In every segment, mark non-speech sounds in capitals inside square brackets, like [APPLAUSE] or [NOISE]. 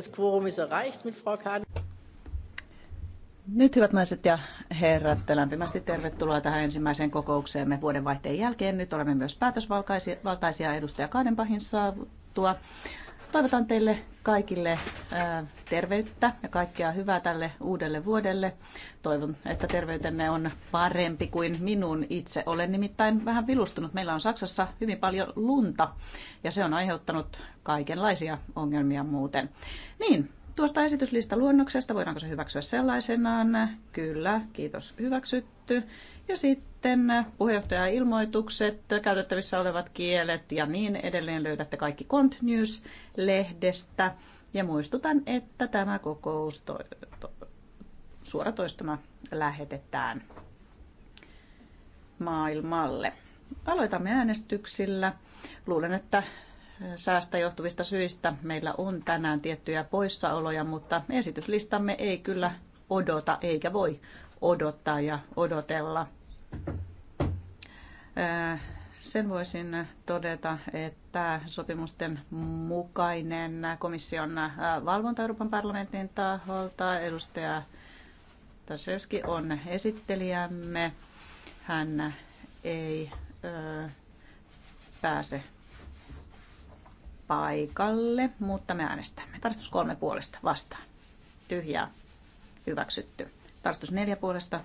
Das Quorum ist erreicht mit Frau Kahn. Nyt hyvät naiset ja herrat, lämpimästi tervetuloa tähän ensimmäiseen kokoukseemme vuodenvaihteen jälkeen. Nyt olemme myös päätösvaltaisia edustaja Kaadenpahin saavuttua. Toivotan teille kaikille terveyttä ja kaikkea hyvää tälle uudelle vuodelle. Toivon, että terveytenne on parempi kuin minun itse. Olen nimittäin vähän vilustunut. Meillä on Saksassa hyvin paljon lunta ja se on aiheuttanut kaikenlaisia ongelmia muuten. Niin, tuosta esityslista luonnoksesta, voidaanko se hyväksyä sellaisenaan? Kyllä, kiitos, hyväksytty. Ja sitten sitten puheenjohtajan ilmoitukset, käytettävissä olevat kielet ja niin edelleen löydätte kaikki Cont News-lehdestä. Ja muistutan, että tämä kokous to- to- suoratoistona lähetetään maailmalle. Aloitamme äänestyksillä. Luulen, että äh, säästä johtuvista syistä meillä on tänään tiettyjä poissaoloja, mutta esityslistamme ei kyllä odota eikä voi odottaa ja odotella. Sen voisin todeta, että sopimusten mukainen komission valvonta Euroopan parlamentin taholta edustaja Tasevski on esittelijämme. Hän ei ö, pääse paikalle, mutta me äänestämme. Tarkastus kolme puolesta vastaan. Tyhjää. Hyväksytty. Tarkastus neljä puolesta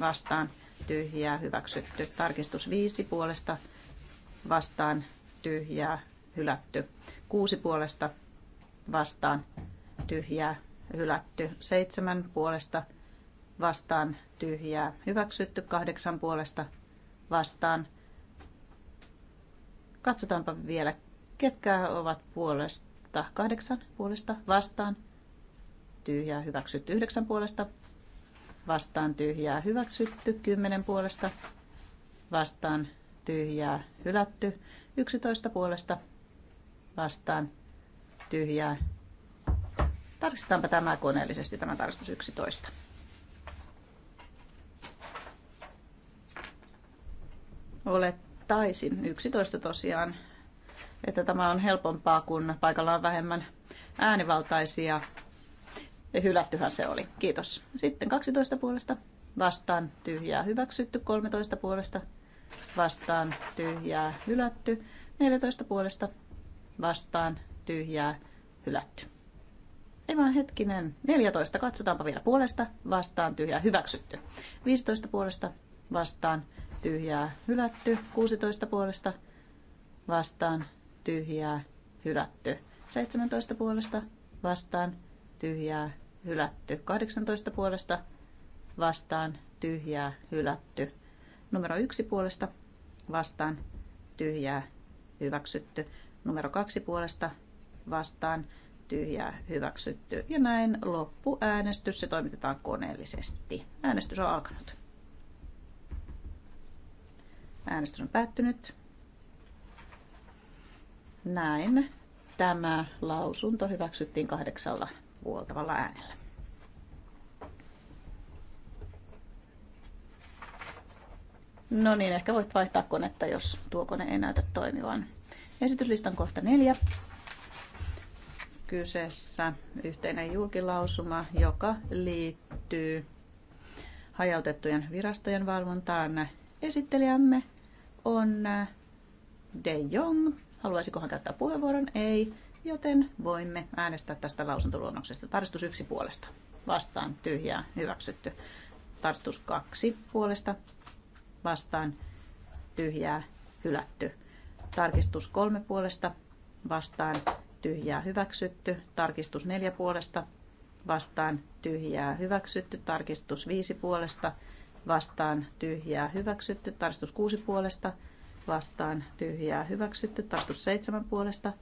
vastaan tyhjää hyväksytty. Tarkistus 5 puolesta vastaan tyhjää hylätty. 6 puolesta vastaan tyhjää hylätty. 7 puolesta vastaan tyhjää hyväksytty. 8 puolesta vastaan. Katsotaanpa vielä, ketkä ovat puolesta. 8 puolesta vastaan tyhjää hyväksytty. 9 puolesta vastaan tyhjää hyväksytty, 10 puolesta vastaan tyhjää hylätty, 11 puolesta vastaan tyhjää. Tarkistetaanpa tämä koneellisesti, tämä tarkistus 11. Olettaisin, 11 tosiaan, että tämä on helpompaa, kun paikalla on vähemmän äänivaltaisia ja hylättyhän se oli. Kiitos. Sitten 12 puolesta vastaan tyhjää hyväksytty. 13 puolesta vastaan tyhjää hylätty. 14 puolesta vastaan tyhjää hylätty. Ei vaan hetkinen. 14. Katsotaanpa vielä puolesta. Vastaan tyhjää hyväksytty. 15 puolesta vastaan tyhjää hylätty. 16 puolesta vastaan tyhjää hylätty. 17 puolesta vastaan tyhjää hylätty. 18 puolesta vastaan tyhjää hylätty. Numero 1 puolesta vastaan tyhjää hyväksytty. Numero 2 puolesta vastaan tyhjää hyväksytty. Ja näin äänestys. se toimitetaan koneellisesti. Äänestys on alkanut. Äänestys on päättynyt. Näin. Tämä lausunto hyväksyttiin kahdeksalla vuoltavalla äänellä. No niin, ehkä voit vaihtaa konetta, jos tuo kone ei näytä toimivan. Esityslistan kohta neljä. Kyseessä yhteinen julkilausuma, joka liittyy hajautettujen virastojen valvontaan. Esittelijämme on De Jong. Haluaisiko hän käyttää puheenvuoron? Ei joten voimme äänestää tästä lausuntoluonnoksesta. Tarkistus yksi puolesta. Vastaan tyhjää hyväksytty. Tarkistus kaksi puolesta. Vastaan tyhjää hylätty. Tarkistus kolme puolesta. Vastaan tyhjää hyväksytty. Tarkistus neljä puolesta. Vastaan tyhjää hyväksytty. Tarkistus viisi puolesta. Vastaan tyhjää hyväksytty. Tarkistus kuusi puolesta. Vastaan tyhjää hyväksytty. Tarkistus seitsemän puolesta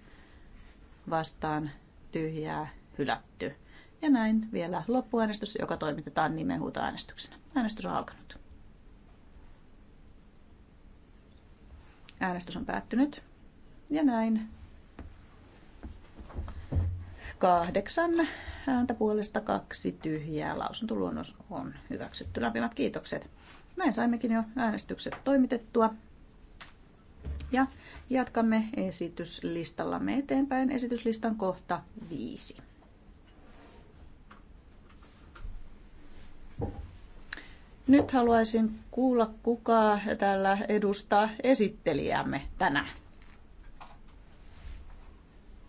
vastaan tyhjää hylätty. Ja näin vielä loppuäänestys, joka toimitetaan nimenhuutoäänestyksenä. Äänestys on alkanut. Äänestys on päättynyt. Ja näin. Kahdeksan ääntä puolesta kaksi tyhjää. Lausuntoluonnos on hyväksytty. Lämpimät kiitokset. Näin saimmekin jo äänestykset toimitettua. Ja jatkamme esityslistallamme eteenpäin. Esityslistan kohta viisi. Nyt haluaisin kuulla, kuka täällä edustaa esittelijämme tänään.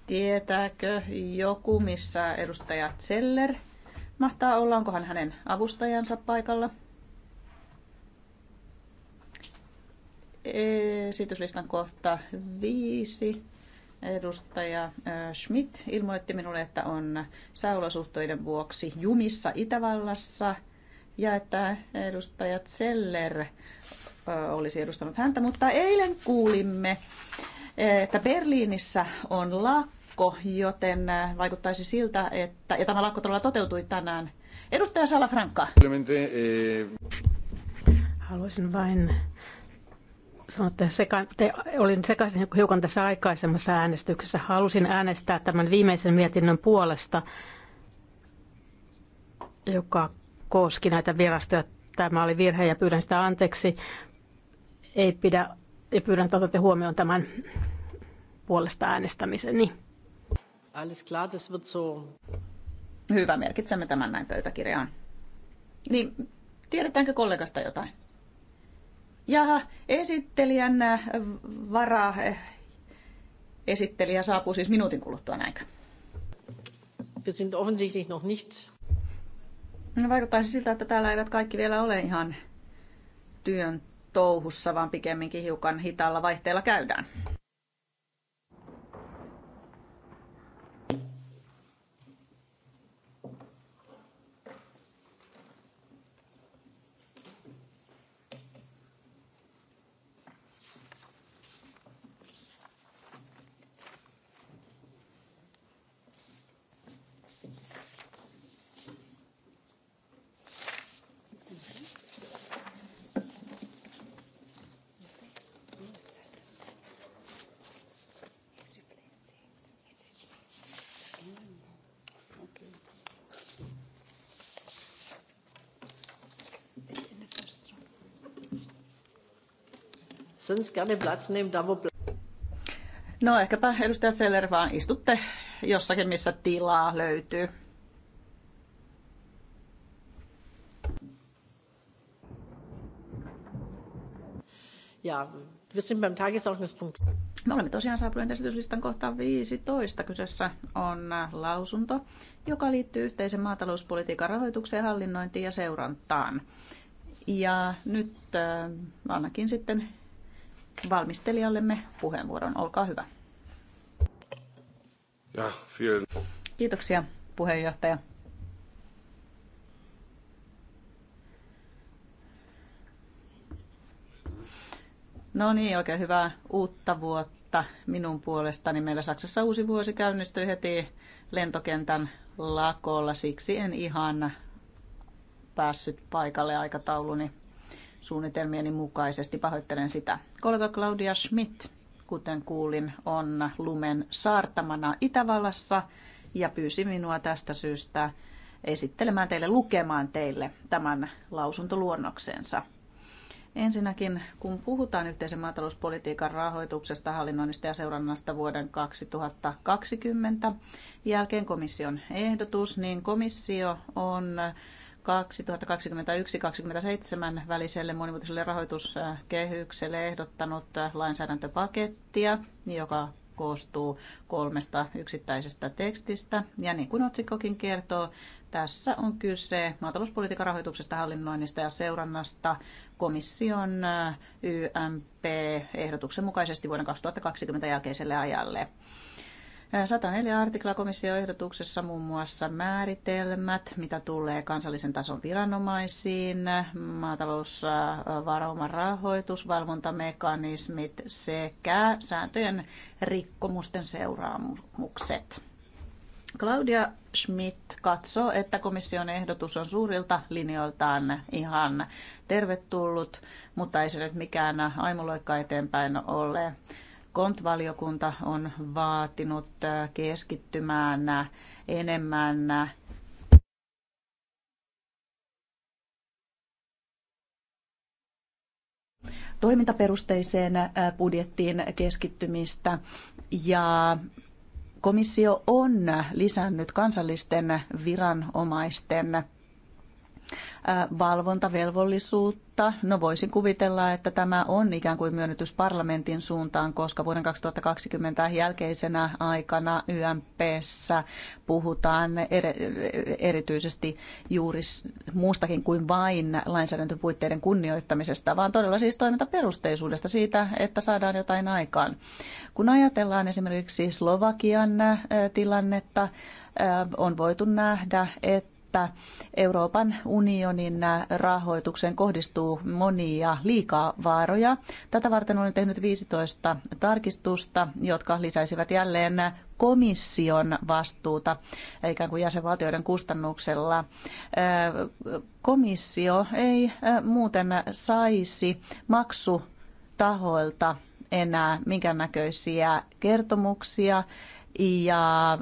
Tietääkö joku, missä edustaja Zeller mahtaa olla? Onkohan hänen avustajansa paikalla? esityslistan kohta viisi. Edustaja Schmidt ilmoitti minulle, että on sääolosuhteiden vuoksi jumissa Itävallassa ja että edustaja Zeller olisi edustanut häntä, mutta eilen kuulimme, että Berliinissä on lakko, joten vaikuttaisi siltä, että, ja tämä lakko todella toteutui tänään. Edustaja Salafranca. Eh, Haluaisin vain sanotte, seka, te, olin sekaisin hiukan tässä aikaisemmassa äänestyksessä. Halusin äänestää tämän viimeisen mietinnön puolesta, joka koski näitä virastoja. Tämä oli virhe ja pyydän sitä anteeksi. Ei pidä, ja pyydän, että otatte huomioon tämän puolesta äänestämiseni. Alles klar, das wird so. Hyvä, merkitsemme tämän näin pöytäkirjaan. Niin, tiedetäänkö kollegasta jotain? Ja esittelijän vara esittelijä saapuu siis minuutin kuluttua, näinkö? Wir sind offensichtlich noch nicht. No, vaikuttaisi siltä, että täällä eivät kaikki vielä ole ihan työn touhussa, vaan pikemminkin hiukan hitaalla vaihteella käydään. gerne Platz nehmen, da wo No ehkäpä edustaja Zeller vaan istutte jossakin, missä tilaa löytyy. Ja wir sind beim Tagesordnungspunkt. Me olemme tosiaan saapuneet esityslistan kohtaan 15. Kyseessä on äh, lausunto, joka liittyy yhteisen maatalouspolitiikan rahoitukseen, hallinnointiin ja seurantaan. Ja nyt äh, annakin sitten valmistelijallemme puheenvuoron. Olkaa hyvä. Ja, vielen. Kiitoksia puheenjohtaja. No niin, oikein hyvää uutta vuotta minun puolestani. Meillä Saksassa uusi vuosi käynnistyi heti lentokentän lakolla, siksi en ihan päässyt paikalle aikatauluni suunnitelmieni mukaisesti. Pahoittelen sitä. Kollega Claudia Schmidt, kuten kuulin, on lumen saartamana Itävallassa ja pyysi minua tästä syystä esittelemään teille, lukemaan teille tämän lausuntoluonnoksensa. Ensinnäkin, kun puhutaan yhteisen maatalouspolitiikan rahoituksesta, hallinnoinnista ja seurannasta vuoden 2020 jälkeen komission ehdotus, niin komissio on 2021-2027 väliselle monimuotoiselle rahoituskehykselle ehdottanut lainsäädäntöpakettia, joka koostuu kolmesta yksittäisestä tekstistä. Ja niin kuin otsikkokin kertoo, tässä on kyse maatalouspolitiikan rahoituksesta, hallinnoinnista ja seurannasta komission YMP-ehdotuksen mukaisesti vuoden 2020 jälkeiselle ajalle. 104 artikla ehdotuksessa muun muassa määritelmät, mitä tulee kansallisen tason viranomaisiin, maatalousvarauman rahoitus, valvontamekanismit sekä sääntöjen rikkomusten seuraamukset. Claudia Schmidt katsoo, että komission ehdotus on suurilta linjoiltaan ihan tervetullut, mutta ei se nyt mikään aimuloikka eteenpäin ole. Kontvaliokunta on vaatinut äh, keskittymään äh, enemmän äh, toimintaperusteiseen budjettiin keskittymistä ja komissio on lisännyt kansallisten viranomaisten valvontavelvollisuutta. No voisin kuvitella, että tämä on ikään kuin myönnytys parlamentin suuntaan, koska vuoden 2020 jälkeisenä aikana YMPssä puhutaan erityisesti juuri muustakin kuin vain lainsäädäntöpuitteiden kunnioittamisesta, vaan todella siis toimintaperusteisuudesta siitä, että saadaan jotain aikaan. Kun ajatellaan esimerkiksi Slovakian tilannetta, on voitu nähdä, että että Euroopan unionin rahoitukseen kohdistuu monia liikaa vaaroja. Tätä varten olen tehnyt 15 tarkistusta, jotka lisäisivät jälleen komission vastuuta ikään kuin jäsenvaltioiden kustannuksella. Komissio ei muuten saisi maksutahoilta enää minkäännäköisiä kertomuksia ja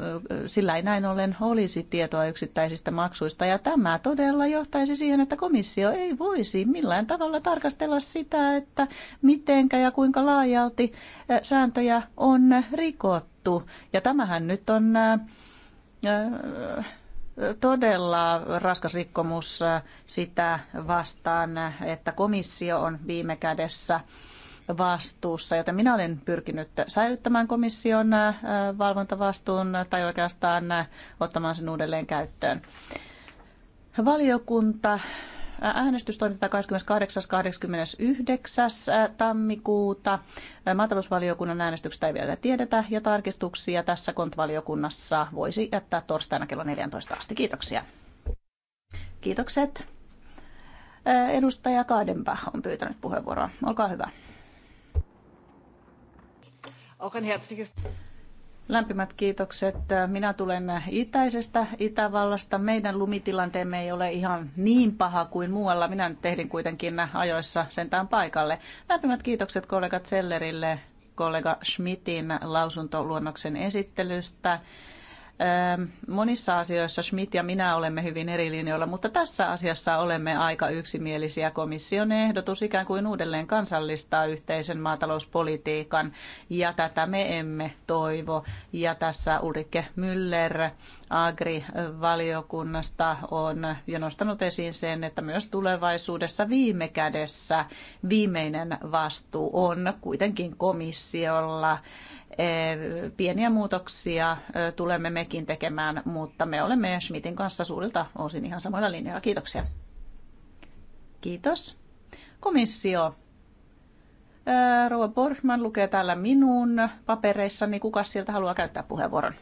sillä ei näin ollen olisi tietoa yksittäisistä maksuista. Ja tämä todella johtaisi siihen, että komissio ei voisi millään tavalla tarkastella sitä, että mitenkä ja kuinka laajalti sääntöjä on rikottu. Ja tämähän nyt on todella raskas rikkomus sitä vastaan, että komissio on viime kädessä – vastuussa, joten minä olen pyrkinyt säilyttämään komission äh, valvontavastuun tai oikeastaan äh, ottamaan sen uudelleen käyttöön. Valiokunta äänestys toimitetaan 28 tammikuuta. Äh, maatalousvaliokunnan äänestyksestä ei vielä tiedetä ja tarkistuksia tässä kontvaliokunnassa voisi jättää torstaina kello 14 asti. Kiitoksia. Kiitokset. Edustaja Kaadenpä on pyytänyt puheenvuoroa. Olkaa hyvä. Lämpimät kiitokset. Minä tulen itäisestä Itävallasta. Meidän lumitilanteemme ei ole ihan niin paha kuin muualla. Minä nyt tehdin kuitenkin ajoissa sentään paikalle. Lämpimät kiitokset kollega Zellerille, kollega Schmidtin lausuntoluonnoksen esittelystä. Ähm, monissa asioissa Schmidt ja minä olemme hyvin eri linjoilla, mutta tässä asiassa olemme aika yksimielisiä. Komission ehdotus ikään kuin uudelleen kansallistaa yhteisen maatalouspolitiikan ja tätä me emme toivo. Ja tässä Ulrike Müller Agri-valiokunnasta on jo nostanut esiin sen, että myös tulevaisuudessa viime kädessä viimeinen vastuu on kuitenkin komissiolla Eh, pieniä muutoksia eh, tulemme mekin tekemään, mutta me olemme Schmidtin kanssa suurilta osin ihan samalla linjalla. Kiitoksia. Kiitos. Komissio. Eh, Rouva Borgman lukee täällä minun papereissani. Kuka sieltä haluaa käyttää puheenvuoron?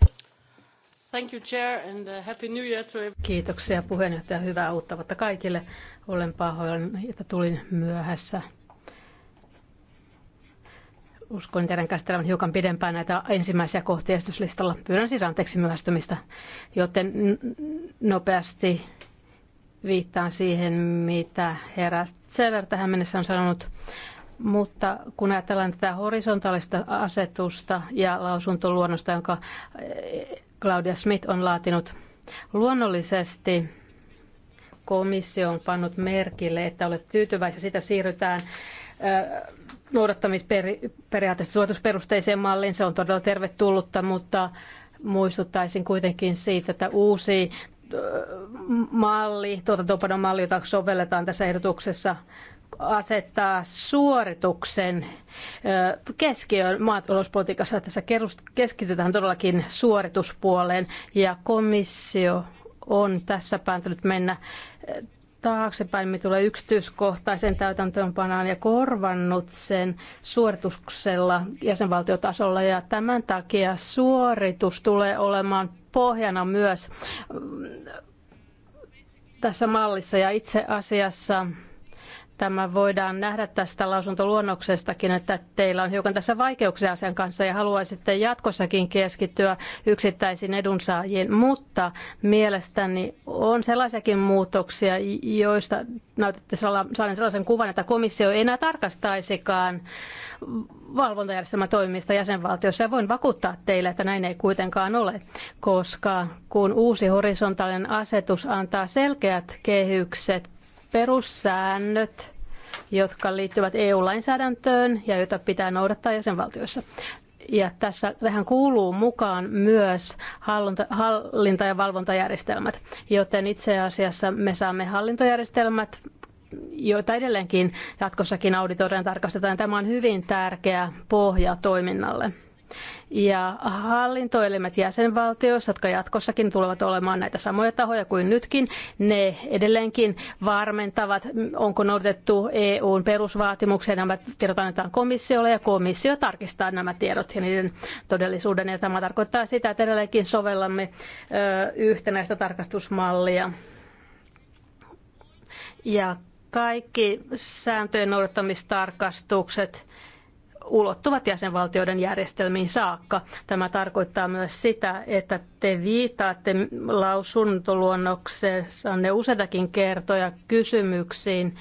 Thank you, Chair, and uh, happy new year to Kiitoksia puheenjohtaja. Hyvää uutta vuotta kaikille. Olen pahoillani, että tulin myöhässä uskon teidän käsittelevän hiukan pidempään näitä ensimmäisiä kohteistuslistalla. Pyydän siis anteeksi myöhästymistä, joten nopeasti viittaan siihen, mitä herra Zeller tähän mennessä on sanonut. Mutta kun ajatellaan tätä horisontaalista asetusta ja lausuntoluonnosta, jonka e, Claudia Smith on laatinut, luonnollisesti komissio on pannut merkille, että olet tyytyväisiä, sitä siirrytään noudattamisperiaatteesta suoritusperusteiseen malliin. Se on todella tervetullutta, mutta muistuttaisin kuitenkin siitä, että uusi äh, malli, tuotantopanon malli, jota sovelletaan tässä ehdotuksessa, asettaa suorituksen äh, keskiöön maatalouspolitiikassa. Tässä keskitytään todellakin suorituspuoleen ja komissio on tässä päätynyt mennä äh, taaksepäin, me tulee yksityiskohtaisen täytäntöönpanaan ja korvannut sen suorituksella jäsenvaltiotasolla. Ja tämän takia suoritus tulee olemaan pohjana myös tässä mallissa. Ja itse asiassa Tämä voidaan nähdä tästä lausuntoluonnoksestakin, että teillä on hiukan tässä vaikeuksia asian kanssa ja haluaisitte jatkossakin keskittyä yksittäisiin edunsaajiin, mutta mielestäni on sellaisiakin muutoksia, joista näytätte saaneen sellaisen kuvan, että komissio ei enää tarkastaisikaan valvontajärjestelmän jäsenvaltiossa. Ja voin vakuuttaa teille, että näin ei kuitenkaan ole, koska kun uusi horisontaalinen asetus antaa selkeät kehykset perussäännöt, jotka liittyvät EU-lainsäädäntöön ja joita pitää noudattaa jäsenvaltioissa. Ja tässä, tähän kuuluu mukaan myös hallinta, hallinta- ja valvontajärjestelmät, joten itse asiassa me saamme hallintojärjestelmät joita edelleenkin jatkossakin auditoidaan tarkastetaan. Tämä on hyvin tärkeä pohja toiminnalle. Ja hallintoelimet jäsenvaltioissa, jotka jatkossakin tulevat olemaan näitä samoja tahoja kuin nytkin, ne edelleenkin varmentavat, onko noudatettu EUn perusvaatimuksia. Nämä tiedot annetaan komissiolle ja komissio tarkistaa nämä tiedot ja niiden todellisuuden. Ja tämä tarkoittaa sitä, että edelleenkin sovellamme ö, yhtenäistä tarkastusmallia. Ja kaikki sääntöjen noudattamistarkastukset ulottuvat jäsenvaltioiden järjestelmiin saakka. Tämä tarkoittaa myös sitä, että te viitaatte lausuntoluonnoksessanne useitakin kertoja kysymyksiin,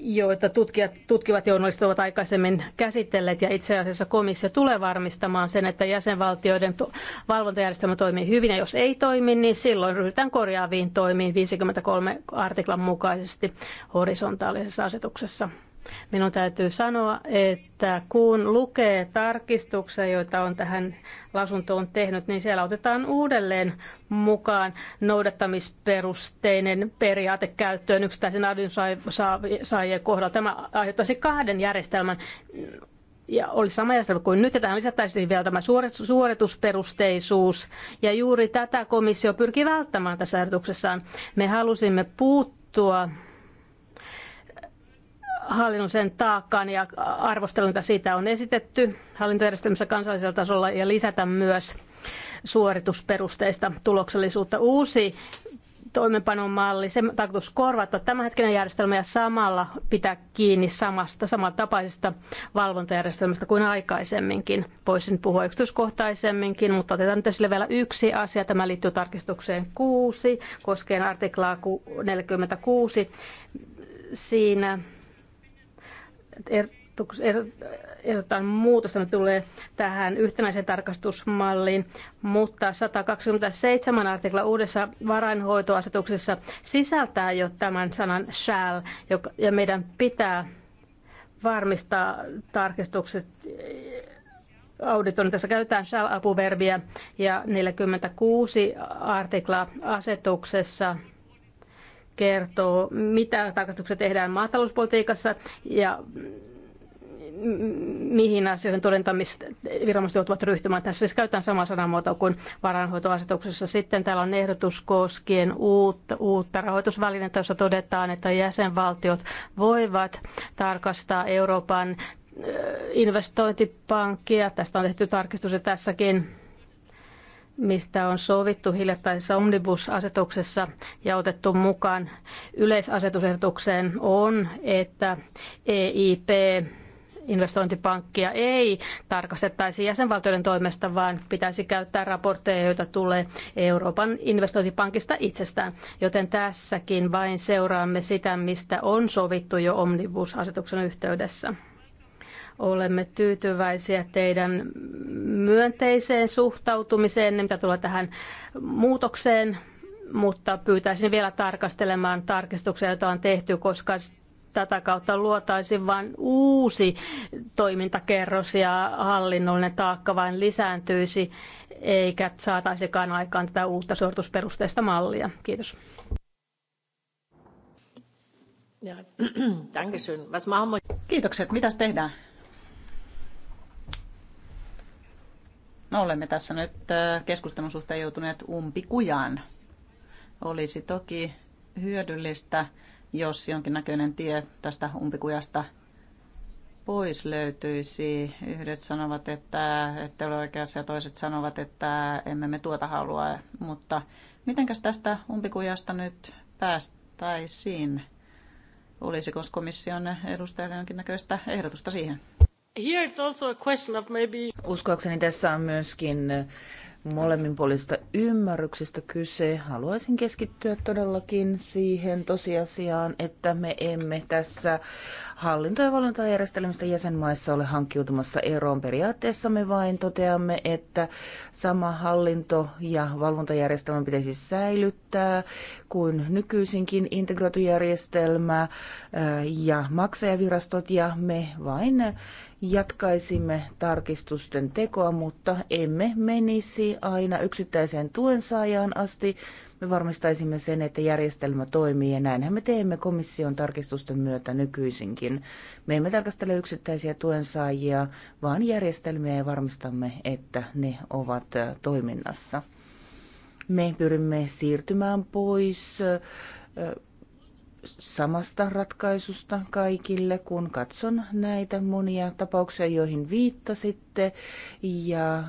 joita tutkijat, tutkivat journalistit ovat aikaisemmin käsitelleet, ja itse asiassa komissio tulee varmistamaan sen, että jäsenvaltioiden to- valvontajärjestelmä toimii hyvin, ja jos ei toimi, niin silloin ryhdytään korjaaviin toimiin 53 artiklan mukaisesti horisontaalisessa asetuksessa. Minun täytyy sanoa, että kun lukee tarkistuksia, joita on tähän lausuntoon tehnyt, niin siellä otetaan uudelleen mukaan noudattamisperusteinen periaate käyttöön yksittäisen adunsaajien kohdalla. Tämä aiheuttaisi kahden järjestelmän ja oli sama järjestelmä kuin nyt, ja tähän lisättäisiin vielä tämä suoritusperusteisuus. Ja juuri tätä komissio pyrkii välttämään tässä ehdotuksessaan. Me halusimme puuttua Hallinnon sen taakkaan ja arvosteluita siitä on esitetty hallintojärjestelmässä kansallisella tasolla ja lisätä myös suoritusperusteista tuloksellisuutta. Uusi toimenpanomalli, se tarkoitus korvata tämänhetkinen järjestelmä ja samalla pitää kiinni samasta, samantapaisesta valvontajärjestelmästä kuin aikaisemminkin. Voisin puhua yksityiskohtaisemminkin, mutta otetaan nyt esille vielä yksi asia. Tämä liittyy tarkistukseen 6, koskien artiklaa 46. Siinä ehdotan muutosta, tulee tähän yhtenäiseen tarkastusmalliin, mutta 127 artikla uudessa varainhoitoasetuksessa sisältää jo tämän sanan shall, joka, ja meidän pitää varmistaa tarkistukset eh, auditoinnin. Tässä käytetään shall-apuverbiä ja 46 artikla asetuksessa – kertoo, mitä tarkastuksia tehdään maatalouspolitiikassa ja mihin asioihin todentamisviranomaiset joutuvat ryhtymään. Tässä siis käytetään samaa sanamuotoa kuin varainhoitoasetuksessa. Sitten täällä on ehdotus koskien uutta, uutta rahoitusvälinettä, jossa todetaan, että jäsenvaltiot voivat tarkastaa Euroopan investointipankkia. Tästä on tehty tarkistus ja tässäkin mistä on sovittu hiljattaisessa omnibus-asetuksessa ja otettu mukaan yleisasetusehdotukseen, on, että EIP investointipankkia ei tarkastettaisi jäsenvaltioiden toimesta, vaan pitäisi käyttää raportteja, joita tulee Euroopan investointipankista itsestään. Joten tässäkin vain seuraamme sitä, mistä on sovittu jo omnibus-asetuksen yhteydessä. Olemme tyytyväisiä teidän myönteiseen suhtautumiseen, mitä tulee tähän muutokseen, mutta pyytäisin vielä tarkastelemaan tarkistuksia, joita on tehty, koska tätä kautta luotaisiin vain uusi toimintakerros ja hallinnollinen taakka vain lisääntyisi, eikä saataisikaan aikaan tätä uutta suoritusperusteista mallia. Kiitos. [CLEARS THROAT] Kiitokset. Mitäs tehdään? No, olemme tässä nyt keskustelun suhteen joutuneet umpikujaan. Olisi toki hyödyllistä, jos jonkinnäköinen tie tästä umpikujasta pois löytyisi. Yhdet sanovat, että ette ole oikeassa ja toiset sanovat, että emme me tuota halua. Mutta mitenkäs tästä umpikujasta nyt päästäisiin? Olisiko komission edustajalle jonkinnäköistä ehdotusta siihen? Here it's also a question of maybe... Uskoakseni tässä on myöskin äh, molemminpuolista ymmärryksestä kyse. Haluaisin keskittyä todellakin siihen tosiasiaan, että me emme tässä hallinto- ja valintajärjestelmistä jäsenmaissa ole hankkiutumassa eroon. Periaatteessa me vain toteamme, että sama hallinto- ja valvontajärjestelmä pitäisi säilyttää kuin nykyisinkin integroitu järjestelmä äh, ja maksajavirastot, ja me vain jatkaisimme tarkistusten tekoa, mutta emme menisi aina yksittäiseen tuensaajaan asti. Me varmistaisimme sen, että järjestelmä toimii ja näinhän me teemme komission tarkistusten myötä nykyisinkin. Me emme tarkastele yksittäisiä tuensaajia, vaan järjestelmiä ja varmistamme, että ne ovat toiminnassa. Me pyrimme siirtymään pois samasta ratkaisusta kaikille, kun katson näitä monia tapauksia, joihin viittasitte, ja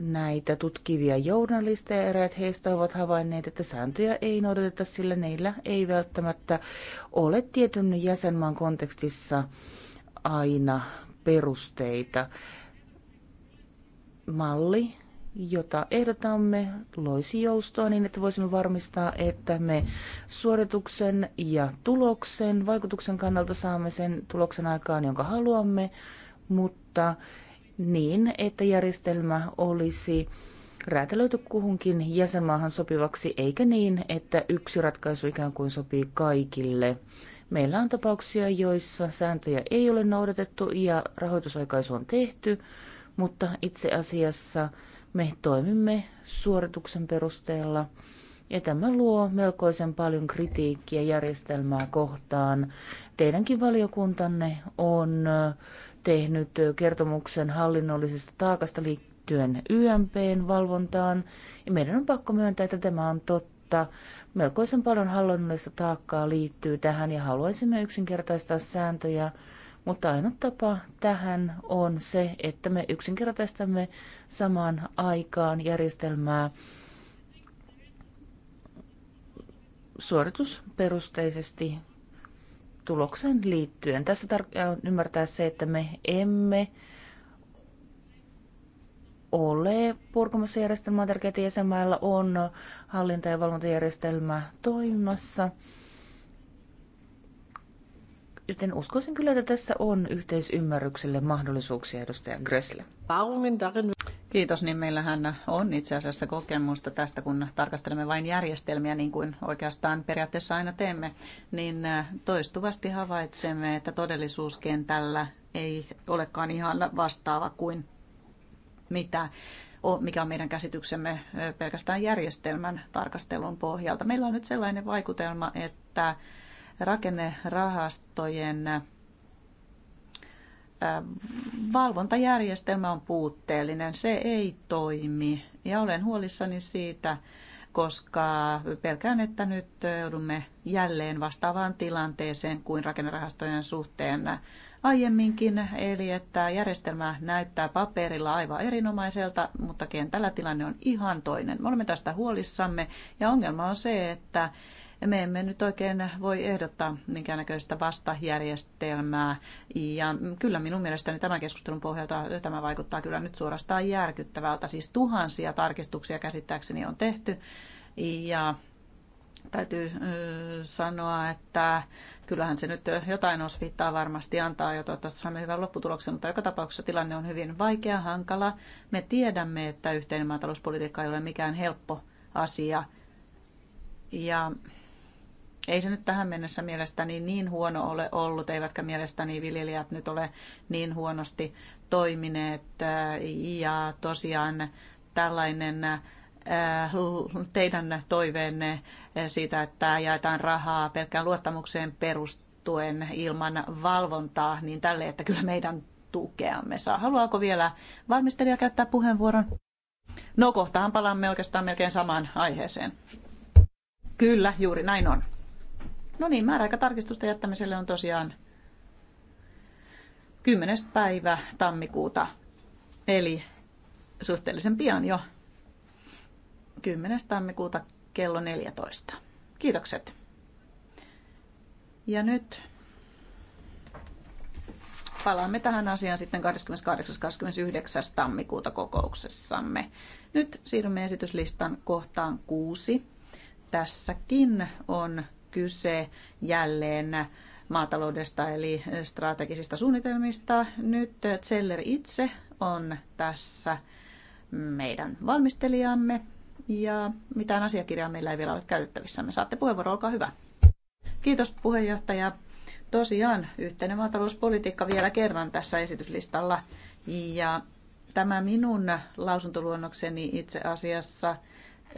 näitä tutkivia journalisteja. Eräät heistä ovat havainneet, että sääntöjä ei noudateta, sillä neillä ei välttämättä ole tietyn jäsenmaan kontekstissa aina perusteita. Malli jota ehdotamme, loisi joustoa niin, että voisimme varmistaa, että me suorituksen ja tuloksen, vaikutuksen kannalta saamme sen tuloksen aikaan, jonka haluamme, mutta niin, että järjestelmä olisi räätälöity kuhunkin jäsenmaahan sopivaksi, eikä niin, että yksi ratkaisu ikään kuin sopii kaikille. Meillä on tapauksia, joissa sääntöjä ei ole noudatettu ja rahoitusoikaisu on tehty, mutta itse asiassa me toimimme suorituksen perusteella. Ja tämä luo melkoisen paljon kritiikkiä järjestelmää kohtaan. Teidänkin valiokuntanne on tehnyt kertomuksen hallinnollisesta taakasta liittyen YMPn valvontaan. Ja meidän on pakko myöntää, että tämä on totta. Melkoisen paljon hallinnollista taakkaa liittyy tähän ja haluaisimme yksinkertaistaa sääntöjä mutta ainut tapa tähän on se, että me yksinkertaistamme samaan aikaan järjestelmää suoritusperusteisesti tulokseen liittyen. Tässä tarkoittaa ymmärtää se, että me emme ole purkamassa järjestelmää. Tärkeää jäsenmailla on hallinta- ja valvontajärjestelmä toimimassa. Joten uskoisin kyllä, että tässä on yhteisymmärrykselle mahdollisuuksia, edustaja Gressle. Kiitos, niin meillähän on itse asiassa kokemusta tästä, kun tarkastelemme vain järjestelmiä, niin kuin oikeastaan periaatteessa aina teemme, niin äh, toistuvasti havaitsemme, että todellisuuskentällä ei olekaan ihan vastaava kuin mitä mikä on meidän käsityksemme pelkästään järjestelmän tarkastelun pohjalta. Meillä on nyt sellainen vaikutelma, että rakennerahastojen valvontajärjestelmä on puutteellinen, se ei toimi ja olen huolissani siitä, koska pelkään, että nyt joudumme jälleen vastaavaan tilanteeseen kuin rakennerahastojen suhteen aiemminkin, eli että järjestelmä näyttää paperilla aivan erinomaiselta, mutta kentällä tilanne on ihan toinen. Me olemme tästä huolissamme ja ongelma on se, että me emme nyt oikein voi ehdottaa minkäännäköistä vastajärjestelmää. Ja kyllä minun mielestäni tämän keskustelun pohjalta tämä vaikuttaa kyllä nyt suorastaan järkyttävältä. Siis tuhansia tarkistuksia käsittääkseni on tehty. Ja täytyy sanoa, että kyllähän se nyt jotain osviittaa varmasti antaa ja toivottavasti saamme hyvän lopputuloksen, mutta joka tapauksessa tilanne on hyvin vaikea, hankala. Me tiedämme, että yhteinen maatalouspolitiikka ei ole mikään helppo asia. Ja ei se nyt tähän mennessä mielestäni niin huono ole ollut, eivätkä mielestäni viljelijät nyt ole niin huonosti toimineet. Ja tosiaan tällainen äh, teidän toiveenne siitä, että jaetaan rahaa pelkkään luottamukseen perustuen ilman valvontaa, niin tälle, että kyllä meidän tukeamme saa. Haluaako vielä valmistelija käyttää puheenvuoron? No kohtahan palaamme oikeastaan melkein samaan aiheeseen. Kyllä, juuri näin on. No niin, määräaikatarkistusten jättämiselle on tosiaan 10. päivä tammikuuta, eli suhteellisen pian jo 10. tammikuuta kello 14. Kiitokset. Ja nyt palaamme tähän asiaan sitten 28.–29. tammikuuta kokouksessamme. Nyt siirrymme esityslistan kohtaan kuusi. Tässäkin on kyse jälleen maataloudesta eli strategisista suunnitelmista. Nyt Zeller itse on tässä meidän valmistelijamme ja mitään asiakirjaa meillä ei vielä ole käytettävissä. Me saatte puheenvuoro, olkaa hyvä. Kiitos puheenjohtaja. Tosiaan yhteinen maatalouspolitiikka vielä kerran tässä esityslistalla ja tämä minun lausuntoluonnokseni itse asiassa –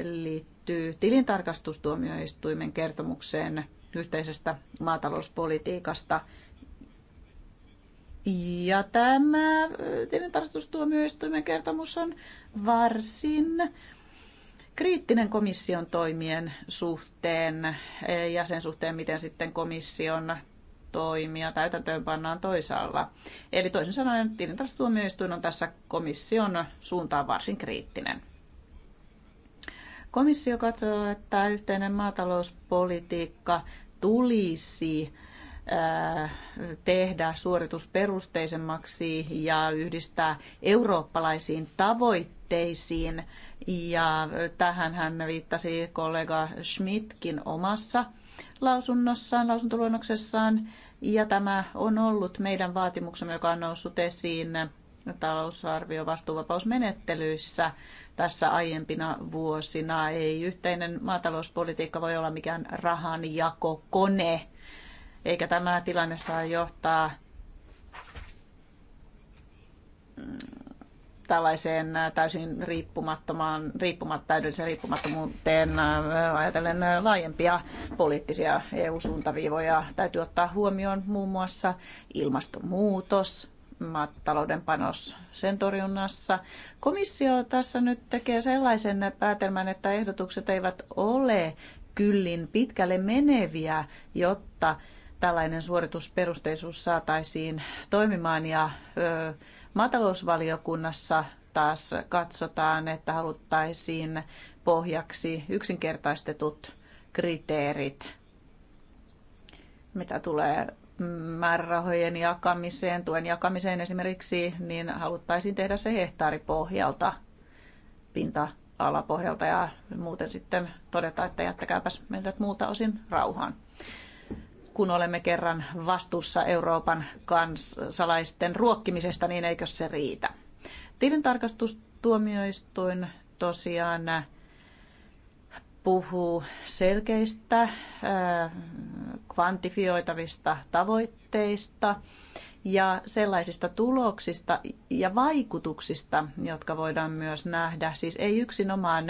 liittyy tilintarkastustuomioistuimen kertomukseen yhteisestä maatalouspolitiikasta. Ja tämä äh, tilintarkastustuomioistuimen kertomus on varsin kriittinen komission toimien suhteen äh, ja sen suhteen, miten sitten komission toimia täytäntöön pannaan toisaalla. Eli toisin sanoen tilintarkastustuomioistuin on tässä komission suuntaan varsin kriittinen. Komissio katsoo, että yhteinen maatalouspolitiikka tulisi tehdä suoritusperusteisemmaksi ja yhdistää eurooppalaisiin tavoitteisiin. Ja tähän hän viittasi kollega Schmidtkin omassa lausunnossaan, lausuntoluonnoksessaan. Ja tämä on ollut meidän vaatimuksemme, joka on noussut esiin talousarvio vastuuvapausmenettelyissä tässä aiempina vuosina. Ei yhteinen maatalouspolitiikka voi olla mikään rahanjakokone, eikä tämä tilanne saa johtaa mm, tällaiseen täysin riippumattomaan, riippumat, täydelliseen riippumattomuuteen äh, ajatellen laajempia poliittisia EU-suuntaviivoja. Täytyy ottaa huomioon muun muassa ilmastonmuutos, maatalouden panos sen torjunnassa. Komissio tässä nyt tekee sellaisen päätelmän, että ehdotukset eivät ole kyllin pitkälle meneviä, jotta tällainen suoritusperusteisuus saataisiin toimimaan ja ö, maatalousvaliokunnassa taas katsotaan, että haluttaisiin pohjaksi yksinkertaistetut kriteerit, mitä tulee määrärahojen jakamiseen, tuen jakamiseen esimerkiksi, niin haluttaisiin tehdä se hehtaaripohjalta, pinta-alapohjalta ja muuten sitten todeta, että jättäkääpäs meidät muulta osin rauhaan. Kun olemme kerran vastuussa Euroopan kansalaisten ruokkimisesta, niin eikö se riitä? Tilintarkastustuomioistuin tosiaan puhuu selkeistä kvantifioitavista tavoitteista ja sellaisista tuloksista ja vaikutuksista, jotka voidaan myös nähdä. Siis ei yksinomaan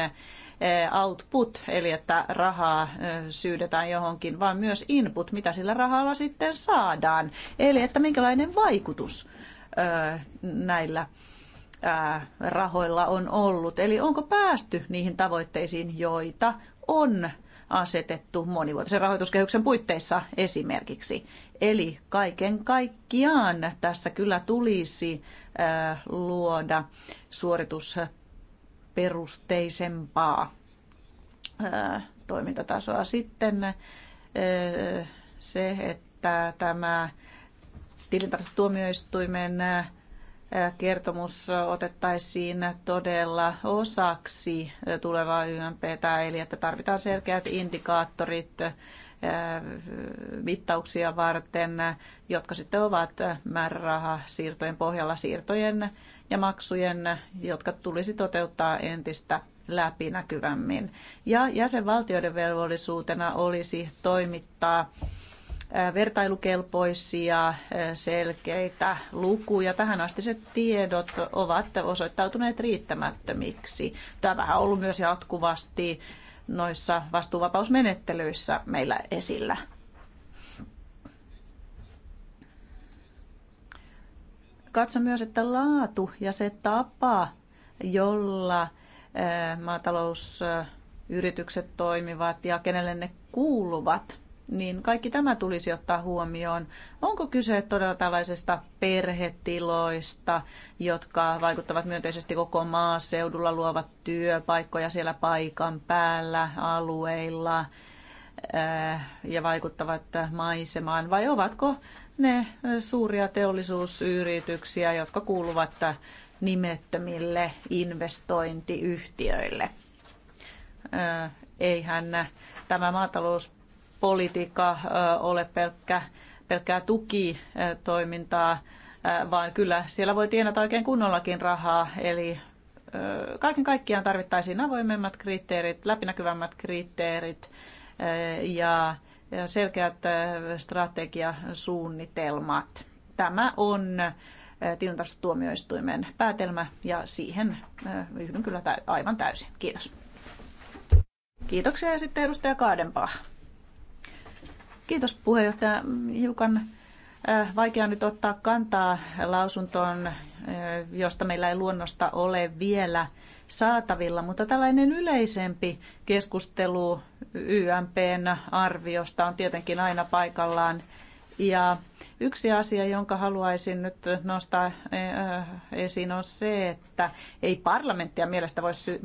output, eli että rahaa syydetään johonkin, vaan myös input, mitä sillä rahalla sitten saadaan. Eli että minkälainen vaikutus näillä rahoilla on ollut. Eli onko päästy niihin tavoitteisiin, joita on asetettu monivuotisen rahoituskehyksen puitteissa esimerkiksi. Eli kaiken kaikkiaan tässä kyllä tulisi luoda suoritusperusteisempaa toimintatasoa. Sitten se, että tämä tilintarkastustuomioistuimen kertomus otettaisiin todella osaksi tulevaa YMPtä, eli että tarvitaan selkeät indikaattorit äh, mittauksia varten, jotka sitten ovat määrärahasiirtojen pohjalla siirtojen ja maksujen, jotka tulisi toteuttaa entistä läpinäkyvämmin. Ja jäsenvaltioiden velvollisuutena olisi toimittaa vertailukelpoisia, selkeitä lukuja. Tähän asti se tiedot ovat osoittautuneet riittämättömiksi. Tämä on ollut myös jatkuvasti noissa vastuuvapausmenettelyissä meillä esillä. Katso myös, että laatu ja se tapa, jolla maatalousyritykset toimivat ja kenelle ne kuuluvat – niin kaikki tämä tulisi ottaa huomioon. Onko kyse todella tällaisesta perhetiloista, jotka vaikuttavat myönteisesti koko maaseudulla, luovat työpaikkoja siellä paikan päällä, alueilla äh, ja vaikuttavat maisemaan, vai ovatko ne suuria teollisuusyrityksiä, jotka kuuluvat nimettömille investointiyhtiöille? Äh, eihän tämä maatalous politiikka ole pelkkä, pelkkää tukitoimintaa, vaan kyllä siellä voi tienata oikein kunnollakin rahaa. Eli kaiken kaikkiaan tarvittaisiin avoimemmat kriteerit, läpinäkyvämmät kriteerit ja selkeät strategiasuunnitelmat. Tämä on tilintarkastustuomioistuimen päätelmä ja siihen yhdyn kyllä aivan täysin. Kiitos. Kiitoksia ja sitten edustaja Kaadenpaa. Kiitos puheenjohtaja. Hiukan äh, vaikea nyt ottaa kantaa lausuntoon, äh, josta meillä ei luonnosta ole vielä saatavilla, mutta tällainen yleisempi keskustelu YMPn arviosta on tietenkin aina paikallaan. Ja yksi asia, jonka haluaisin nyt nostaa äh, esiin, on se, että ei parlamenttia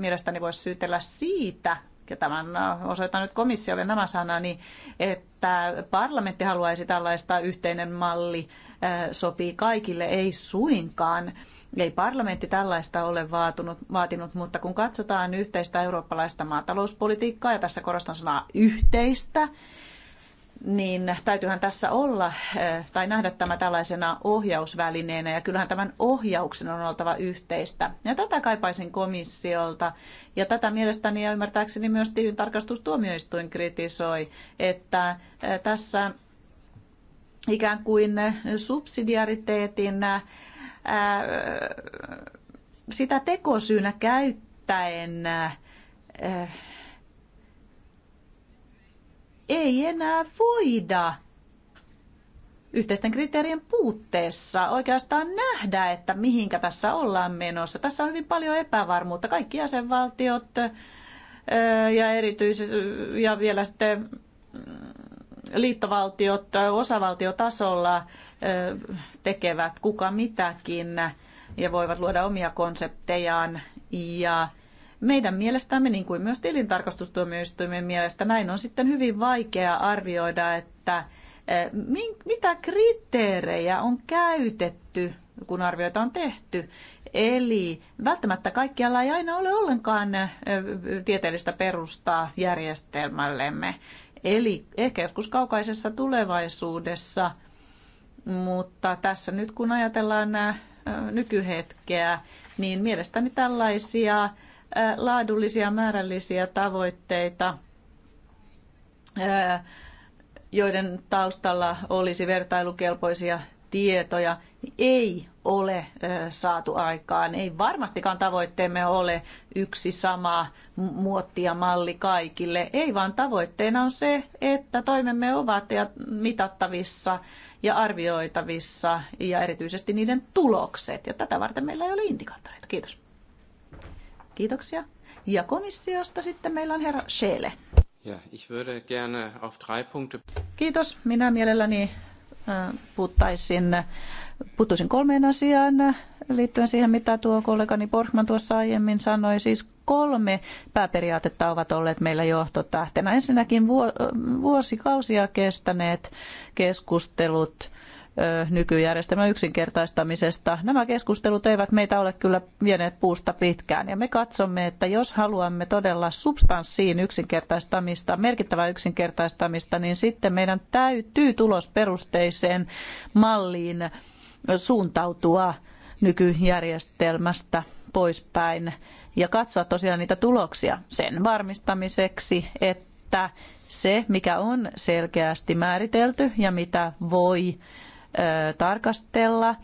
mielestäni voisi syytellä siitä, ja tämän äh, osoitan nyt komissiolle nämä sanani, että parlamentti haluaisi tällaista yhteinen malli äh, sopii kaikille, ei suinkaan. Ei parlamentti tällaista ole vaatunut, vaatinut, mutta kun katsotaan yhteistä eurooppalaista maatalouspolitiikkaa, ja tässä korostan sanaa yhteistä, niin täytyyhän tässä olla eh, tai nähdä tämä tällaisena ohjausvälineenä ja kyllähän tämän ohjauksen on oltava yhteistä. Ja tätä kaipaisin komissiolta ja tätä mielestäni ja ymmärtääkseni myös tilintarkastustuomioistuin kritisoi, että eh, tässä ikään kuin subsidiariteetin eh, sitä tekosyynä käyttäen ei enää voida yhteisten kriteerien puutteessa oikeastaan nähdä, että mihinkä tässä ollaan menossa. Tässä on hyvin paljon epävarmuutta. Kaikki jäsenvaltiot ja erityisesti ja vielä sitten mm, liittovaltiot osavaltiotasolla tekevät kuka mitäkin ja voivat luoda omia konseptejaan ja meidän mielestämme, niin kuin myös tilintarkastustuomioistuimen mielestä, näin on sitten hyvin vaikea arvioida, että eh, mitä kriteerejä on käytetty, kun arvioita on tehty. Eli välttämättä kaikkialla ei aina ole ollenkaan eh, tieteellistä perustaa järjestelmällemme. Eli ehkä joskus kaukaisessa tulevaisuudessa, mutta tässä nyt kun ajatellaan nämä eh, nykyhetkeä, niin mielestäni tällaisia laadullisia määrällisiä tavoitteita, joiden taustalla olisi vertailukelpoisia tietoja, ei ole saatu aikaan. Ei varmastikaan tavoitteemme ole yksi sama muotti ja malli kaikille. Ei vaan tavoitteena on se, että toimemme ovat ja mitattavissa ja arvioitavissa ja erityisesti niiden tulokset. Ja tätä varten meillä ei ole indikaattoreita. Kiitos. Kiitoksia. Ja komissiosta sitten meillä on herra Scheele. Ja, ich würde gerne auf drei Punkte... Kiitos. Minä mielelläni äh, puuttaisin, puuttuisin kolmeen asiaan liittyen siihen, mitä tuo kollegani Borgman tuossa aiemmin sanoi. Siis kolme pääperiaatetta ovat olleet meillä johtotähtenä. Ensinnäkin äh, vuosikausia kestäneet keskustelut nykyjärjestelmän yksinkertaistamisesta. Nämä keskustelut eivät meitä ole kyllä vieneet puusta pitkään ja me katsomme, että jos haluamme todella substanssiin yksinkertaistamista, merkittävää yksinkertaistamista, niin sitten meidän täytyy tulosperusteiseen malliin suuntautua nykyjärjestelmästä poispäin ja katsoa tosiaan niitä tuloksia sen varmistamiseksi, että se, mikä on selkeästi määritelty ja mitä voi tarkastella.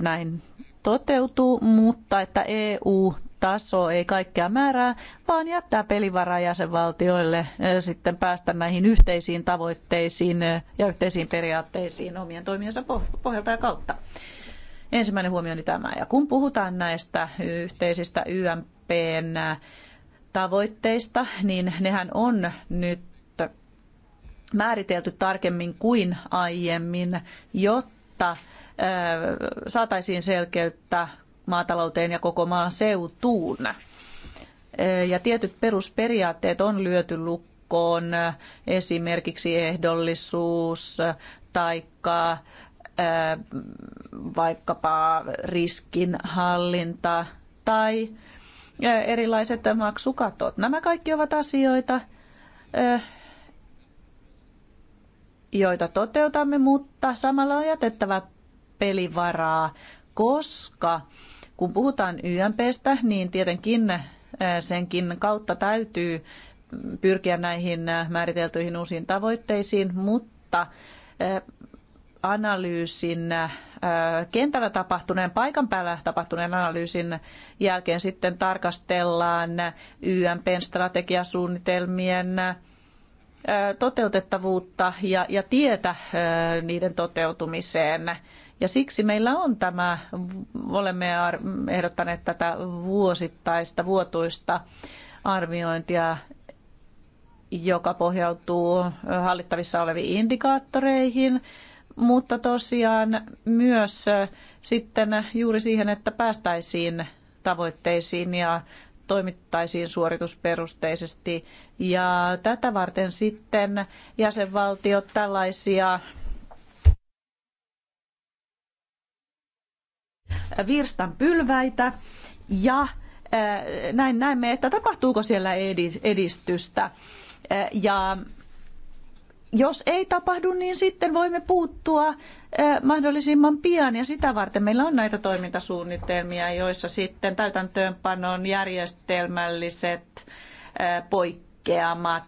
Näin toteutuu, mutta että EU-taso ei kaikkea määrää, vaan jättää pelivaraa jäsenvaltioille sitten päästä näihin yhteisiin tavoitteisiin ja yhteisiin periaatteisiin omien toimiensa pohjalta ja kautta. Ensimmäinen huomio on tämä. Ja kun puhutaan näistä yhteisistä YMPn tavoitteista, niin nehän on nyt määritelty tarkemmin kuin aiemmin, jotta saataisiin selkeyttä maatalouteen ja koko maan seutuun. Ja tietyt perusperiaatteet on lyöty lukkoon, esimerkiksi ehdollisuus tai vaikkapa riskinhallinta tai erilaiset maksukatot. Nämä kaikki ovat asioita, joita toteutamme, mutta samalla on jätettävä pelivaraa, koska kun puhutaan YMPstä, niin tietenkin äh, senkin kautta täytyy pyrkiä näihin äh, määriteltyihin uusiin tavoitteisiin, mutta äh, analyysin kentällä tapahtuneen, paikan päällä tapahtuneen analyysin jälkeen sitten tarkastellaan YMPn strategiasuunnitelmien toteutettavuutta ja, ja tietä niiden toteutumiseen. Ja siksi meillä on tämä, olemme ehdottaneet tätä vuosittaista, vuotuista arviointia, joka pohjautuu hallittavissa oleviin indikaattoreihin, mutta tosiaan myös sitten juuri siihen, että päästäisiin tavoitteisiin ja toimittaisiin suoritusperusteisesti. Ja tätä varten sitten jäsenvaltiot tällaisia virstanpylväitä ja eh, näin näemme, että tapahtuuko siellä edistystä. Eh, ja jos ei tapahdu, niin sitten voimme puuttua mahdollisimman pian ja sitä varten meillä on näitä toimintasuunnitelmia, joissa sitten täytäntöönpanon järjestelmälliset poikkeamat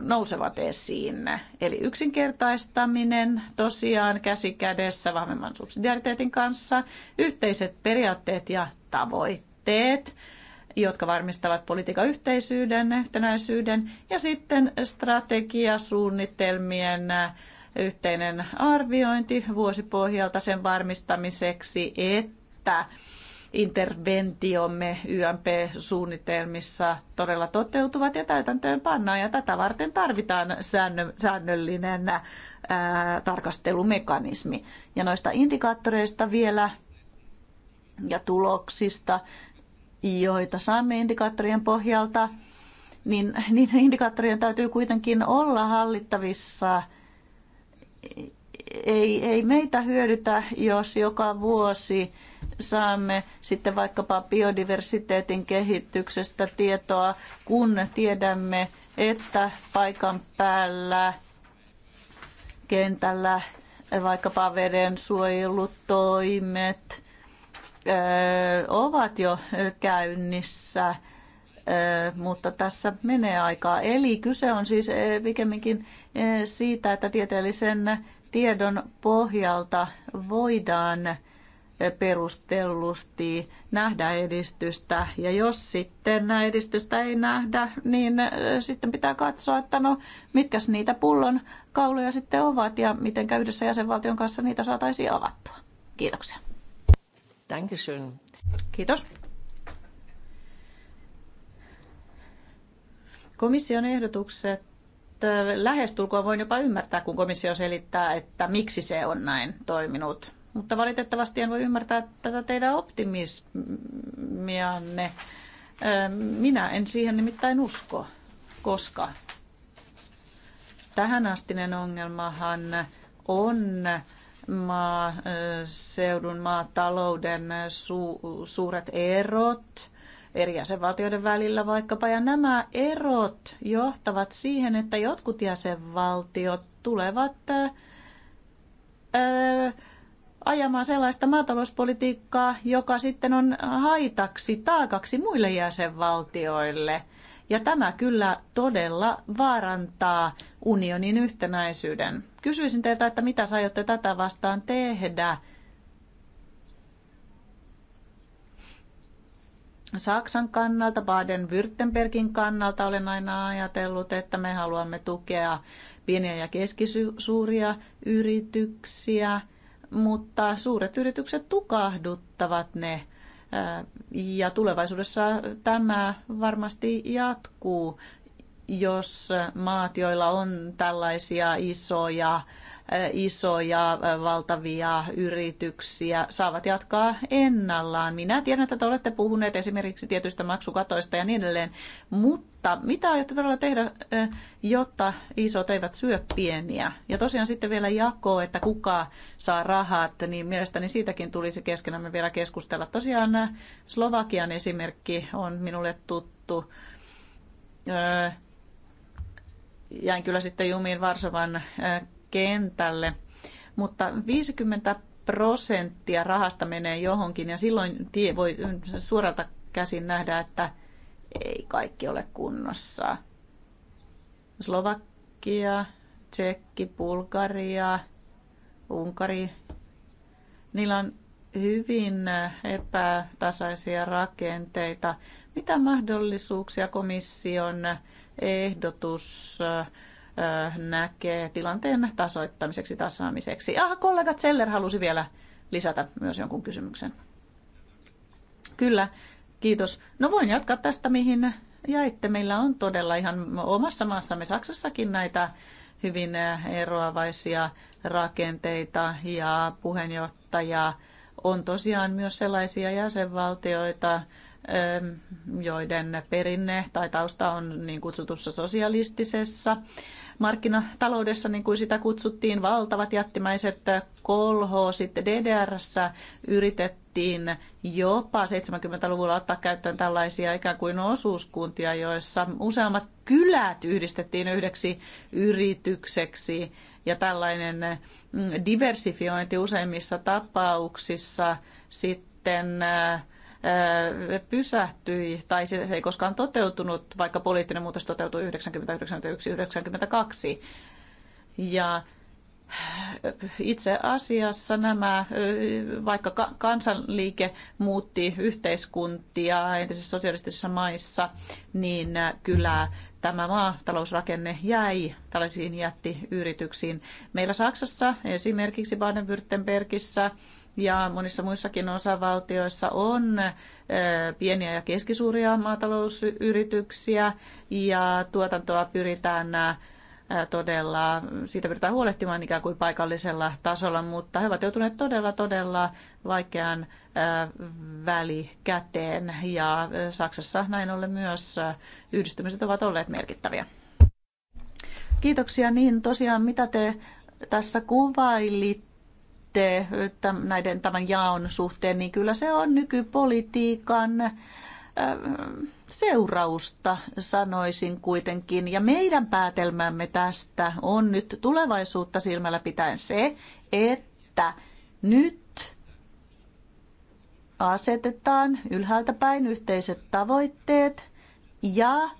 nousevat esiin. Eli yksinkertaistaminen tosiaan käsi kädessä vahvemman subsidiariteetin kanssa, yhteiset periaatteet ja tavoitteet, jotka varmistavat politiikan yhteisyyden, yhtenäisyyden ja sitten strategiasuunnitelmien suunnitelmien yhteinen arviointi vuosipohjalta sen varmistamiseksi, että interventiomme YMP-suunnitelmissa todella toteutuvat ja täytäntöön pannaan. Ja tätä varten tarvitaan säännöllinen ää, tarkastelumekanismi. Ja noista indikaattoreista vielä ja tuloksista, joita saamme indikaattorien pohjalta, niin niiden indikaattorien täytyy kuitenkin olla hallittavissa – ei, ei meitä hyödytä, jos joka vuosi saamme sitten vaikkapa biodiversiteetin kehityksestä tietoa, kun tiedämme, että paikan päällä kentällä vaikkapa vedensuojelutoimet ovat jo käynnissä, mutta tässä menee aikaa. Eli kyse on siis pikemminkin Eh, siitä, että tieteellisen tiedon pohjalta voidaan eh, perustellusti nähdä edistystä. Ja jos sitten edistystä ei nähdä, niin eh, sitten pitää katsoa, että no mitkä niitä pullon kauluja sitten ovat ja miten yhdessä jäsenvaltion kanssa niitä saataisiin avattua. Kiitoksia. Dankeschön. Kiitos. Komission ehdotukset lähestulkoon voin jopa ymmärtää, kun komissio selittää, että miksi se on näin toiminut. Mutta valitettavasti en voi ymmärtää tätä teidän optimismianne. Minä en siihen nimittäin usko, koska tähänastinen ongelmahan on maaseudun maatalouden su- suuret erot – eri jäsenvaltioiden välillä vaikkapa. Ja nämä erot johtavat siihen, että jotkut jäsenvaltiot tulevat ajamaan sellaista maatalouspolitiikkaa, joka sitten on haitaksi, taakaksi muille jäsenvaltioille. Ja tämä kyllä todella vaarantaa unionin yhtenäisyyden. Kysyisin teiltä, että mitä aiotte tätä vastaan tehdä? Saksan kannalta, Baden-Württembergin kannalta olen aina ajatellut, että me haluamme tukea pieniä ja keskisuuria yrityksiä, mutta suuret yritykset tukahduttavat ne. Ja tulevaisuudessa tämä varmasti jatkuu, jos maat, joilla on tällaisia isoja isoja valtavia yrityksiä saavat jatkaa ennallaan. Minä tiedän, että te olette puhuneet esimerkiksi tietyistä maksukatoista ja niin edelleen, mutta mitä aiotte todella tehdä, jotta isot eivät syö pieniä? Ja tosiaan sitten vielä jako, että kuka saa rahat, niin mielestäni siitäkin tulisi keskenämme vielä keskustella. Tosiaan Slovakian esimerkki on minulle tuttu jäin kyllä sitten jumiin Varsovan kentälle, mutta 50 prosenttia rahasta menee johonkin ja silloin tie voi suoralta käsin nähdä, että ei kaikki ole kunnossa. Slovakia, Tsekki, Bulgaria, Unkari, niillä on hyvin epätasaisia rakenteita. Mitä mahdollisuuksia komission ehdotus näkee tilanteen tasoittamiseksi, tasaamiseksi. Ah, kollega Zeller halusi vielä lisätä myös jonkun kysymyksen. Kyllä, kiitos. No voin jatkaa tästä, mihin jäitte. Meillä on todella ihan omassa maassamme Saksassakin näitä hyvin eroavaisia rakenteita ja puheenjohtajaa. On tosiaan myös sellaisia jäsenvaltioita, joiden perinne tai tausta on niin kutsutussa sosialistisessa markkinataloudessa, niin kuin sitä kutsuttiin, valtavat jättimäiset kolhoosit DDRssä yritettiin jopa 70-luvulla ottaa käyttöön tällaisia ikään kuin osuuskuntia, joissa useammat kylät yhdistettiin yhdeksi yritykseksi ja tällainen mm, diversifiointi useimmissa tapauksissa sitten äh, pysähtyi tai se ei koskaan toteutunut, vaikka poliittinen muutos toteutui 1991-1992. Ja itse asiassa nämä, vaikka kansanliike muutti yhteiskuntia entisissä sosialistisissa maissa, niin kyllä tämä maatalousrakenne jäi tällaisiin jättiyrityksiin. Meillä Saksassa, esimerkiksi Baden-Württembergissä, ja monissa muissakin osavaltioissa on pieniä ja keskisuuria maatalousyrityksiä ja tuotantoa pyritään todella, siitä pyritään huolehtimaan ikään kuin paikallisella tasolla, mutta he ovat joutuneet todella, todella vaikeaan välikäteen ja Saksassa näin ollen myös yhdistymiset ovat olleet merkittäviä. Kiitoksia. Niin tosiaan, mitä te tässä kuvailitte? suhteen, näiden, tämän jaon suhteen, niin kyllä se on nykypolitiikan äh, seurausta, sanoisin kuitenkin. Ja meidän päätelmämme tästä on nyt tulevaisuutta silmällä pitäen se, että nyt asetetaan ylhäältä päin yhteiset tavoitteet ja äh,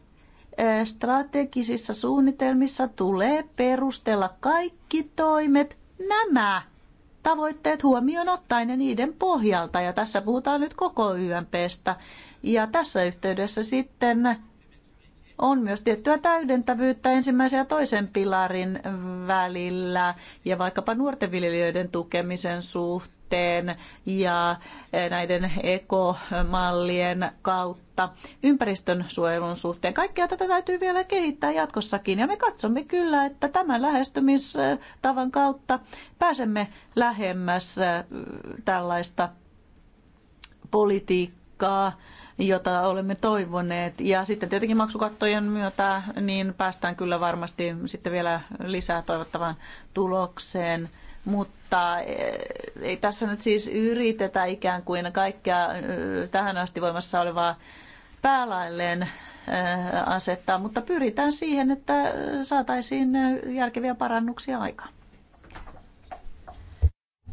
strategisissa suunnitelmissa tulee perustella kaikki toimet. Nämä tavoitteet huomioon ottaen ja niiden pohjalta. Ja tässä puhutaan nyt koko YMPstä. Ja tässä yhteydessä sitten on myös tiettyä täydentävyyttä ensimmäisen ja toisen pilarin välillä ja vaikkapa nuorten viljelijöiden tukemisen suhteen ja eh, näiden ekomallien kautta tilannetta ympäristön suojelun suhteen. Kaikkea tätä täytyy vielä kehittää jatkossakin ja me katsomme kyllä, että tämän lähestymistavan kautta pääsemme lähemmäs tällaista politiikkaa, jota olemme toivoneet. Ja sitten tietenkin maksukattojen myötä niin päästään kyllä varmasti sitten vielä lisää toivottavan tulokseen. Mutta ei tässä nyt siis yritetä ikään kuin kaikkea tähän asti voimassa olevaa päälailleen äh, asettaa, mutta pyritään siihen, että saataisiin äh, järkeviä parannuksia aikaan.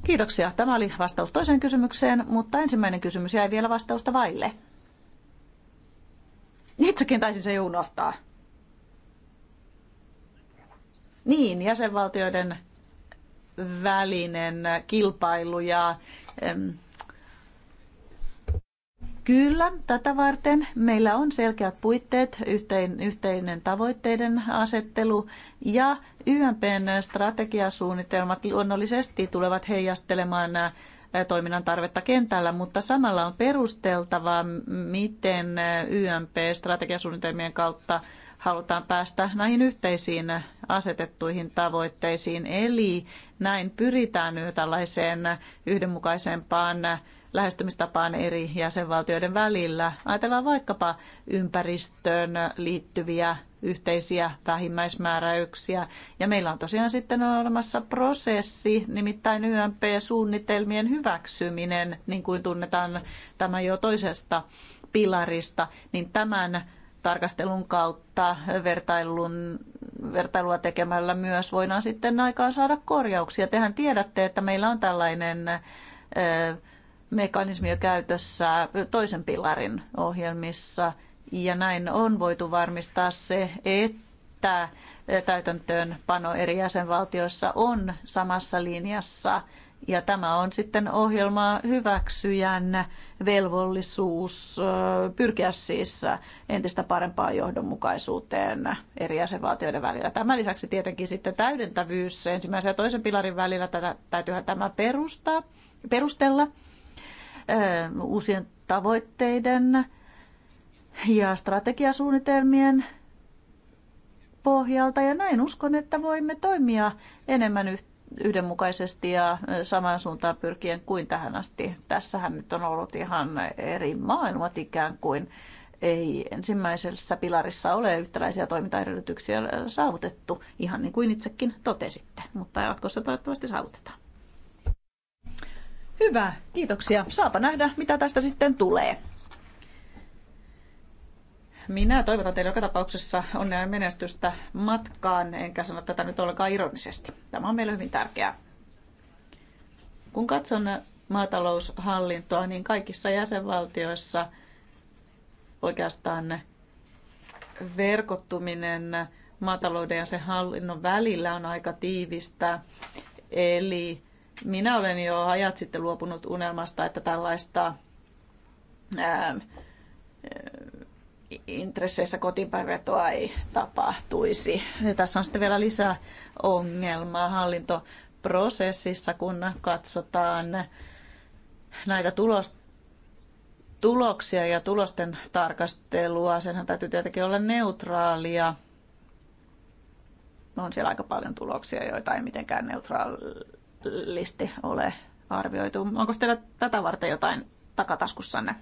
Kiitoksia. Tämä oli vastaus toiseen kysymykseen, mutta ensimmäinen kysymys jäi vielä vastausta vaille. Itsekin taisin se unohtaa. Niin, jäsenvaltioiden välinen kilpailu ja Kyllä, tätä varten meillä on selkeät puitteet, yhteinen tavoitteiden asettelu ja YMPn strategiasuunnitelmat luonnollisesti tulevat heijastelemaan äh, toiminnan tarvetta kentällä, mutta samalla on perusteltava, miten äh, YMP-strategiasuunnitelmien kautta halutaan päästä näihin yhteisiin asetettuihin tavoitteisiin. Eli näin pyritään tällaiseen yhdenmukaisempaan lähestymistapaan eri jäsenvaltioiden välillä. Ajatellaan vaikkapa ympäristöön liittyviä yhteisiä vähimmäismääräyksiä. Ja meillä on tosiaan sitten olemassa prosessi, nimittäin YMP-suunnitelmien hyväksyminen, niin kuin tunnetaan tämä jo toisesta pilarista, niin tämän tarkastelun kautta vertailun, vertailua tekemällä myös voidaan sitten aikaan saada korjauksia. Tehän tiedätte, että meillä on tällainen mekanismia käytössä toisen pilarin ohjelmissa ja näin on voitu varmistaa se, että täytäntöönpano eri jäsenvaltioissa on samassa linjassa ja tämä on sitten ohjelmaa hyväksyjän velvollisuus pyrkiä siis entistä parempaan johdonmukaisuuteen eri jäsenvaltioiden välillä. Tämän lisäksi tietenkin sitten täydentävyys ensimmäisen ja toisen pilarin välillä, tätä täytyyhän tämä perustaa, perustella uusien tavoitteiden ja strategiasuunnitelmien pohjalta. Ja näin uskon, että voimme toimia enemmän yhdenmukaisesti ja samaan suuntaan pyrkien kuin tähän asti. Tässähän nyt on ollut ihan eri maailmat ikään kuin. Ei ensimmäisessä pilarissa ole yhtäläisiä toimintaedellytyksiä saavutettu, ihan niin kuin itsekin totesitte, mutta jatkossa toivottavasti saavutetaan. Hyvä, kiitoksia. Saapa nähdä, mitä tästä sitten tulee. Minä toivotan teille joka tapauksessa onnea ja menestystä matkaan, enkä sano tätä nyt ollenkaan ironisesti. Tämä on meille hyvin tärkeää. Kun katson maataloushallintoa, niin kaikissa jäsenvaltioissa oikeastaan verkottuminen maatalouden ja sen hallinnon välillä on aika tiivistä. Eli minä olen jo ajat sitten luopunut unelmasta, että tällaista ää, intresseissä kotipäivätoa ei tapahtuisi. Ja tässä on sitten vielä lisää ongelmaa hallintoprosessissa, kun katsotaan näitä tulosta tuloksia ja tulosten tarkastelua. Senhän täytyy tietenkin olla neutraalia. On siellä aika paljon tuloksia, joita ei mitenkään neutraali listi ole arvioitu. Onko teillä tätä varten jotain takataskussanne?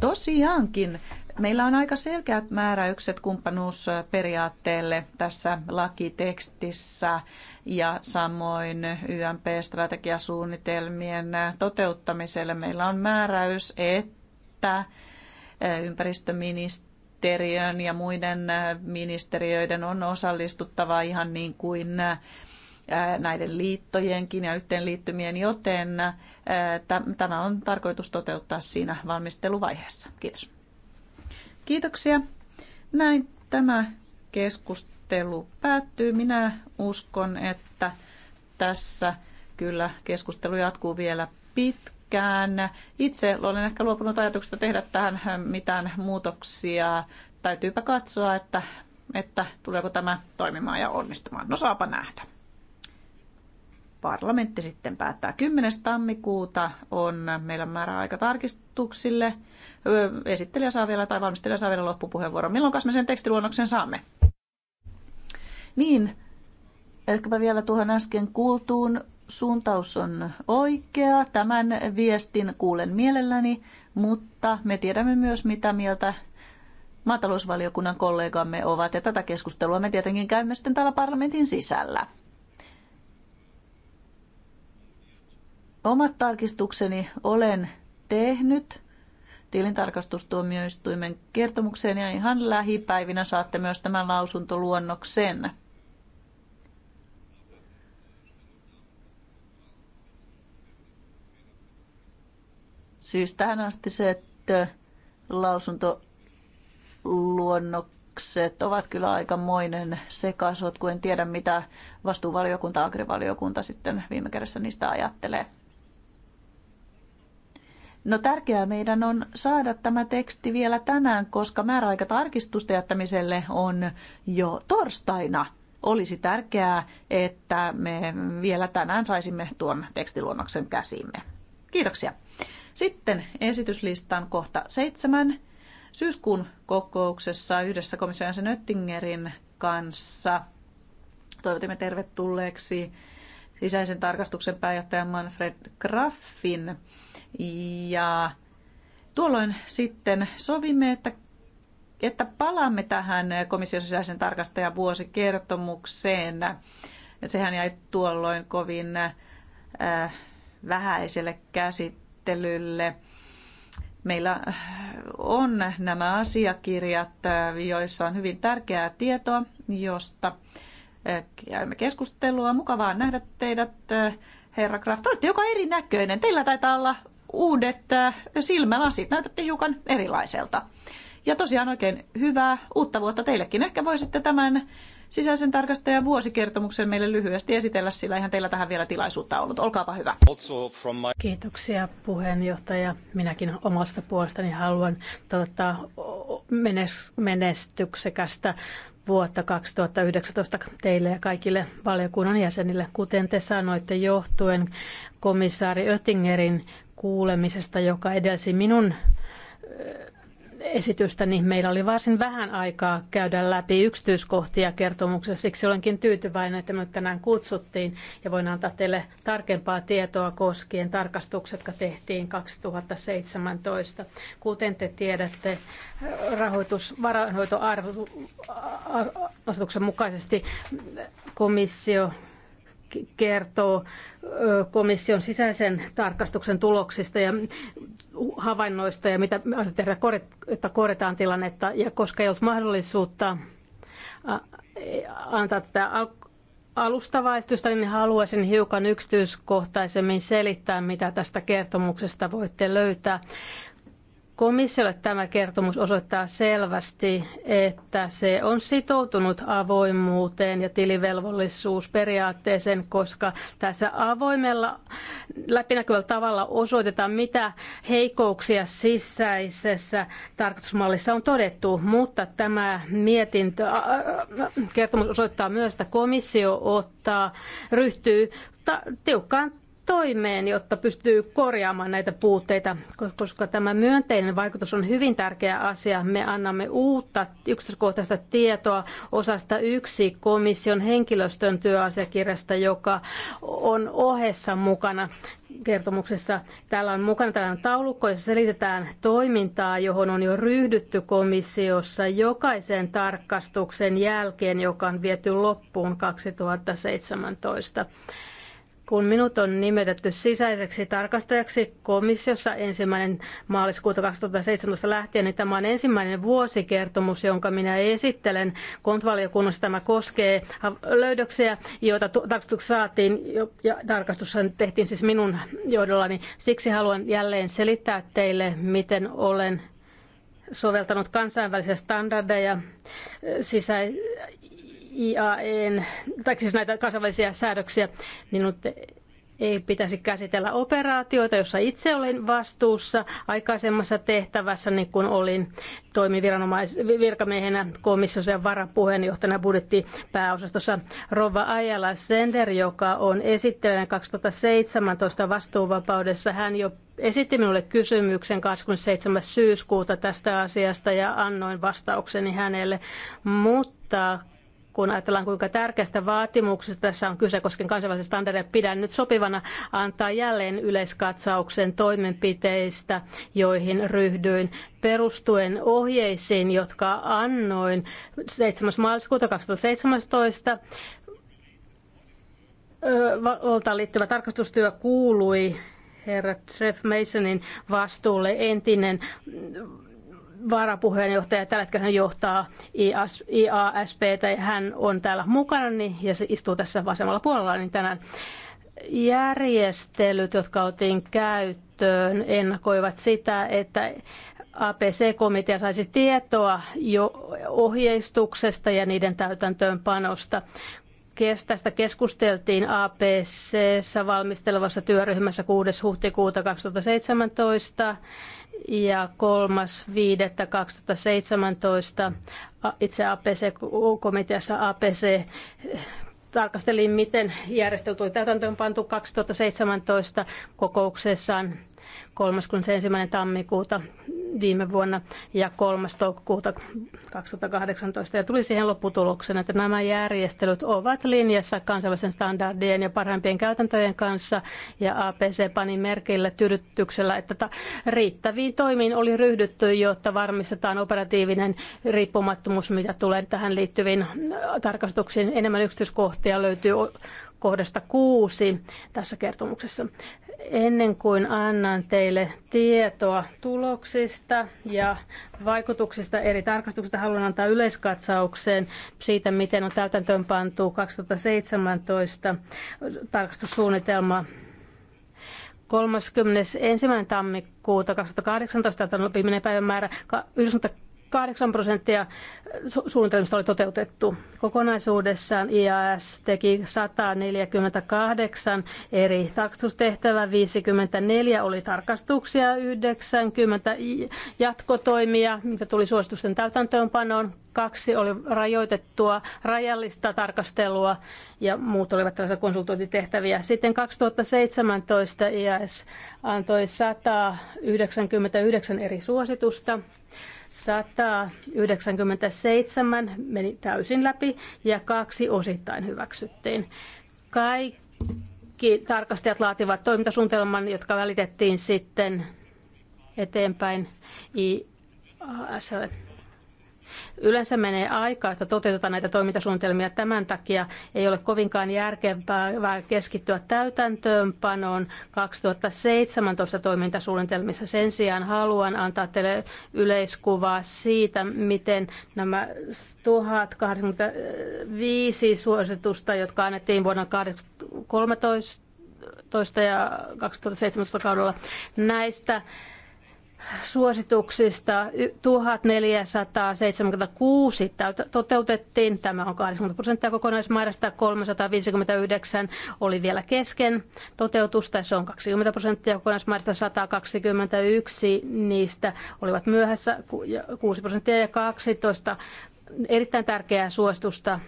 Tosiaankin. Meillä on aika selkeät määräykset kumppanuusperiaatteelle tässä lakitekstissä ja samoin YMP-strategiasuunnitelmien toteuttamiselle. Meillä on määräys, että ympäristöministeri ja muiden ministeriöiden on osallistuttava ihan niin kuin näiden liittojenkin ja yhteenliittymien, joten tämä on tarkoitus toteuttaa siinä valmisteluvaiheessa. Kiitos. Kiitoksia. Näin tämä keskustelu päättyy. Minä uskon, että tässä kyllä keskustelu jatkuu vielä pitkään. Itse olen ehkä luopunut ajatuksesta tehdä tähän mitään muutoksia. Täytyypä katsoa, että, että tuleeko tämä toimimaan ja onnistumaan. No saapa nähdä parlamentti sitten päättää. 10. tammikuuta on meillä määräaika tarkistuksille. Esittelijä saa vielä tai valmistelija saa vielä loppupuheenvuoron. Milloin me sen tekstiluonnoksen saamme? Niin, ehkäpä vielä tuohon äsken kuultuun suuntaus on oikea. Tämän viestin kuulen mielelläni, mutta me tiedämme myös, mitä mieltä maatalousvaliokunnan kollegamme ovat. Ja tätä keskustelua me tietenkin käymme sitten täällä parlamentin sisällä. Omat tarkistukseni olen tehnyt tilintarkastustuomioistuimen kertomukseen ja ihan lähipäivinä saatte myös tämän lausuntoluonnoksen. Siis tähän asti se, että lausuntoluonnokset ovat kyllä aikamoinen sekasot, kun en tiedä mitä vastuuvaliokunta, agrivaliokunta sitten viime kädessä niistä ajattelee. No tärkeää meidän on saada tämä teksti vielä tänään, koska määräaika tarkistusta jättämiselle on jo torstaina. Olisi tärkeää, että me vielä tänään saisimme tuon tekstiluonnoksen käsimme. Kiitoksia. Sitten esityslistan kohta seitsemän. Syyskuun kokouksessa yhdessä komission jäsen Oettingerin kanssa toivotimme tervetulleeksi sisäisen tarkastuksen pääjohtaja Manfred Graffin. Ja tuolloin sitten sovimme, että että palaamme tähän komission sisäisen tarkastajan vuosikertomukseen. Sehän jäi tuolloin kovin äh, vähäiselle käsittelylle. Meillä äh, on nämä asiakirjat, äh, joissa on hyvin tärkeää tietoa, josta äh, käymme keskustelua. Mukavaa nähdä teidät, herra Kraft. Olette joka erinäköinen. Teillä taitaa olla uudet äh, silmälasit. Näytätte hiukan erilaiselta. Ja tosiaan oikein hyvää uutta vuotta teillekin. Ehkä voisitte tämän sisäisen tarkastajan vuosikertomuksen meille lyhyesti esitellä, sillä ihan teillä tähän vielä tilaisuutta ollut. Olkaapa hyvä. Kiitoksia puheenjohtaja. Minäkin omasta puolestani haluan toivottaa menestyksekästä vuotta 2019 teille ja kaikille valiokunnan jäsenille, kuten te sanoitte, johtuen komissaari Oettingerin kuulemisesta, joka edelsi minun esitystä, niin meillä oli varsin vähän aikaa käydä läpi yksityiskohtia kertomuksessa. Siksi olenkin tyytyväinen, että me tänään kutsuttiin ja voin antaa teille tarkempaa tietoa koskien tarkastukset, jotka tehtiin 2017. Kuten te tiedätte, rahoitus, mukaisesti komissio kertoo komission sisäisen tarkastuksen tuloksista ja havainnoista ja mitä tehdä, että korjataan tilannetta. Ja koska ei ollut mahdollisuutta antaa tätä alustavaa esitystä, niin haluaisin hiukan yksityiskohtaisemmin selittää, mitä tästä kertomuksesta voitte löytää. Komissiolle tämä kertomus osoittaa selvästi, että se on sitoutunut avoimuuteen ja tilivelvollisuusperiaatteeseen, koska tässä avoimella läpinäkyvällä tavalla osoitetaan, mitä heikouksia sisäisessä tarkastusmallissa on todettu, mutta tämä mietintö, äh, äh, kertomus osoittaa myös, että komissio ottaa, ryhtyy tiukkaan toimeen, jotta pystyy korjaamaan näitä puutteita, koska tämä myönteinen vaikutus on hyvin tärkeä asia. Me annamme uutta yksityiskohtaista tietoa osasta yksi komission henkilöstön työasiakirjasta, joka on ohessa mukana kertomuksessa. Täällä on mukana tällainen taulukko, jossa selitetään toimintaa, johon on jo ryhdytty komissiossa jokaisen tarkastuksen jälkeen, joka on viety loppuun 2017. Kun minut on nimetetty sisäiseksi tarkastajaksi komissiossa ensimmäinen maaliskuuta 2017 lähtien, niin tämä on ensimmäinen vuosikertomus, jonka minä esittelen. Kontvaliokunnassa tämä koskee löydöksiä, joita tarkastus saatiin ja tarkastus tehtiin siis minun johdollani. Siksi haluan jälleen selittää teille, miten olen soveltanut kansainvälisiä standardeja sisä- IAEn, tai siis näitä kansainvälisiä säädöksiä, minut ei pitäisi käsitellä operaatioita, jossa itse olin vastuussa aikaisemmassa tehtävässä, niin kun olin toimin virkamiehenä komissiossa ja varapuheenjohtajana budjettipääosastossa Rova Ajala Sender, joka on esittelijänä 2017 vastuuvapaudessa. Hän jo esitti minulle kysymyksen 27. syyskuuta tästä asiasta ja annoin vastaukseni hänelle, mutta kun ajatellaan kuinka tärkeästä vaatimuksesta tässä on kyse, koska kansainvälisiä standardeja pidän nyt sopivana antaa jälleen yleiskatsauksen toimenpiteistä, joihin ryhdyin perustuen ohjeisiin, jotka annoin 7. maaliskuuta 2017 valtaan liittyvä tarkastustyö kuului herra Treff Masonin vastuulle entinen varapuheenjohtaja, tällä hetkellä hän johtaa IASP: ja hän on täällä mukana niin, ja se istuu tässä vasemmalla puolella, niin tänään järjestelyt, jotka otin käyttöön, ennakoivat sitä, että APC-komitea saisi tietoa jo ohjeistuksesta ja niiden täytäntöönpanosta. Tästä keskusteltiin APC-valmistelevassa työryhmässä 6. huhtikuuta 2017 ja 3.5.2017 itse APC-komiteassa APC eh, tarkasteli, miten järjestelty oli täytäntöönpantu 2017 kokouksessaan 31. tammikuuta viime vuonna ja 3. toukokuuta 2018 ja tuli siihen lopputulokseen, että nämä järjestelyt ovat linjassa kansainvälisen standardien ja parhaimpien käytäntöjen kanssa ja APC pani merkille tyydytyksellä, että riittäviin toimiin oli ryhdytty, jotta varmistetaan operatiivinen riippumattomuus, mitä tulee tähän liittyviin äh, tarkastuksiin. Enemmän yksityiskohtia löytyy kohdasta kuusi tässä kertomuksessa. Ennen kuin annan teille tietoa tuloksista ja vaikutuksista eri tarkastuksista, haluan antaa yleiskatsaukseen siitä, miten on täytäntöön pantu 2017 tarkastussuunnitelma 31. tammikuuta 2018, tämä on viimeinen päivämäärä, 8 prosenttia su- suunnitelmista oli toteutettu. Kokonaisuudessaan IAS teki 148 eri tarkastustehtävää, 54 oli tarkastuksia, 90 jatkotoimia, mitä tuli suositusten täytäntöönpanoon, kaksi oli rajoitettua, rajallista tarkastelua ja muut olivat tällaisia konsultointitehtäviä. Sitten 2017 IAS antoi 199 eri suositusta. 197 meni täysin läpi ja kaksi osittain hyväksyttiin. Kaikki tarkastajat laativat toimintasuunnitelman, jotka välitettiin sitten eteenpäin IASlle Yleensä menee aikaa, että toteutetaan näitä toimintasuunnitelmia. Tämän takia ei ole kovinkaan järkevää keskittyä täytäntöönpanoon 2017 toimintasuunnitelmissa. Sen sijaan haluan antaa teille yleiskuvaa siitä, miten nämä 1085 suositusta, jotka annettiin vuonna 2013 ja 2017 kaudella, näistä suosituksista 1476 toteutettiin. Tämä on 80 prosenttia kokonaismäärästä, 359 oli vielä kesken toteutusta, se on 20 prosenttia kokonaismäärästä, 121 niistä olivat myöhässä, 6 prosenttia ja 12 erittäin tärkeää suositusta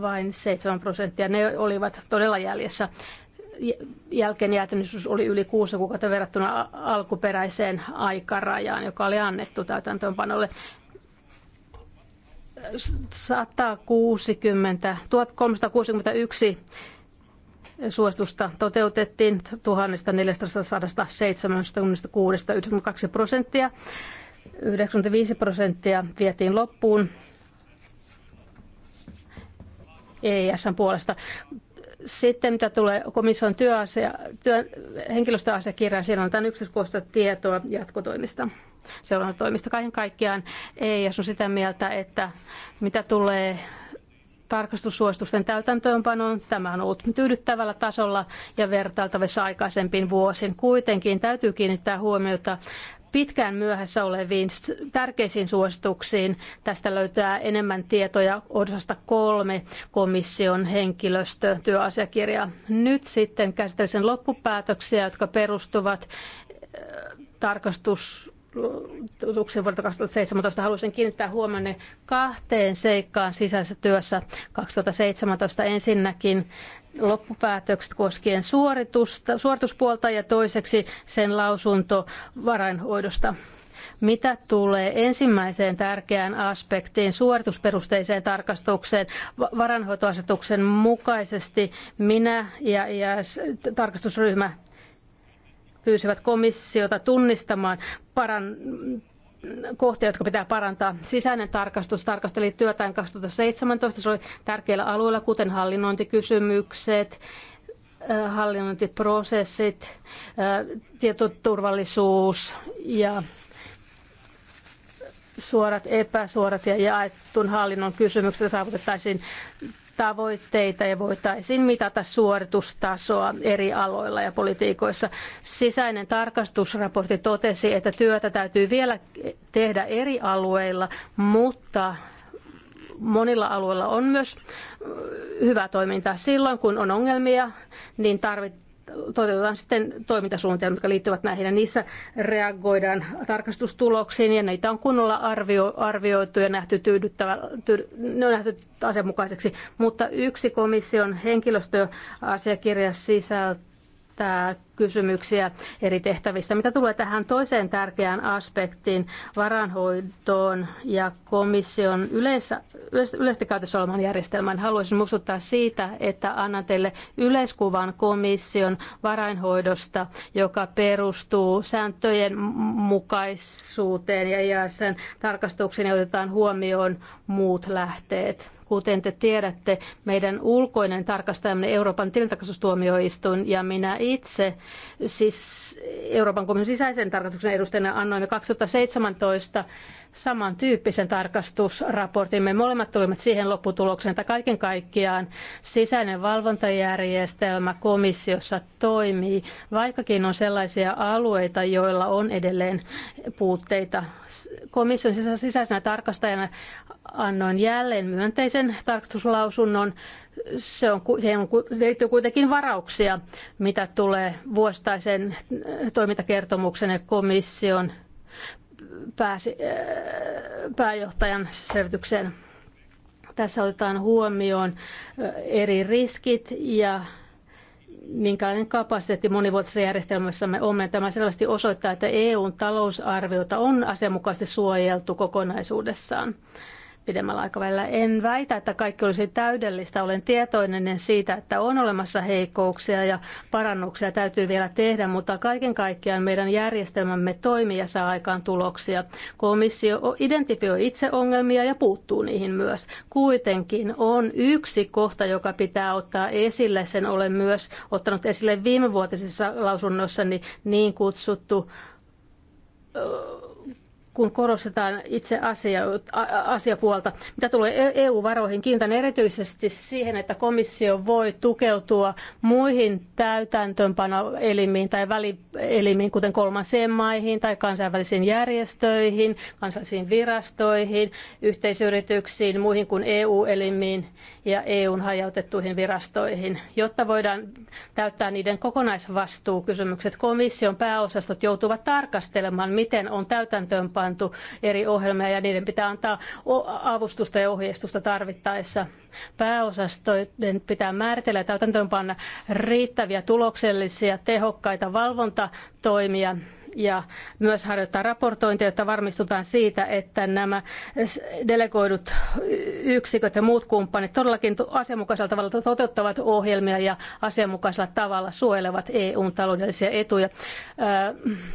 vain 7 prosenttia. Ne olivat todella jäljessä jälkeenjäätyneisyys oli yli kuusi kuukautta verrattuna alkuperäiseen aikarajaan, joka oli annettu täytäntöönpanolle. 160, 1361 suositusta toteutettiin 1476, prosenttia. 95 prosenttia vietiin loppuun EIS puolesta. Sitten mitä tulee komission työasia, työ, henkilöstöasiakirjaan, siellä on tämän yksityiskohtaista tietoa jatkotoimista seurantatoimista kaiken kaikkiaan. Ei, jos on sitä mieltä, että mitä tulee tarkastussuositusten täytäntöönpanoon. Tämä on ollut tyydyttävällä tasolla ja vertailtavissa aikaisempiin vuosiin. Kuitenkin täytyy kiinnittää huomiota pitkään myöhässä oleviin tärkeisiin suosituksiin. Tästä löytää enemmän tietoja osasta kolme komission työasiakirja. Nyt sitten käsittelen loppupäätöksiä, jotka perustuvat äh, tarkastus tutuksen vuodelta 2017 haluaisin kiinnittää huomioon kahteen seikkaan sisäisessä työssä 2017. Ensinnäkin loppupäätökset koskien suoritusta, suorituspuolta ja toiseksi sen lausunto varainhoidosta. Mitä tulee ensimmäiseen tärkeään aspektiin, suoritusperusteiseen tarkastukseen, varanhoitoasetuksen mukaisesti minä ja, ja tarkastusryhmä pyysivät komissiota tunnistamaan paran, kohtia, jotka pitää parantaa. Sisäinen tarkastus tarkasteli työtään 2017. Se oli tärkeillä alueilla, kuten hallinnointikysymykset, äh, hallinnointiprosessit, äh, tietoturvallisuus ja suorat, epäsuorat ja jaettun hallinnon kysymykset saavutettaisiin tavoitteita ja voitaisiin mitata suoritustasoa eri aloilla ja politiikoissa. Sisäinen tarkastusraportti totesi, että työtä täytyy vielä tehdä eri alueilla, mutta monilla alueilla on myös hyvä toiminta. Silloin kun on ongelmia, niin tarvit, toteutetaan sitten toimintasuunnitelmat, jotka liittyvät näihin, ja niissä reagoidaan tarkastustuloksiin, ja niitä on kunnolla arvio, arvioitu ja nähty tyydyttävä, tyy, ne on nähty asianmukaiseksi. Mutta yksi komission henkilöstöasiakirja sisältää esittää kysymyksiä eri tehtävistä. Mitä tulee tähän toiseen tärkeään aspektiin, varanhoitoon ja komission yleis- yleisesti käytössä olevan järjestelmän, haluaisin muistuttaa siitä, että annan teille yleiskuvan komission varainhoidosta, joka perustuu sääntöjen mukaisuuteen ja sen tarkastuksiin ja otetaan huomioon muut lähteet. Kuten te tiedätte, meidän ulkoinen tarkastajamme Euroopan tilintarkastustuomioistuin ja minä itse, siis Euroopan komission sisäisen tarkastuksen edustajana annoimme 2017 samantyyppisen tarkastusraportin. Me molemmat tulimme siihen lopputulokseen, että kaiken kaikkiaan sisäinen valvontajärjestelmä komissiossa toimii, vaikkakin on sellaisia alueita, joilla on edelleen puutteita. Komission sisäisenä tarkastajana annoin jälleen myönteisen tarkastuslausunnon. Se on, siihen on, liittyy kuitenkin varauksia, mitä tulee vuostaisen toimintakertomuksen ja komission pääsi, äh, pääjohtajan selvitykseen. Tässä otetaan huomioon äh, eri riskit ja minkälainen kapasiteetti monivuotisessa järjestelmässämme on. Tämä selvästi osoittaa, että EUn talousarviota on asianmukaisesti suojeltu kokonaisuudessaan pidemmällä aikavälillä. En väitä, että kaikki olisi täydellistä. Olen tietoinen siitä, että on olemassa heikkouksia ja parannuksia täytyy vielä tehdä, mutta kaiken kaikkiaan meidän järjestelmämme toimii ja saa aikaan tuloksia. Komissio identifioi itse ongelmia ja puuttuu niihin myös. Kuitenkin on yksi kohta, joka pitää ottaa esille. Sen olen myös ottanut esille viimevuotisessa lausunnossani niin kutsuttu kun korostetaan itse asia, asiapuolta. Mitä tulee EU-varoihin, kiinnitän erityisesti siihen, että komissio voi tukeutua muihin täytäntöönpanoelimiin tai välielimiin, kuten kolmansien maihin tai kansainvälisiin järjestöihin, kansallisiin virastoihin, yhteisyrityksiin, muihin kuin EU-elimiin ja EUn hajautettuihin virastoihin, jotta voidaan täyttää niiden kokonaisvastuukysymykset. Komission pääosastot joutuvat tarkastelemaan, miten on täytäntöönpano pantu eri ohjelmia ja niiden pitää antaa avustusta ja ohjeistusta tarvittaessa. Pääosastojen pitää määritellä ja täytäntöönpanna riittäviä tuloksellisia, tehokkaita valvontatoimia ja myös harjoittaa raportointia, jotta varmistutaan siitä, että nämä delegoidut yksiköt ja muut kumppanit todellakin asianmukaisella tavalla toteuttavat ohjelmia ja asianmukaisella tavalla suojelevat EUn taloudellisia etuja.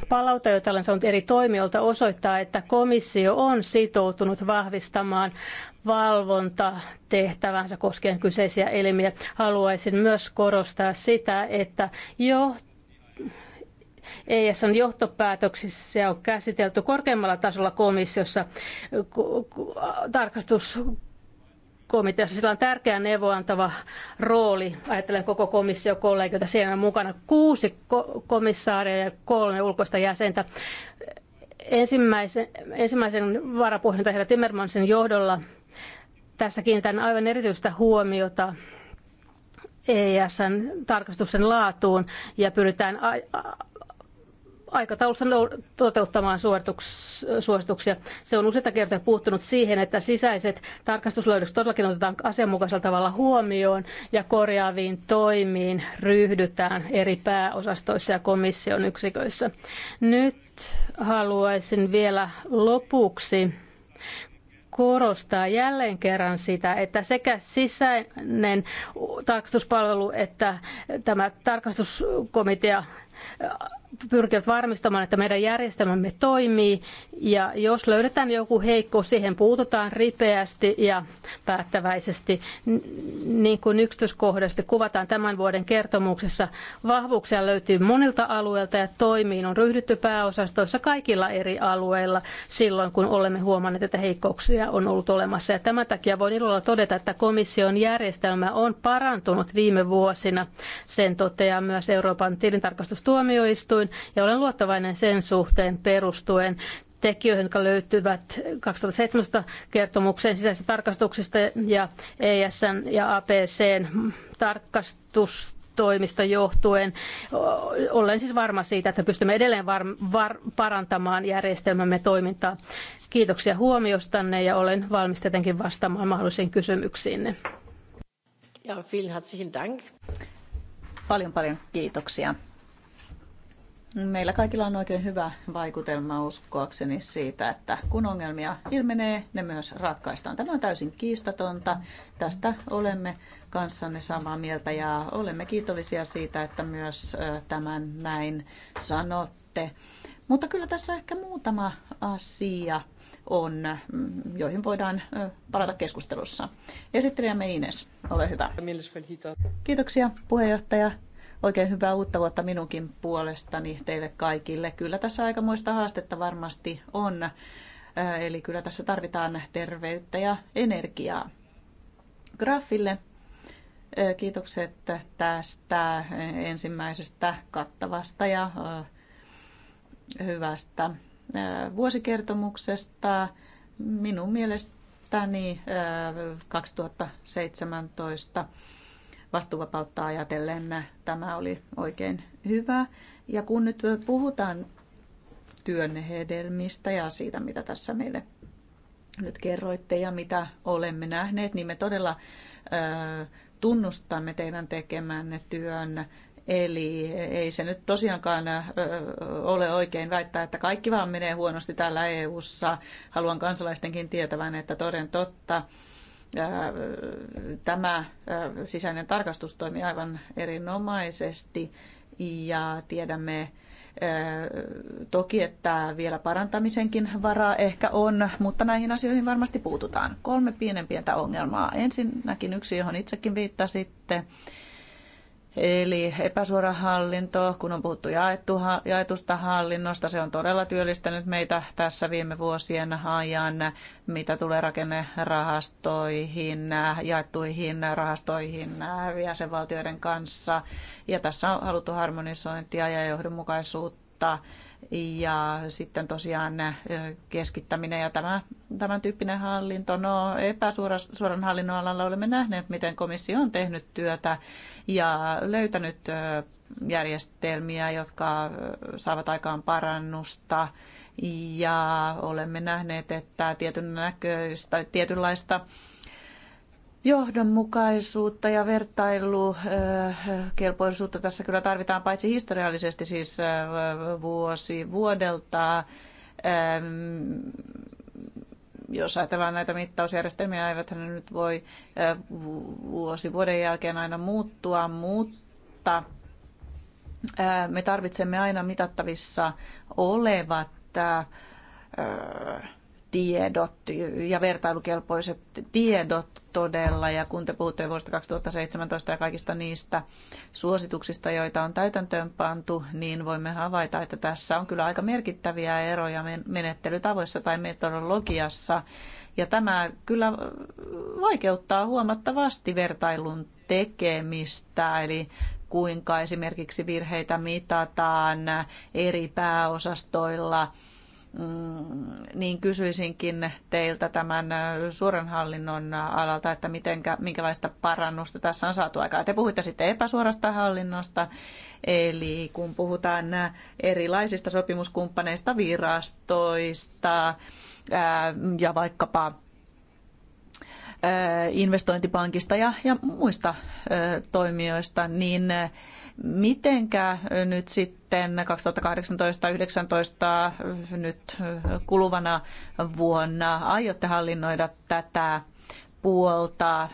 Palaute, jota olen saanut eri toimijoilta, osoittaa, että komissio on sitoutunut vahvistamaan valvontatehtäväänsä koskien kyseisiä elimiä. Haluaisin myös korostaa sitä, että jo ESN johtopäätöksissä on käsitelty korkeammalla tasolla komissiossa tarkastus komiteassa. Sillä on tärkeä neuvoantava rooli, ajattelen koko komissiokollegiota. Siellä on mukana kuusi komissaaria ja kolme ulkoista jäsentä. Ensimmäisen, ensimmäisen varapuheenjohtaja herra Timmermansin johdolla tässä kiinnitän aivan erityistä huomiota ESN tarkastuksen laatuun ja pyritään aikataulussa toteuttamaan suosituksia. Se on useita kertaa puuttunut siihen, että sisäiset tarkastuslöydökset todellakin otetaan asianmukaisella tavalla huomioon ja korjaaviin toimiin ryhdytään eri pääosastoissa ja komission yksiköissä. Nyt haluaisin vielä lopuksi korostaa jälleen kerran sitä, että sekä sisäinen tarkastuspalvelu että tämä tarkastuskomitea pyrkivät varmistamaan, että meidän järjestelmämme toimii ja jos löydetään joku heikko, siihen puututaan ripeästi ja päättäväisesti. Niin kuin yksityiskohdasti kuvataan tämän vuoden kertomuksessa, vahvuuksia löytyy monilta alueilta ja toimiin on ryhdytty pääosastoissa kaikilla eri alueilla silloin, kun olemme huomanneet, että heikkouksia on ollut olemassa. Ja tämän takia voin ilolla todeta, että komission järjestelmä on parantunut viime vuosina. Sen toteaa myös Euroopan tilintarkastustuomioistuin tuomioistuin ja olen luottavainen sen suhteen perustuen tekijöihin, jotka löytyvät 2017 kertomukseen sisäisistä tarkastuksista ja ESN ja APCn tarkastus toimista johtuen. Olen siis varma siitä, että pystymme edelleen var, var, parantamaan järjestelmämme toimintaa. Kiitoksia huomiostanne ja olen valmis tietenkin vastaamaan mahdollisiin kysymyksiinne. Ja, vielen herzlichen Dank. Paljon paljon kiitoksia. Meillä kaikilla on oikein hyvä vaikutelma uskoakseni siitä, että kun ongelmia ilmenee, ne myös ratkaistaan. Tämä on täysin kiistatonta. Tästä olemme kanssanne samaa mieltä ja olemme kiitollisia siitä, että myös tämän näin sanotte. Mutta kyllä tässä ehkä muutama asia on, mm, joihin voidaan palata keskustelussa. Esittelijämme Ines, ole hyvä. Kiitoksia puheenjohtaja. Oikein hyvää uutta vuotta minunkin puolestani teille kaikille. Kyllä tässä aikamoista haastetta varmasti on. Äh, eli kyllä tässä tarvitaan terveyttä ja energiaa. Graffille äh, kiitokset tästä ensimmäisestä kattavasta ja äh, hyvästä vuosikertomuksesta. Minun mielestäni 2017 vastuuvapautta ajatellen tämä oli oikein hyvä. Ja kun nyt puhutaan työn hedelmistä ja siitä, mitä tässä meille nyt kerroitte ja mitä olemme nähneet, niin me todella tunnustamme teidän tekemänne työn. Eli ei se nyt tosiaankaan ole oikein väittää, että kaikki vaan menee huonosti täällä EU-ssa. Haluan kansalaistenkin tietävän, että toden totta tämä sisäinen tarkastus toimii aivan erinomaisesti ja tiedämme toki, että vielä parantamisenkin varaa ehkä on, mutta näihin asioihin varmasti puututaan. Kolme pienempientä ongelmaa. Ensinnäkin yksi, johon itsekin viittasitte, Eli epäsuora hallinto, kun on puhuttu jaettu, jaetusta hallinnosta, se on todella työllistänyt meitä tässä viime vuosien ajan, mitä tulee rakennerahastoihin, jaettuihin rahastoihin jäsenvaltioiden kanssa. Ja tässä on haluttu harmonisointia ja johdonmukaisuutta ja sitten tosiaan keskittäminen ja tämä, tämän tyyppinen hallinto. No epäsuoran hallinnon alalla olemme nähneet, miten komissio on tehnyt työtä ja löytänyt järjestelmiä, jotka saavat aikaan parannusta ja olemme nähneet, että tietyn näköistä, tietynlaista johdonmukaisuutta ja vertailukelpoisuutta tässä kyllä tarvitaan paitsi historiallisesti siis vuosi vuodelta. Jos ajatellaan näitä mittausjärjestelmiä, eivät ne nyt voi vuosi vuoden jälkeen aina muuttua, mutta me tarvitsemme aina mitattavissa olevat tiedot ja vertailukelpoiset tiedot todella. Ja kun te puhutte vuodesta 2017 ja kaikista niistä suosituksista, joita on täytäntöön pantu, niin voimme havaita, että tässä on kyllä aika merkittäviä eroja menettelytavoissa tai metodologiassa. Ja tämä kyllä vaikeuttaa huomattavasti vertailun tekemistä, eli kuinka esimerkiksi virheitä mitataan eri pääosastoilla – Mm, niin kysyisinkin teiltä tämän äh, suoran hallinnon äh, alalta, että mitenkä, minkälaista parannusta tässä on saatu aikaa. Te puhuitte sitten epäsuorasta hallinnosta, eli kun puhutaan äh, erilaisista sopimuskumppaneista, virastoista ja vaikkapa investointipankista ja, ja muista toimijoista, niin Mitenkä nyt sitten 2018-2019 nyt kuluvana vuonna aiotte hallinnoida tätä puolta,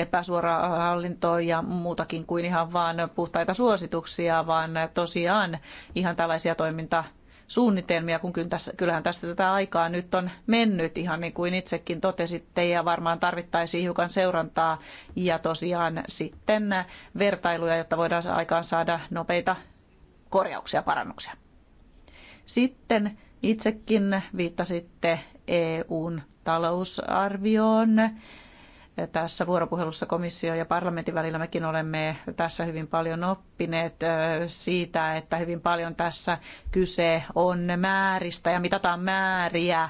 epäsuora hallinto ja muutakin kuin ihan vaan puhtaita suosituksia, vaan tosiaan ihan tällaisia toimintaa? suunnitelmia, kun kyllähän tässä tätä aikaa nyt on mennyt, ihan niin kuin itsekin totesitte, ja varmaan tarvittaisiin hiukan seurantaa ja tosiaan sitten vertailuja, jotta voidaan aikaan saada nopeita korjauksia, parannuksia. Sitten itsekin viittasitte EUn talousarvioon tässä vuoropuhelussa komissio ja parlamentin välillä mekin olemme tässä hyvin paljon oppineet siitä, että hyvin paljon tässä kyse on määristä ja mitataan määriä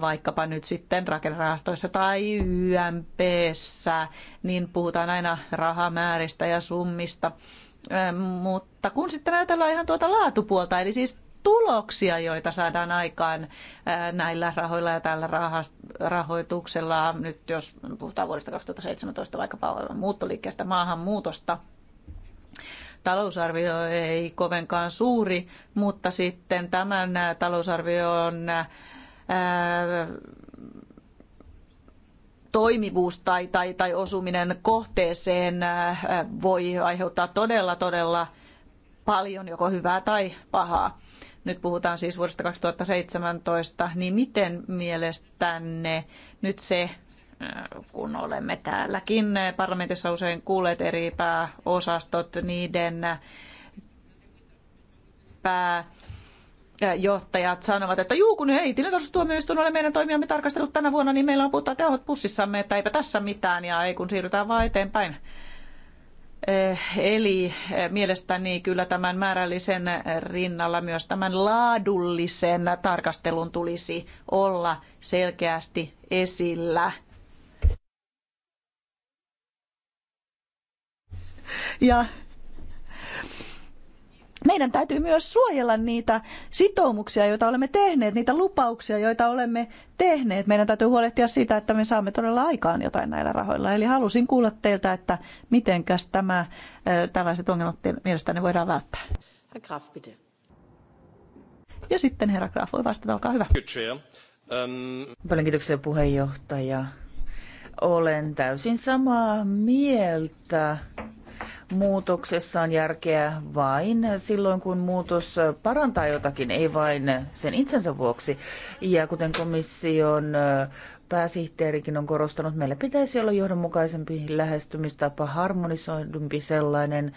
vaikkapa nyt sitten rakennerahastoissa tai YMPssä, niin puhutaan aina rahamääristä ja summista. Mutta kun sitten ajatellaan ihan tuota laatupuolta, eli siis tuloksia, joita saadaan aikaan näillä rahoilla ja tällä rahoituksella. Nyt jos puhutaan vuodesta 2017 vaikkapa muuttoliikkeestä maahanmuutosta, talousarvio ei kovenkaan suuri, mutta sitten tämän talousarvion toimivuus tai, tai, tai osuminen kohteeseen voi aiheuttaa todella, todella paljon joko hyvää tai pahaa nyt puhutaan siis vuodesta 2017, niin miten mielestänne nyt se, äh, kun olemme täälläkin parlamentissa usein kuulleet eri pääosastot, niiden äh, pää johtajat sanovat, että juu kun ei tilintarkastustuomioistuin ole meidän toimijamme tarkastellut tänä vuonna, niin meillä on puhuttaa teohot pussissamme, että eipä tässä mitään ja ei kun siirrytään vaan eteenpäin. Eh, eli eh, mielestäni kyllä tämän määrällisen rinnalla myös tämän laadullisen tarkastelun tulisi olla selkeästi esillä. Ja meidän täytyy myös suojella niitä sitoumuksia, joita olemme tehneet, niitä lupauksia, joita olemme tehneet. Meidän täytyy huolehtia siitä, että me saamme todella aikaan jotain näillä rahoilla. Eli halusin kuulla teiltä, että mitenkäs tämä, äh, tällaiset ongelmat mielestäni voidaan välttää. Herr Graf, bitte. Ja sitten herra Graf voi vastata, olkaa hyvä. Um, Paljon kiitoksia puheenjohtaja. Olen täysin samaa mieltä muutoksessa on järkeä vain silloin, kun muutos parantaa jotakin, ei vain sen itsensä vuoksi. Ja kuten komission pääsihteerikin on korostanut, meillä pitäisi olla johdonmukaisempi lähestymistapa, harmonisoidumpi sellainen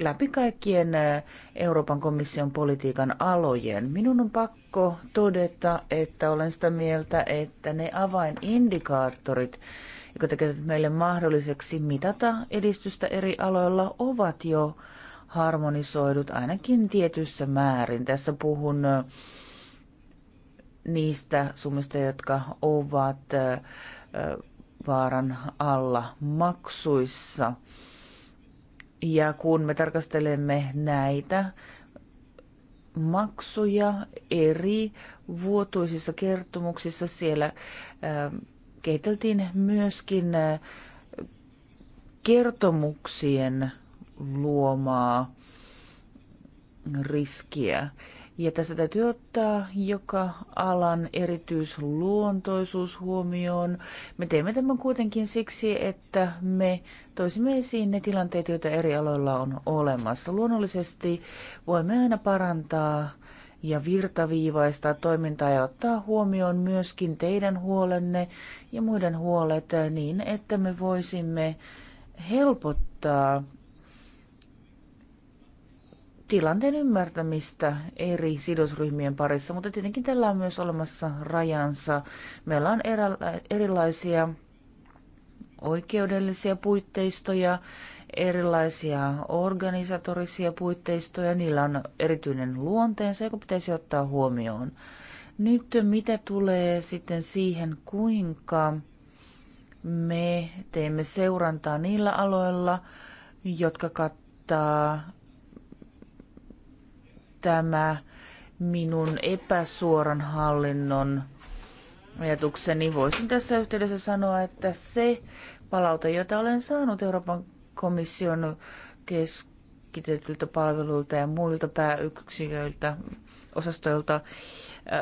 läpi kaikkien Euroopan komission politiikan alojen. Minun on pakko todeta, että olen sitä mieltä, että ne avainindikaattorit, jotka tekevät meille mahdolliseksi mitata edistystä eri aloilla, ovat jo harmonisoidut ainakin tietyssä määrin. Tässä puhun niistä summista, jotka ovat vaaran alla maksuissa. Ja kun me tarkastelemme näitä maksuja eri vuotuisissa kertomuksissa, siellä keiteltiin myöskin äh, kertomuksien luomaa riskiä. Ja tässä täytyy ottaa joka alan erityisluontoisuus huomioon. Me teemme tämän kuitenkin siksi, että me toisimme esiin ne tilanteet, joita eri aloilla on olemassa. Luonnollisesti voimme aina parantaa ja virtaviivaistaa toimintaa ja ottaa huomioon myöskin teidän huolenne ja muiden huolet niin, että me voisimme helpottaa tilanteen ymmärtämistä eri sidosryhmien parissa, mutta tietenkin tällä on myös olemassa rajansa. Meillä on erilaisia oikeudellisia puitteistoja erilaisia organisatorisia puitteistoja, niillä on erityinen luonteensa, joka pitäisi ottaa huomioon. Nyt mitä tulee sitten siihen, kuinka me teemme seurantaa niillä aloilla, jotka kattaa tämä minun epäsuoran hallinnon ajatukseni. Voisin tässä yhteydessä sanoa, että se palaute, jota olen saanut Euroopan komission keskitetyltä palveluilta ja muilta pääyksiköiltä, osastoilta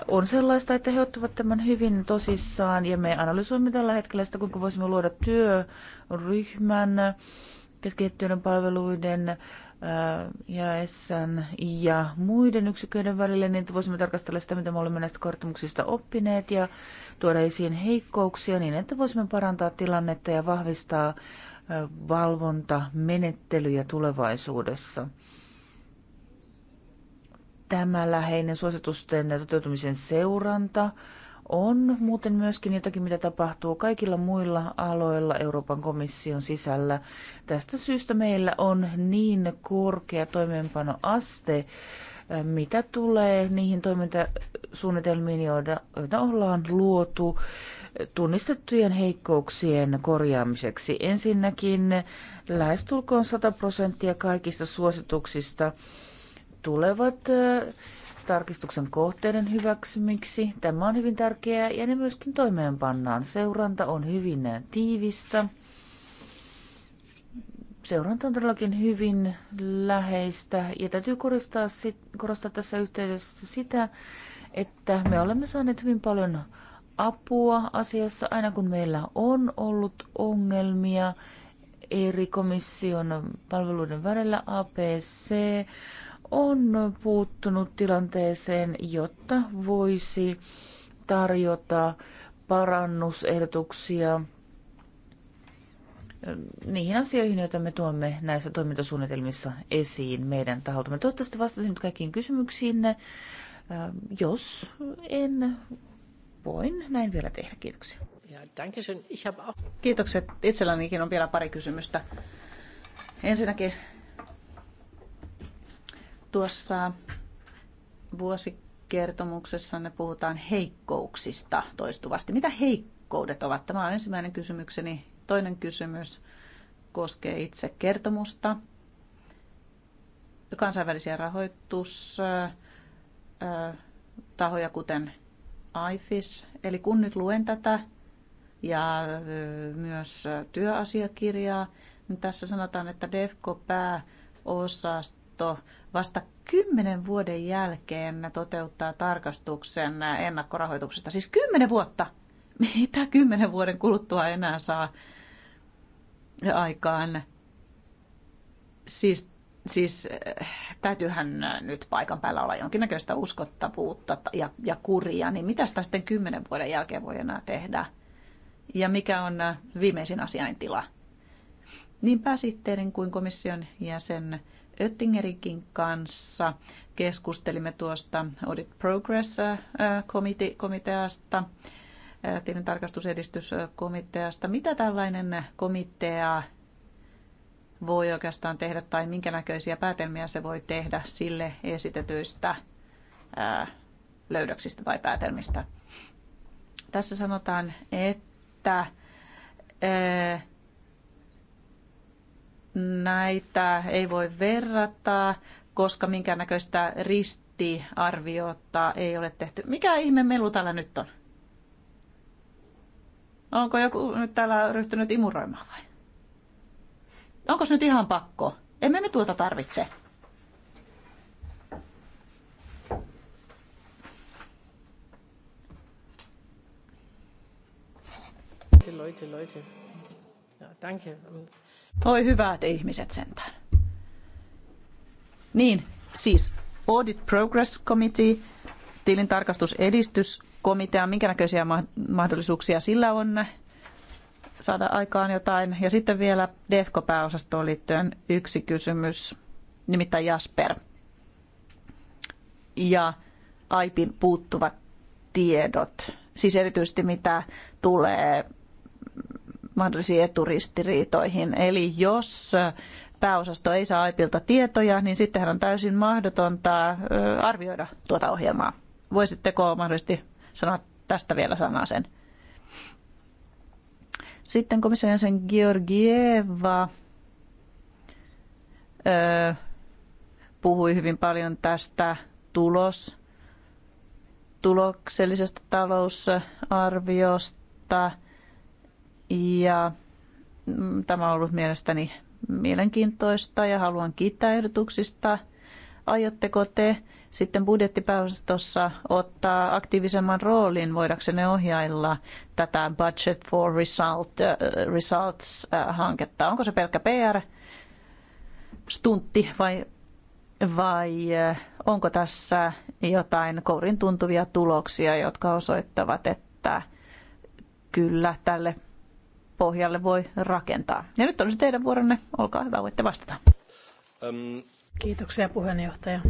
on sellaista, että he ottavat tämän hyvin tosissaan ja me analysoimme tällä hetkellä sitä, kuinka voisimme luoda työryhmän keskitettyjen palveluiden ja SN ja muiden yksiköiden välille, niin että voisimme tarkastella sitä, mitä me olemme näistä kertomuksista oppineet ja tuoda esiin heikkouksia niin, että voisimme parantaa tilannetta ja vahvistaa valvontamenettelyjä tulevaisuudessa. Tämä läheinen suositusten toteutumisen seuranta on muuten myöskin jotakin, mitä tapahtuu kaikilla muilla aloilla Euroopan komission sisällä. Tästä syystä meillä on niin korkea toimeenpanoaste, mitä tulee niihin toimintasuunnitelmiin, joita ollaan luotu tunnistettujen heikkouksien korjaamiseksi. Ensinnäkin lähestulkoon 100 prosenttia kaikista suosituksista tulevat tarkistuksen kohteiden hyväksymiksi. Tämä on hyvin tärkeää ja ne myöskin toimeenpannaan. Seuranta on hyvin tiivistä. Seuranta on todellakin hyvin läheistä ja täytyy korostaa, korostaa tässä yhteydessä sitä, että me olemme saaneet hyvin paljon apua asiassa aina kun meillä on ollut ongelmia eri komission palveluiden välillä APC on puuttunut tilanteeseen, jotta voisi tarjota parannusehdotuksia niihin asioihin, joita me tuomme näissä toimintasuunnitelmissa esiin meidän taholtamme. Toivottavasti vastasin nyt kaikkiin kysymyksiinne. Jos en voin näin vielä tehdä. Kiitoksia. Kiitokset. Itsellänikin on vielä pari kysymystä. Ensinnäkin tuossa vuosikertomuksessa ne puhutaan heikkouksista toistuvasti. Mitä heikkoudet ovat? Tämä on ensimmäinen kysymykseni. Toinen kysymys koskee itse kertomusta. Kansainvälisiä rahoitus tahoja, kuten IFIS. Eli kun nyt luen tätä ja myös työasiakirjaa, niin tässä sanotaan, että DEFCO-pääosasto vasta kymmenen vuoden jälkeen toteuttaa tarkastuksen ennakkorahoituksesta. Siis kymmenen vuotta! Mitä kymmenen vuoden kuluttua enää saa aikaan? Siis Siis eh, täytyyhän eh, nyt paikan päällä olla jonkinnäköistä uskottavuutta ja, ja kuria, niin mitä sitä sitten kymmenen vuoden jälkeen voi enää tehdä? Ja mikä on eh, viimeisin asiaintila? Niin pääsihteerin kuin komission jäsen Öttingerikin kanssa keskustelimme tuosta Audit Progress-komiteasta, tilintarkastusedistyskomiteasta. Mitä tällainen komitea voi oikeastaan tehdä tai minkä näköisiä päätelmiä se voi tehdä sille esitetyistä löydöksistä tai päätelmistä. Tässä sanotaan, että näitä ei voi verrata, koska näköistä ristiarviota ei ole tehty. Mikä ihme melu täällä nyt on? Onko joku nyt täällä ryhtynyt imuroimaan vai? Onko nyt ihan pakko? Emme me tuota tarvitse. Leute, Leute. Ja, danke. Oi hyvät ihmiset sentään. Niin, siis Audit Progress Committee, tilintarkastusedistyskomitea, minkä näköisiä mahdollisuuksia sillä on saada aikaan jotain. Ja sitten vielä DEFCO-pääosastoon liittyen yksi kysymys, nimittäin Jasper ja AIPin puuttuvat tiedot. Siis erityisesti mitä tulee mahdollisiin eturistiriitoihin. Eli jos pääosasto ei saa AIPilta tietoja, niin sittenhän on täysin mahdotonta arvioida tuota ohjelmaa. Voisitteko mahdollisesti sanoa tästä vielä sanan sen? Sitten komission jäsen Georgieva öö, puhui hyvin paljon tästä tulos, tuloksellisesta talousarviosta ja mm, tämä on ollut mielestäni mielenkiintoista ja haluan kiittää ehdotuksista. Aiotteko te sitten budjettipääosastossa ottaa aktiivisemman roolin, ne ohjailla tätä Budget for Result, äh, Results-hanketta? Äh, onko se pelkkä PR-stuntti vai, vai äh, onko tässä jotain kourin tuntuvia tuloksia, jotka osoittavat, että kyllä tälle pohjalle voi rakentaa. Ja nyt olisi teidän vuoronne. Olkaa hyvä, voitte vastata. Um. Kiitoksia puheenjohtaja.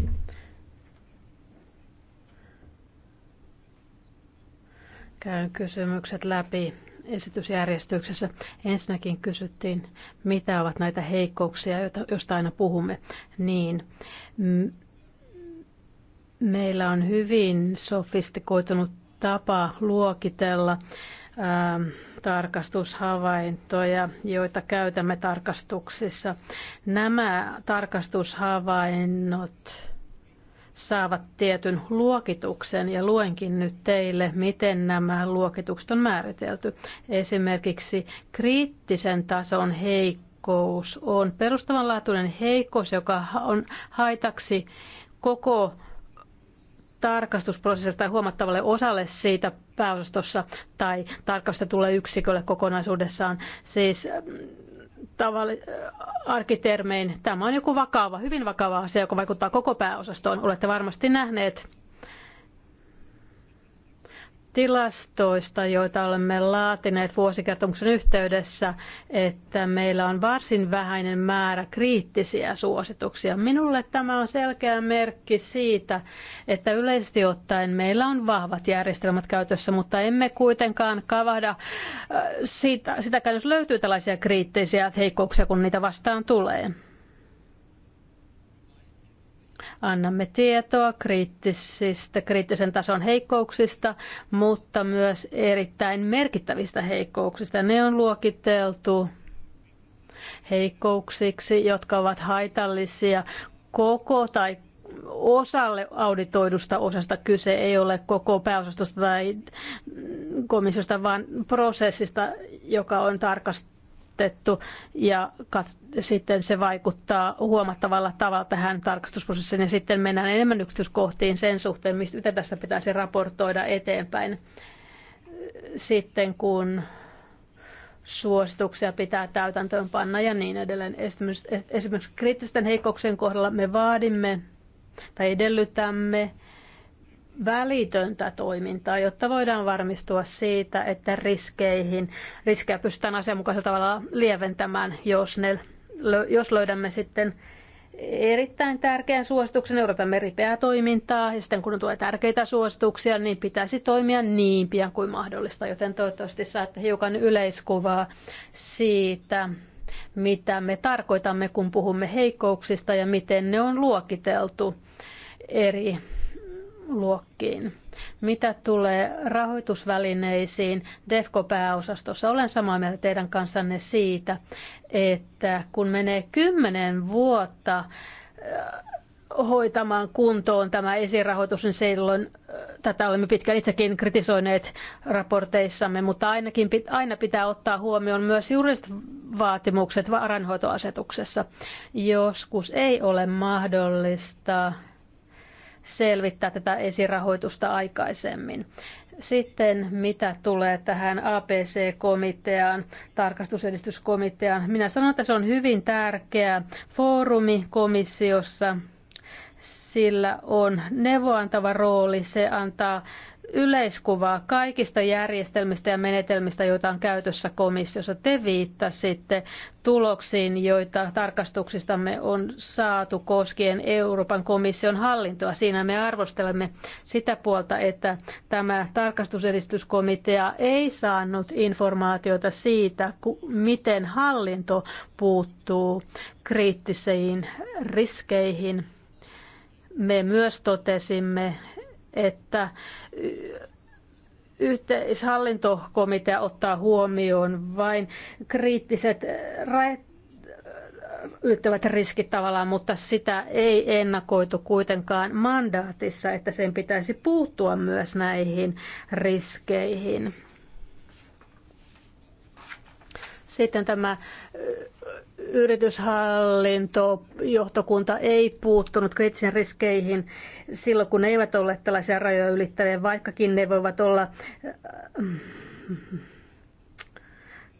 Käyn kysymykset läpi esitysjärjestyksessä. Ensinnäkin kysyttiin, mitä ovat näitä heikkouksia, joista aina puhumme. Niin, meillä on hyvin sofistikoitunut tapa luokitella ä, ähm, tarkastushavaintoja, joita käytämme tarkastuksissa. Nämä tarkastushavainnot saavat tietyn luokituksen ja luenkin nyt teille, miten nämä luokitukset on määritelty. Esimerkiksi kriittisen tason heikkous on perustavanlaatuinen heikkous, joka on haitaksi koko tarkastusprosessille tai huomattavalle osalle siitä pääosastossa tai tarkastetulle yksikölle kokonaisuudessaan. Siis tavalli, arkitermein. Tämä on joku vakava, hyvin vakava asia, joka vaikuttaa koko pääosastoon. Olette varmasti nähneet tilastoista, joita olemme laatineet vuosikertomuksen yhteydessä, että meillä on varsin vähäinen määrä kriittisiä suosituksia. Minulle tämä on selkeä merkki siitä, että yleisesti ottaen meillä on vahvat järjestelmät käytössä, mutta emme kuitenkaan kavahda äh, sitä, sitäkään, jos löytyy tällaisia kriittisiä heikkouksia, kun niitä vastaan tulee. Annamme tietoa kriittisistä, kriittisen tason heikkouksista, mutta myös erittäin merkittävistä heikkouksista. Ne on luokiteltu heikkouksiksi, jotka ovat haitallisia koko tai osalle auditoidusta osasta kyse ei ole koko pääosastosta tai komissiosta, vaan prosessista, joka on tarkastettu otettu ja sitten se vaikuttaa huomattavalla tavalla tähän tarkastusprosessiin ja sitten mennään enemmän yksityiskohtiin sen suhteen, mitä tässä pitäisi raportoida eteenpäin sitten kun suosituksia pitää täytäntöön panna ja niin edelleen. Esimerkiksi kriittisten heikkouksien kohdalla me vaadimme tai edellytämme välitöntä toimintaa, jotta voidaan varmistua siitä, että riskeihin, riskejä pystytään asianmukaisella tavalla lieventämään, jos, ne, jos löydämme sitten erittäin tärkeän suosituksen, odotamme ripeää toimintaa ja sitten kun tulee tärkeitä suosituksia, niin pitäisi toimia niin pian kuin mahdollista, joten toivottavasti saatte hiukan yleiskuvaa siitä, mitä me tarkoitamme, kun puhumme heikkouksista ja miten ne on luokiteltu eri luokkiin. Mitä tulee rahoitusvälineisiin DEFCO-pääosastossa, olen samaa mieltä teidän kanssanne siitä, että kun menee kymmenen vuotta äh, hoitamaan kuntoon tämä esirahoitus, niin silloin äh, tätä olemme pitkään itsekin kritisoineet raporteissamme, mutta ainakin aina pitää ottaa huomioon myös juridiset vaatimukset varainhoitoasetuksessa. Joskus ei ole mahdollista selvittää tätä esirahoitusta aikaisemmin. Sitten mitä tulee tähän APC-komiteaan, tarkastusedistyskomiteaan, minä sanon, että se on hyvin tärkeä foorumi komissiossa. Sillä on neuvoantava rooli, se antaa yleiskuvaa kaikista järjestelmistä ja menetelmistä, joita on käytössä komissiossa. Te viittasitte tuloksiin, joita tarkastuksistamme on saatu koskien Euroopan komission hallintoa. Siinä me arvostelemme sitä puolta, että tämä tarkastusedistyskomitea ei saanut informaatiota siitä, miten hallinto puuttuu kriittisiin riskeihin. Me myös totesimme, että yhteishallintokomitea ottaa huomioon vain kriittiset äh, rajat ylittävät riskit tavallaan, mutta sitä ei ennakoitu kuitenkaan mandaatissa, että sen pitäisi puuttua myös näihin riskeihin. Sitten tämä yrityshallinto, johtokunta ei puuttunut kriittisiin riskeihin silloin, kun ne eivät ole tällaisia rajoja ylittäviä, vaikkakin ne voivat olla äh,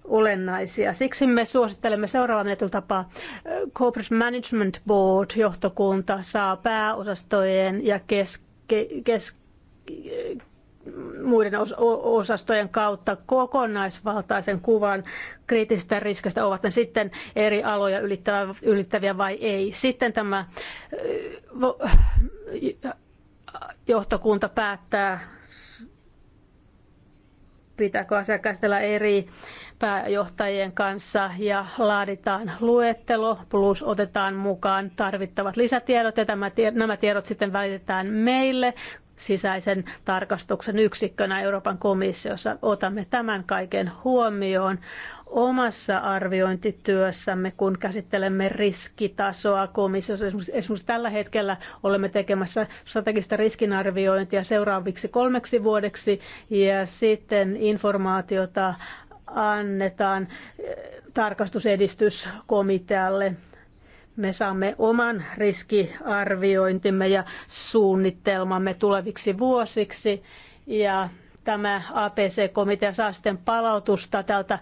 olennaisia. Siksi me suosittelemme seuraavaa meneteltapaa. Corporate Management Board johtokunta saa pääosastojen ja keske, kes, muiden os- osastojen kautta kokonaisvaltaisen kuvan kriittisistä riskistä, ovat ne sitten eri aloja ylittävä, ylittäviä vai ei. Sitten tämä johtokunta päättää, pitääkö asia käsitellä eri pääjohtajien kanssa ja laaditaan luettelo plus otetaan mukaan tarvittavat lisätiedot ja tämä, nämä tiedot sitten välitetään meille sisäisen tarkastuksen yksikkönä Euroopan komissiossa. Otamme tämän kaiken huomioon omassa arviointityössämme, kun käsittelemme riskitasoa komissiossa. Esimerkiksi, tällä hetkellä olemme tekemässä strategista riskinarviointia seuraaviksi kolmeksi vuodeksi ja sitten informaatiota annetaan eh, tarkastusedistyskomitealle me saamme oman riskiarviointimme ja suunnitelmamme tuleviksi vuosiksi ja tämä APC-komitea saa sitten palautusta tältä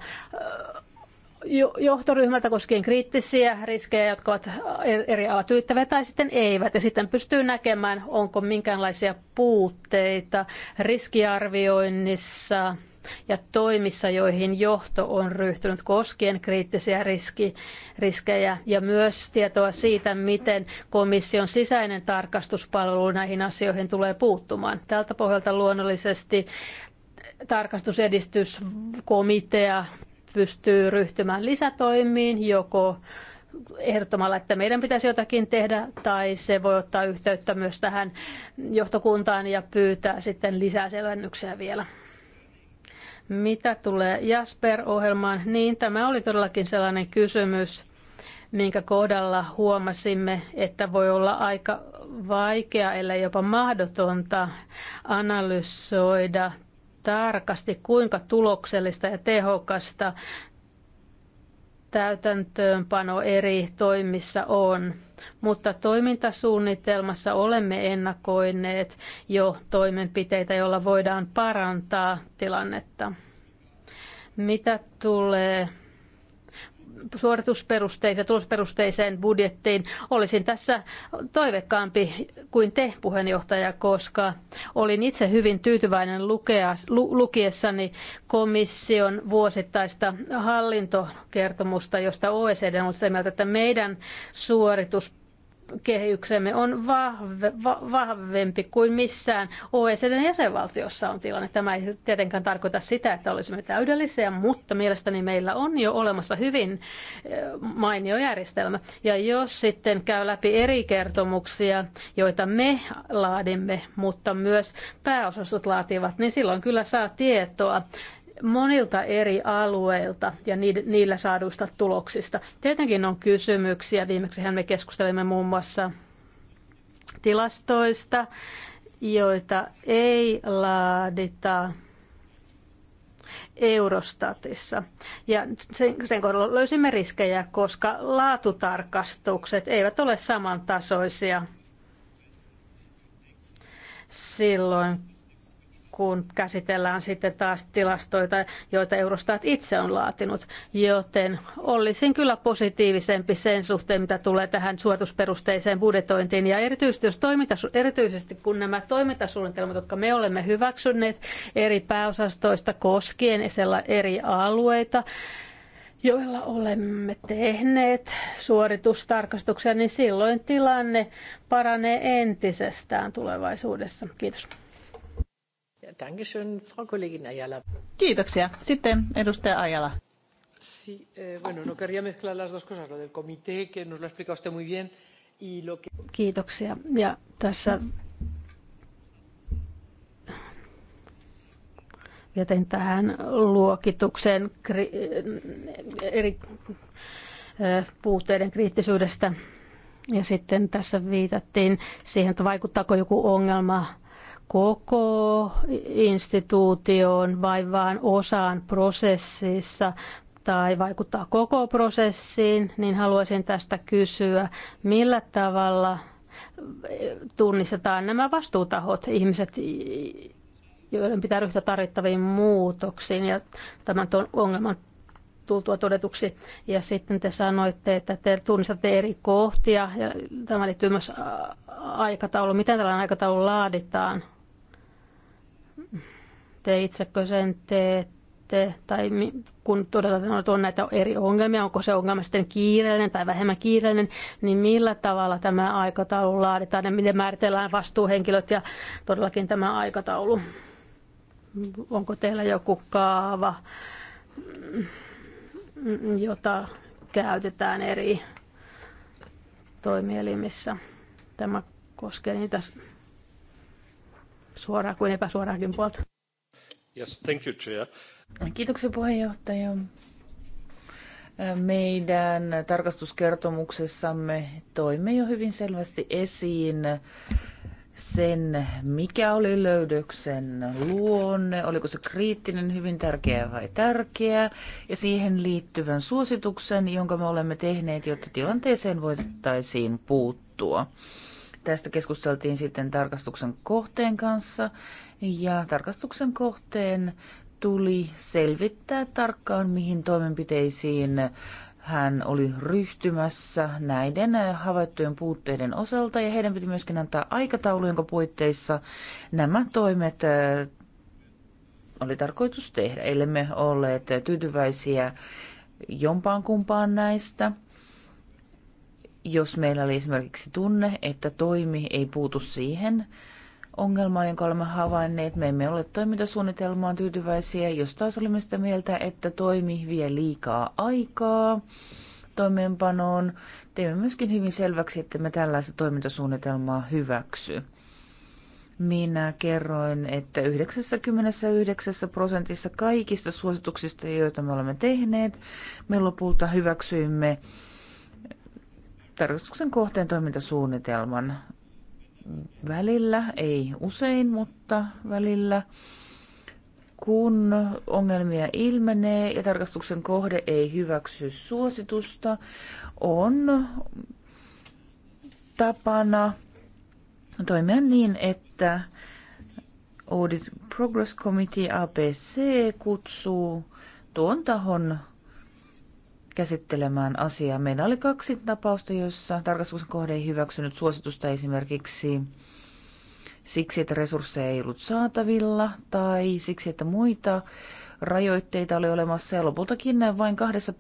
johtoryhmältä koskien kriittisiä riskejä, jotka ovat er-, eri alat ylittäviä tai sitten eivät. Ja sitten pystyy näkemään, onko minkäänlaisia puutteita riskiarvioinnissa ja toimissa, joihin johto on ryhtynyt koskien kriittisiä riski, riskejä ja myös tietoa siitä, miten komission sisäinen tarkastuspalvelu näihin asioihin tulee puuttumaan. Tältä pohjalta luonnollisesti tarkastusedistyskomitea pystyy ryhtymään lisätoimiin joko ehdottomalla, että meidän pitäisi jotakin tehdä, tai se voi ottaa yhteyttä myös tähän johtokuntaan ja pyytää sitten lisää selvennyksiä vielä. Mitä tulee Jasper-ohjelmaan, niin tämä oli todellakin sellainen kysymys, minkä kohdalla huomasimme, että voi olla aika vaikea, ellei jopa mahdotonta analysoida tarkasti, kuinka tuloksellista ja tehokasta täytäntöönpano eri toimissa on, mutta toimintasuunnitelmassa olemme ennakoineet jo toimenpiteitä, joilla voidaan parantaa tilannetta. Mitä tulee suoritusperusteiseen, tulosperusteiseen budjettiin. Olisin tässä toivekkaampi kuin te, puheenjohtaja, koska olin itse hyvin tyytyväinen lukea, lu, lukiessani komission vuosittaista hallintokertomusta, josta OECD on sitä mieltä, että meidän suoritus kehyksemme on vahve, va, vahvempi kuin missään OECDn jäsenvaltiossa on tilanne. Tämä ei tietenkään tarkoita sitä, että olisimme täydellisiä, mutta mielestäni meillä on jo olemassa hyvin eh, mainio järjestelmä. Ja jos sitten käy läpi eri kertomuksia, joita me laadimme, mutta myös pääosastot laativat, niin silloin kyllä saa tietoa monilta eri alueilta ja niillä saaduista tuloksista. Tietenkin on kysymyksiä. Viimeksihän me keskustelimme muun muassa tilastoista, joita ei laadita Eurostatissa. Ja sen, sen kohdalla löysimme riskejä, koska laatutarkastukset eivät ole samantasoisia silloin, kun käsitellään sitten taas tilastoita, joita Eurostat itse on laatinut. Joten olisin kyllä positiivisempi sen suhteen, mitä tulee tähän suoritusperusteiseen budjetointiin. Ja erityisesti, jos toiminta, erityisesti kun nämä toimintasuunnitelmat, jotka me olemme hyväksyneet eri pääosastoista koskien eri alueita, joilla olemme tehneet suoritustarkastuksia, niin silloin tilanne paranee entisestään tulevaisuudessa. Kiitos. Dankeschön, Frau Kollegin Ayala. Kiitoksia. Sitten edustaja Ajala. Sí, eh, bueno, no querría mezclar las dos cosas, lo del comité, que nos lo ha explicado usted muy bien, y lo que... Kiitoksia. Ja tässä joten tähän luokitukseen kri, eri eh, puutteiden kriittisyydestä. Ja sitten tässä viitattiin siihen, että vaikuttaako joku ongelma koko instituutioon vai vain osaan prosessissa tai vaikuttaa koko prosessiin, niin haluaisin tästä kysyä, millä tavalla tunnistetaan nämä vastuutahot, ihmiset, joiden pitää ryhtyä tarvittaviin muutoksiin ja tämän ongelman tultua todetuksi. Ja sitten te sanoitte, että te tunnistatte eri kohtia ja tämä liittyy myös aikataulu. Miten tällainen aikataulu laaditaan? te itsekö sen teette, tai kun todella on näitä eri ongelmia, onko se ongelma sitten kiireellinen tai vähemmän kiireellinen, niin millä tavalla tämä aikataulu laaditaan ja miten määritellään vastuuhenkilöt ja todellakin tämä aikataulu? Onko teillä joku kaava, jota käytetään eri toimielimissä? Tämä koskee niitä suoraan kuin epäsuoraankin puolta. Yes, thank you, Chair. Kiitoksia puheenjohtaja. Meidän tarkastuskertomuksessamme toimme jo hyvin selvästi esiin sen, mikä oli löydöksen luonne, oliko se kriittinen, hyvin tärkeä vai tärkeä, ja siihen liittyvän suosituksen, jonka me olemme tehneet, jotta tilanteeseen voitaisiin puuttua. Tästä keskusteltiin sitten tarkastuksen kohteen kanssa ja tarkastuksen kohteen tuli selvittää tarkkaan, mihin toimenpiteisiin hän oli ryhtymässä näiden havaittujen puutteiden osalta ja heidän piti myöskin antaa aikataulu, jonka puitteissa nämä toimet äh, oli tarkoitus tehdä, ellei me olleet tyytyväisiä jompaan kumpaan näistä – jos meillä oli esimerkiksi tunne, että toimi ei puutu siihen ongelmaan, jonka olemme havainneet, me emme ole toimintasuunnitelmaan tyytyväisiä, jos taas olemme sitä mieltä, että toimi vie liikaa aikaa toimeenpanoon, teemme myöskin hyvin selväksi, että me tällaista toimintasuunnitelmaa hyväksy. Minä kerroin, että 99 prosentissa kaikista suosituksista, joita me olemme tehneet, me lopulta hyväksyimme tarkastuksen kohteen toimintasuunnitelman välillä, ei usein, mutta välillä, kun ongelmia ilmenee ja tarkastuksen kohde ei hyväksy suositusta, on tapana toimia niin, että Audit Progress Committee APC kutsuu tuon tahon käsittelemään asiaa. Meillä oli kaksi tapausta, joissa tarkastuksen kohde ei hyväksynyt suositusta esimerkiksi siksi, että resursseja ei ollut saatavilla tai siksi, että muita rajoitteita oli olemassa ja lopultakin näin vain kahdessa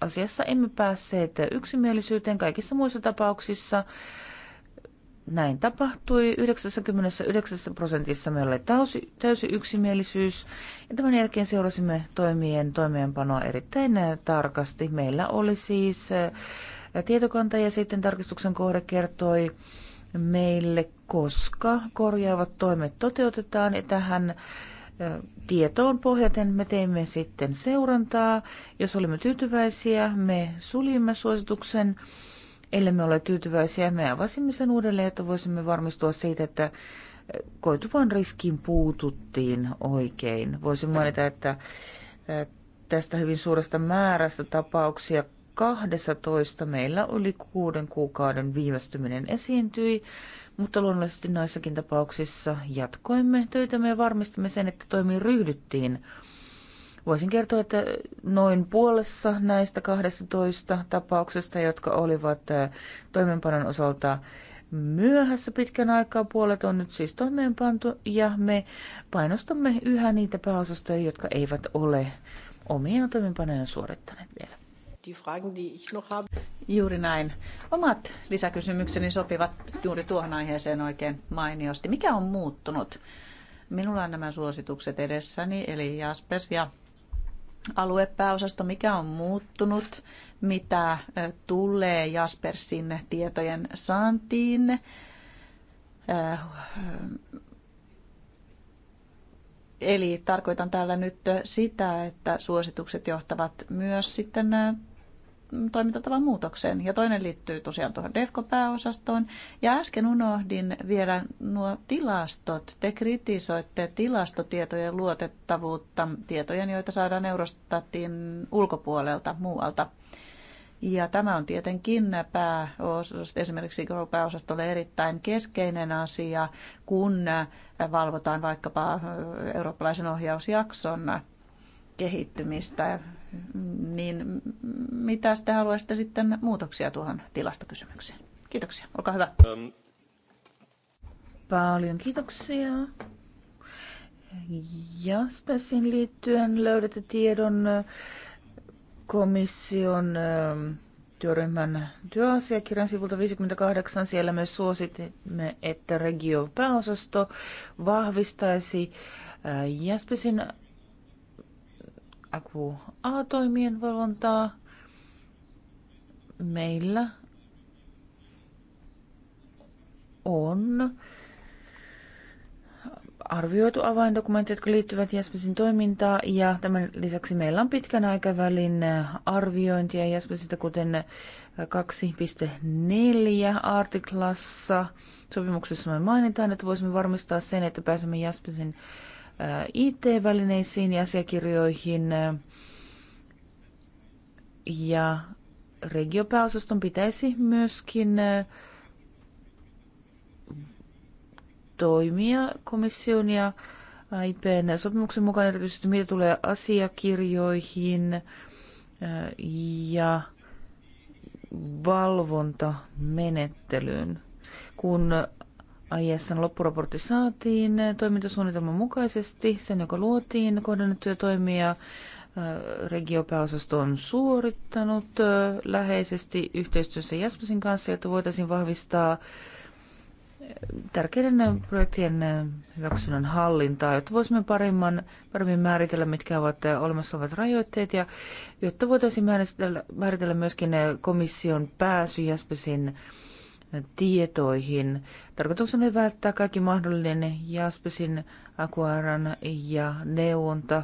asiassa emme päässeet yksimielisyyteen. Kaikissa muissa tapauksissa näin tapahtui. 99 prosentissa meillä oli täysi, täysi yksimielisyys ja tämän jälkeen seurasimme toimien toimeenpanoa erittäin tarkasti. Meillä oli siis tietokanta ja sitten tarkistuksen kohde kertoi meille, koska korjaavat toimet toteutetaan ja tähän tietoon pohjaten me teimme sitten seurantaa. Jos olimme tyytyväisiä, me suljimme suosituksen me ole tyytyväisiä. Me avasimme sen uudelleen, että voisimme varmistua siitä, että koituvan riskiin puututtiin oikein. Voisin mainita, että tästä hyvin suuresta määrästä tapauksia 12 meillä oli kuuden kuukauden viivästyminen esiintyi, mutta luonnollisesti noissakin tapauksissa jatkoimme töitä ja varmistimme sen, että toimiin ryhdyttiin Voisin kertoa, että noin puolessa näistä 12 tapauksesta, jotka olivat toimenpanon osalta myöhässä pitkän aikaa, puolet on nyt siis toimeenpantu ja me painostamme yhä niitä pääosastoja, jotka eivät ole omia toimenpanoja suorittaneet vielä. Juuri näin. Omat lisäkysymykseni sopivat juuri tuohon aiheeseen oikein mainiosti. Mikä on muuttunut? Minulla on nämä suositukset edessäni, eli Jaspers ja aluepääosasta, mikä on muuttunut, mitä tulee Jaspersin tietojen saantiin. Eli tarkoitan täällä nyt sitä, että suositukset johtavat myös sitten toimintatavan muutokseen. Ja toinen liittyy tosiaan tuohon DEFCO-pääosastoon. Ja äsken unohdin vielä nuo tilastot. Te kritisoitte tilastotietojen luotettavuutta, tietojen, joita saadaan Eurostatin ulkopuolelta muualta. Ja tämä on tietenkin pääosasto, esimerkiksi pääosastolle erittäin keskeinen asia, kun valvotaan vaikkapa eurooppalaisen ohjausjakson kehittymistä niin mitä te haluaisitte sitten muutoksia tuohon tilastokysymykseen? Kiitoksia, olkaa hyvä. Um. Paljon kiitoksia. Spessin liittyen löydätte tiedon äh, komission ähm, työryhmän työasiakirjan sivulta 58. Siellä myös suositimme, että regio pääosasto vahvistaisi äh, Jaspesin Aku A-toimien valvontaa meillä on arvioitu avaindokumentit, jotka liittyvät Jaspisin toimintaa ja tämän lisäksi meillä on pitkän aikavälin arviointia Jaspisista, kuten 2.4 artiklassa sopimuksessa me mainitaan, että voisimme varmistaa sen, että pääsemme Jaspisin IT-välineisiin ja asiakirjoihin. Ja regiopääosaston pitäisi myöskin toimia komission ja IPn sopimuksen mukaan erityisesti mitä tulee asiakirjoihin ja valvontamenettelyyn. Kun ISN loppuraportti saatiin toimintasuunnitelman mukaisesti, sen joka luotiin, kohdennettuja toimia regiopääosasto on suorittanut läheisesti yhteistyössä Jaspasin kanssa, että voitaisiin vahvistaa tärkeiden projektien hyväksynnän hallintaa, jotta voisimme paremmin, paremmin määritellä, mitkä ovat olemassa olevat rajoitteet ja jotta voitaisiin määritellä, määritellä myöskin komission pääsy Jaspasin tietoihin. Tarkoituksena on välttää kaikki mahdollinen Jaspesin, akuaran ja neuvonta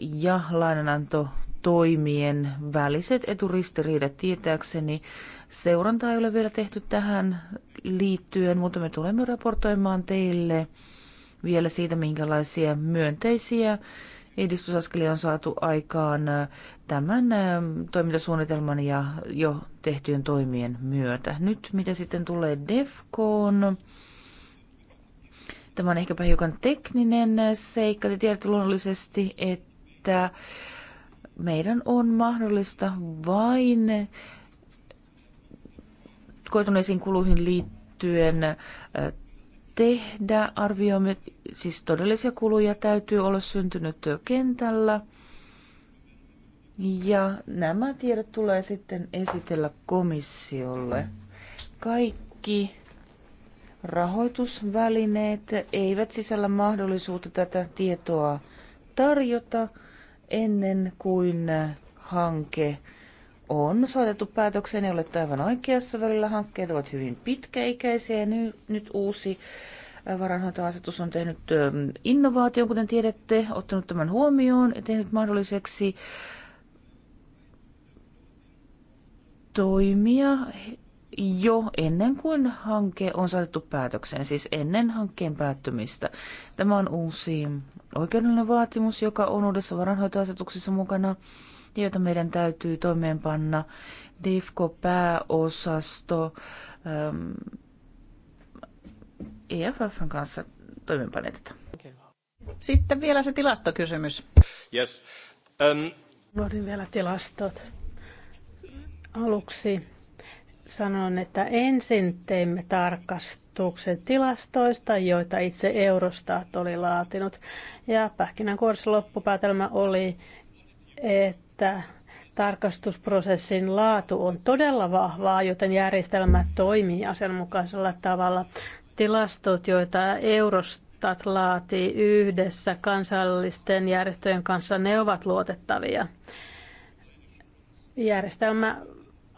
ja lainananto toimien väliset eturistiriidat tietääkseni. Seurantaa ei ole vielä tehty tähän liittyen, mutta me tulemme raportoimaan teille vielä siitä, minkälaisia myönteisiä edistysaskelia on saatu aikaan tämän toimintasuunnitelman ja jo tehtyjen toimien myötä. Nyt mitä sitten tulee DEFCOon, tämä on ehkäpä hiukan tekninen seikka. Te tiedätte luonnollisesti, että meidän on mahdollista vain koituneisiin kuluihin liittyen tehdä arvioimme, siis todellisia kuluja täytyy olla syntynyt kentällä – ja nämä tiedot tulee sitten esitellä komissiolle. Kaikki rahoitusvälineet eivät sisällä mahdollisuutta tätä tietoa tarjota ennen kuin hanke on saatettu päätökseen ja olette aivan oikeassa. Välillä hankkeet ovat hyvin pitkäikäisiä ja ny, nyt uusi äh, varainhoitoasetus on tehnyt ähm, innovaation, kuten tiedätte, ottanut tämän huomioon ja tehnyt mahdolliseksi toimia jo ennen kuin hanke on saatettu päätökseen, siis ennen hankkeen päättymistä. Tämä on uusi oikeudellinen vaatimus, joka on uudessa varanhoitoasetuksessa mukana ja jota meidän täytyy toimeenpanna. DIFKO pääosasto ähm, EFFn kanssa toimeenpanee tätä. Sitten vielä se tilastokysymys. Yes. Um... Unohdin vielä tilastot. Aluksi sanon, että ensin teimme tarkastuksen tilastoista, joita itse Eurostat oli laatinut. Ja pähkinänkuoressa loppupäätelmä oli, että tarkastusprosessin laatu on todella vahvaa, joten järjestelmä toimii asianmukaisella tavalla. Tilastot, joita Eurostat laatii yhdessä kansallisten järjestöjen kanssa, ne ovat luotettavia. Järjestelmä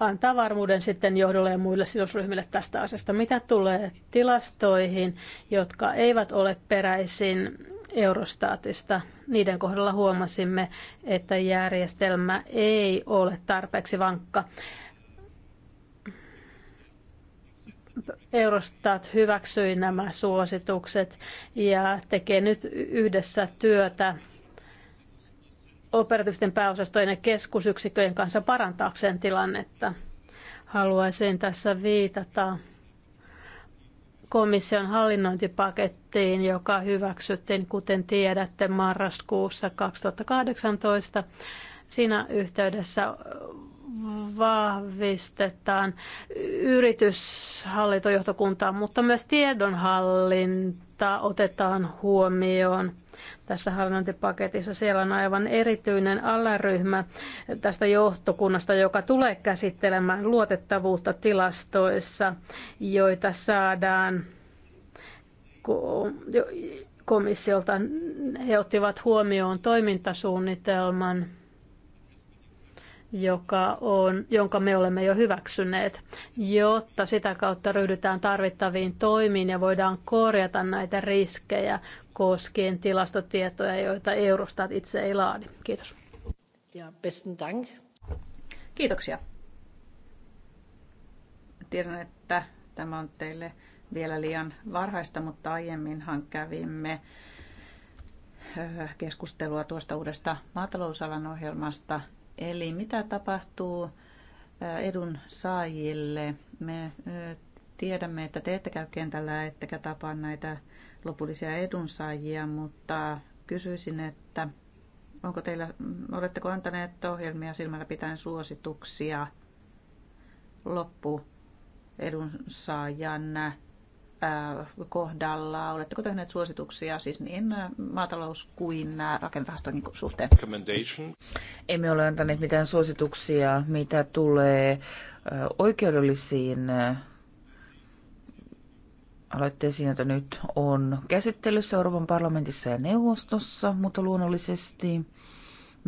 antaa varmuuden sitten johdolle ja muille sidosryhmille tästä asiasta. Mitä tulee tilastoihin, jotka eivät ole peräisin Eurostaatista, niiden kohdalla huomasimme, että järjestelmä ei ole tarpeeksi vankka. Eurostat hyväksyi nämä suositukset ja tekee nyt yhdessä työtä operatiivisten pääosastojen ja keskusyksiköjen kanssa parantaakseen tilannetta. Haluaisin tässä viitata komission hallinnointipakettiin, joka hyväksyttiin, kuten tiedätte, marraskuussa 2018. Siinä yhteydessä vahvistetaan yrityshallintojohtokuntaa, mutta myös tiedonhallinta otetaan huomioon tässä hallinnointipaketissa. Siellä on aivan erityinen alaryhmä tästä johtokunnasta, joka tulee käsittelemään luotettavuutta tilastoissa, joita saadaan komissiolta. He ottivat huomioon toimintasuunnitelman – joka on, jonka me olemme jo hyväksyneet, jotta sitä kautta ryhdytään tarvittaviin toimiin ja voidaan korjata näitä riskejä koskien tilastotietoja, joita Eurostat itse ei laadi. Kiitos. Ja besten dank. Kiitoksia. Tiedän, että tämä on teille vielä liian varhaista, mutta aiemminhan kävimme keskustelua tuosta uudesta maatalousalan ohjelmasta – Eli mitä tapahtuu edun saajille? Me tiedämme, että te ette käy kentällä, ettekä tapaa näitä lopullisia edunsaajia, mutta kysyisin, että onko teillä, oletteko antaneet ohjelmia silmällä pitäen suosituksia loppu edunsaajan Äh, kohdalla? Oletteko tehneet suosituksia siis niin äh, maatalous- kuin äh, rakennerahastoinnin suhteen? Emme ole antaneet mitään suosituksia, mitä tulee oikeudellisiin aloitteisiin, joita nyt on käsittelyssä Euroopan parlamentissa ja neuvostossa, mutta luonnollisesti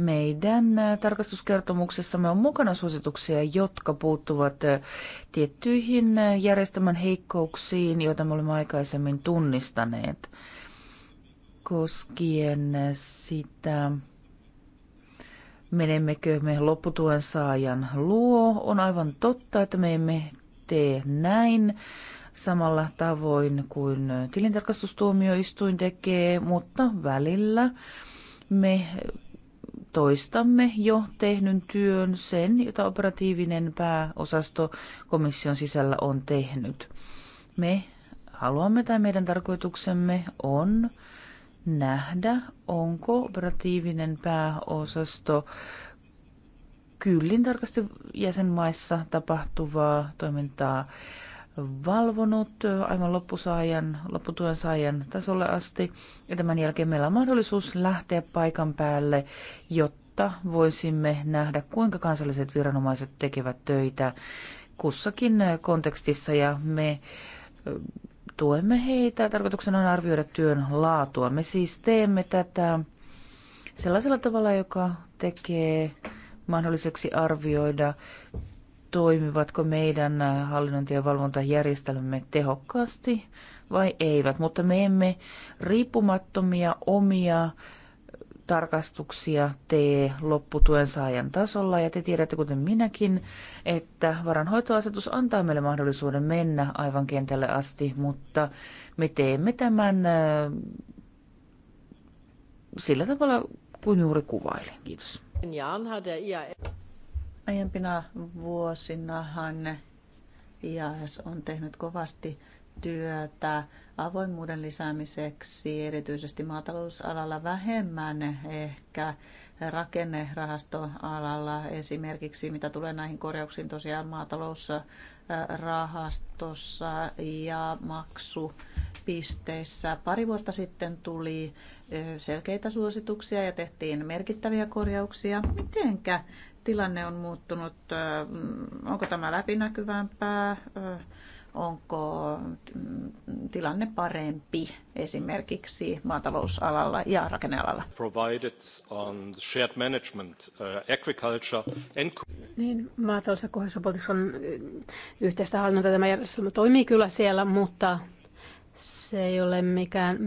meidän tarkastuskertomuksessamme on mukana suosituksia, jotka puuttuvat tiettyihin järjestelmän heikkouksiin, joita me olemme aikaisemmin tunnistaneet koskien sitä, menemmekö me lopputuen saajan luo. On aivan totta, että me emme tee näin samalla tavoin kuin tilintarkastustuomioistuin tekee, mutta välillä me toistamme jo tehnyn työn sen, jota operatiivinen pääosasto komission sisällä on tehnyt. Me haluamme tai meidän tarkoituksemme on nähdä, onko operatiivinen pääosasto kyllin tarkasti jäsenmaissa tapahtuvaa toimintaa valvonut aivan loppusaajan, lopputuen saajan tasolle asti. Ja tämän jälkeen meillä on mahdollisuus lähteä paikan päälle, jotta voisimme nähdä, kuinka kansalliset viranomaiset tekevät töitä kussakin kontekstissa ja me tuemme heitä. Tarkoituksena on arvioida työn laatua. Me siis teemme tätä sellaisella tavalla, joka tekee mahdolliseksi arvioida toimivatko meidän hallinnointi- ja valvontajärjestelmämme tehokkaasti vai eivät, mutta me emme riippumattomia omia tarkastuksia tee lopputuen saajan tasolla. Ja te tiedätte, kuten minäkin, että varanhoitoasetus antaa meille mahdollisuuden mennä aivan kentälle asti, mutta me teemme tämän äh, sillä tavalla kuin juuri kuvailin. Kiitos. Aiempina vuosinahan IAS on tehnyt kovasti työtä avoimuuden lisäämiseksi, erityisesti maatalousalalla vähemmän ehkä rakennerahastoalalla. Esimerkiksi mitä tulee näihin korjauksiin tosiaan maatalousrahastossa ja maksu pisteissä. Pari vuotta sitten tuli selkeitä suosituksia ja tehtiin merkittäviä korjauksia. Mitenkä tilanne on muuttunut? Mm, onko tämä läpinäkyvämpää? Onko mm, tilanne parempi esimerkiksi maatalousalalla ja rakennealalla? on shared management, uh, agriculture and... Niin, maatalous- ja on yhteistä hallinnota Tämä järjestelmä toimii kyllä siellä, mutta se ei ole mikään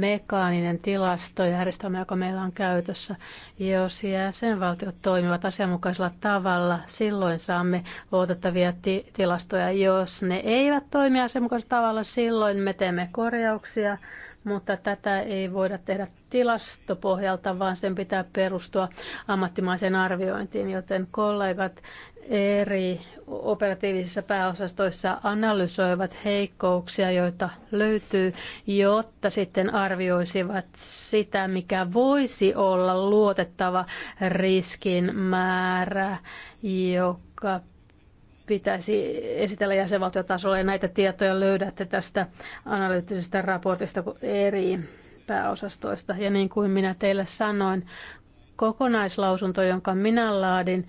mekaaninen tilastojärjestelmä, joka meillä on käytössä. Jos jäsenvaltiot toimivat asianmukaisella tavalla, silloin saamme luotettavia ti- tilastoja. Jos ne eivät toimi asianmukaisella tavalla, silloin me teemme korjauksia mutta tätä ei voida tehdä tilastopohjalta, vaan sen pitää perustua ammattimaiseen arviointiin, joten kollegat eri operatiivisissa pääosastoissa analysoivat heikkouksia, joita löytyy, jotta sitten arvioisivat sitä, mikä voisi olla luotettava riskin määrä, joka pitäisi esitellä jäsenvaltiotasolla ja näitä tietoja löydätte tästä analyyttisestä raportista eri pääosastoista. Ja niin kuin minä teille sanoin, kokonaislausunto, jonka minä laadin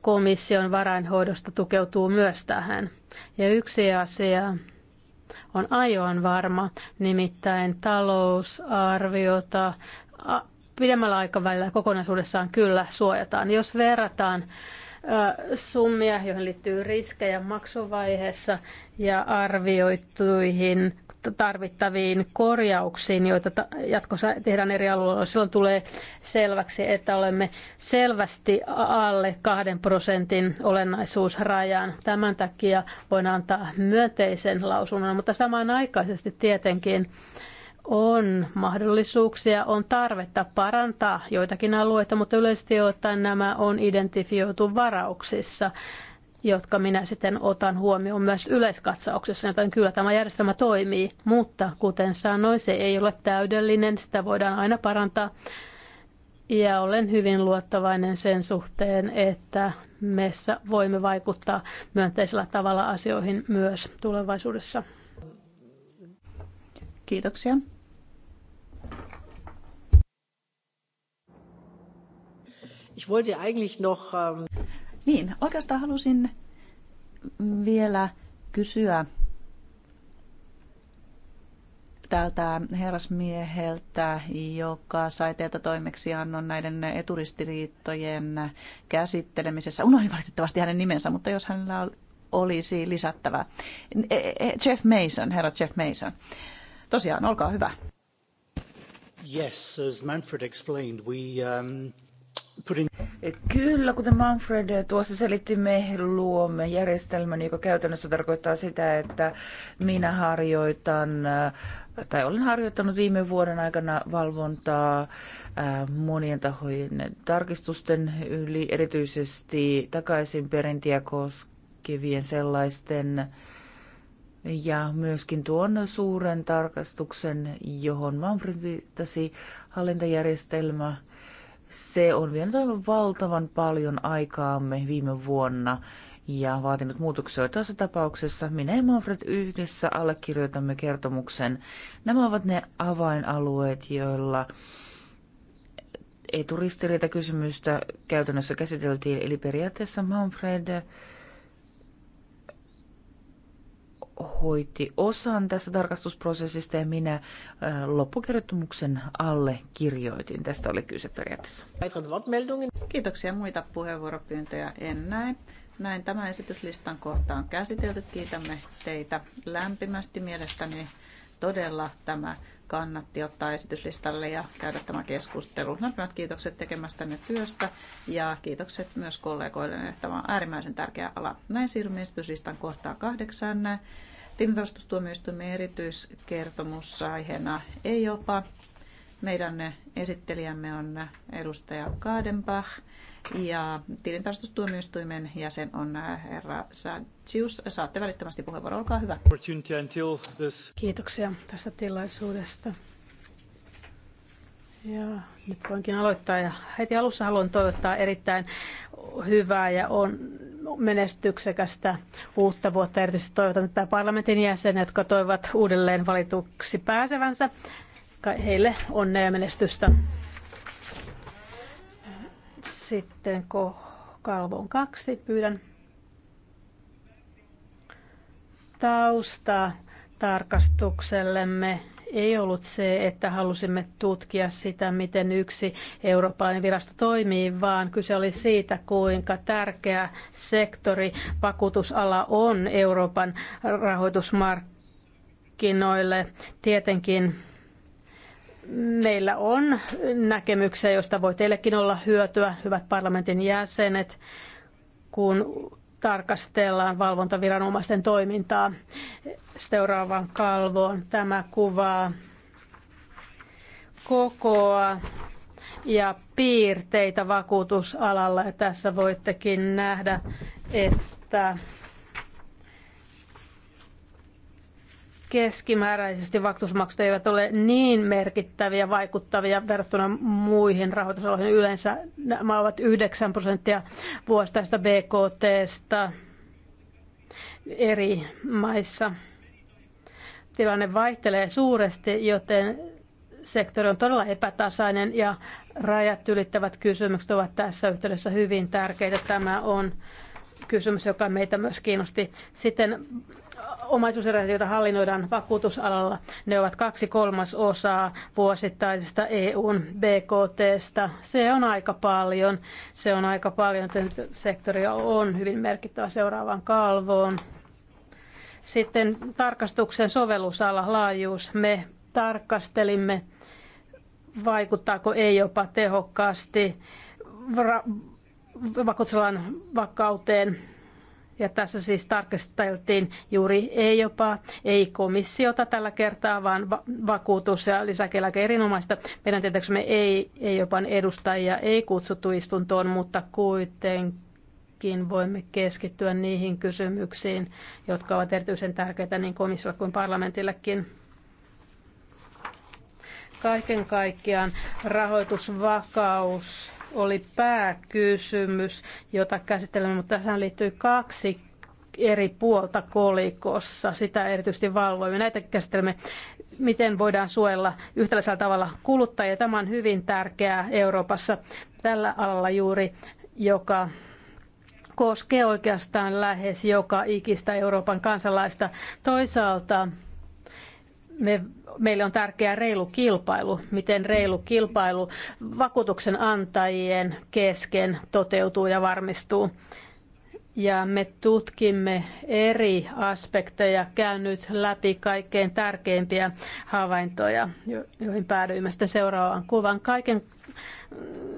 komission varainhoidosta, tukeutuu myös tähän. Ja yksi asia on aivan varma, nimittäin talousarviota pidemmällä aikavälillä kokonaisuudessaan kyllä suojataan. Jos verrataan summia, joihin liittyy riskejä maksuvaiheessa ja arvioituihin tarvittaviin korjauksiin, joita jatkossa tehdään eri alueilla. Silloin tulee selväksi, että olemme selvästi alle kahden prosentin olennaisuusrajan. Tämän takia voin antaa myönteisen lausunnon, mutta samanaikaisesti tietenkin on mahdollisuuksia, on tarvetta parantaa joitakin alueita, mutta yleisesti ottaen nämä on identifioitu varauksissa, jotka minä sitten otan huomioon myös yleiskatsauksessa, joten kyllä tämä järjestelmä toimii, mutta kuten sanoin, se ei ole täydellinen, sitä voidaan aina parantaa. Ja olen hyvin luottavainen sen suhteen, että meissä voimme vaikuttaa myönteisellä tavalla asioihin myös tulevaisuudessa. Kiitoksia. Ich wollte eigentlich noch... Ähm, niin, oikeastaan halusin vielä kysyä tältä herrasmieheltä, joka sai teiltä toimeksiannon näiden eturistiriittojen käsittelemisessä. Unohdin valitettavasti hänen nimensä, mutta jos hänellä olisi lisättävää. E, e, Jeff Mason, herra Jeff Mason. Tosiaan, olkaa hyvä. Yes, as Manfred explained, we um, Kyllä, kuten Manfred tuossa selitti, me luomme järjestelmän, joka käytännössä tarkoittaa sitä, että minä harjoitan tai olen harjoittanut viime vuoden aikana valvontaa äh, monien tahojen tarkistusten yli, erityisesti takaisinperintiä koskevien sellaisten ja myöskin tuon suuren tarkastuksen, johon Manfred viittasi, hallintajärjestelmä – se on vienyt aivan valtavan paljon aikaamme viime vuonna ja vaatinut muutoksia tässä tapauksessa. Minä ja Manfred yhdessä allekirjoitamme kertomuksen. Nämä ovat ne avainalueet, joilla eturistiriitakysymystä käytännössä käsiteltiin, eli periaatteessa Manfred hoiti osan tästä tarkastusprosessista ja minä äh, loppukertomuksen alle kirjoitin. Tästä oli kyse periaatteessa. Kiitoksia. Muita puheenvuoropyyntöjä en näe. Näin tämä esityslistan kohta on käsitelty. Kiitämme teitä lämpimästi. Mielestäni todella tämä kannatti ottaa esityslistalle ja käydä tämä keskustelu. Lämpimät kiitokset tekemästänne työstä ja kiitokset myös kollegoille. Tämä on äärimmäisen tärkeä ala. Näin siirrymme esityslistan kohtaan kahdeksan. Tilintarkastustuomioistuimen erityiskertomus aiheena ei jopa. Meidän esittelijämme on edustaja Kaadenbach ja tilintarkastustuomioistuimen jäsen on herra Satsius. Saatte välittömästi puheenvuoro, olkaa hyvä. Kiitoksia tästä tilaisuudesta. Ja nyt voinkin aloittaa ja heti alussa haluan toivottaa erittäin hyvää ja on menestyksekästä uutta vuotta. Erityisesti toivotan että parlamentin jäsenet, jotka toivat uudelleen valituksi pääsevänsä. Heille onnea ja menestystä. Sitten kalvoon kaksi pyydän taustaa tarkastuksellemme ei ollut se, että halusimme tutkia sitä, miten yksi eurooppalainen virasto toimii, vaan kyse oli siitä, kuinka tärkeä sektori vakuutusala on Euroopan rahoitusmarkkinoille. Tietenkin meillä on näkemyksiä, joista voi teillekin olla hyötyä, hyvät parlamentin jäsenet, kun tarkastellaan valvontaviranomaisten toimintaa seuraavaan kalvoon. Tämä kuvaa kokoa ja piirteitä vakuutusalalla. Ja tässä voittekin nähdä, että keskimääräisesti vakuutusmaksut eivät ole niin merkittäviä vaikuttavia verrattuna muihin rahoitusaloihin. Yleensä nämä ovat 9 prosenttia vuosittaista BKTstä eri maissa. Tilanne vaihtelee suuresti, joten sektori on todella epätasainen ja rajat ylittävät kysymykset ovat tässä yhteydessä hyvin tärkeitä. Tämä on kysymys, joka meitä myös kiinnosti. Sitten omaisuuserät, joita hallinnoidaan vakuutusalalla, ne ovat kaksi kolmasosaa vuosittaisesta EUn BKTstä. Se on aika paljon. Se on aika paljon, että sektori on hyvin merkittävä seuraavaan kalvoon. Sitten tarkastuksen sovellusala, laajuus. Me tarkastelimme, vaikuttaako ei jopa tehokkaasti vakuutusalan vakauteen. Ja tässä siis tarkasteltiin juuri ei jopa, ei komissiota tällä kertaa, vaan va- vakuutus ja lisäkeläke erinomaista. Meidän tietääksemme ei, ei jopa edustajia ei kutsuttu istuntoon, mutta kuitenkin voimme keskittyä niihin kysymyksiin, jotka ovat erityisen tärkeitä niin komissiolle kuin parlamentillekin kaiken kaikkiaan rahoitusvakaus oli pääkysymys, jota käsittelemme, mutta tähän liittyy kaksi eri puolta kolikossa. Sitä erityisesti valvoimme. Näitä käsittelemme, miten voidaan suojella yhtäläisellä tavalla kuluttajia. Tämä on hyvin tärkeää Euroopassa tällä alalla juuri, joka koskee oikeastaan lähes joka ikistä Euroopan kansalaista. Toisaalta me, meille on tärkeää reilu kilpailu, miten reilu kilpailu vakuutuksen antajien kesken toteutuu ja varmistuu. Ja me tutkimme eri aspekteja, Käynyt läpi kaikkein tärkeimpiä havaintoja, joihin päädyimme sitten seuraavaan kuvan. Kaiken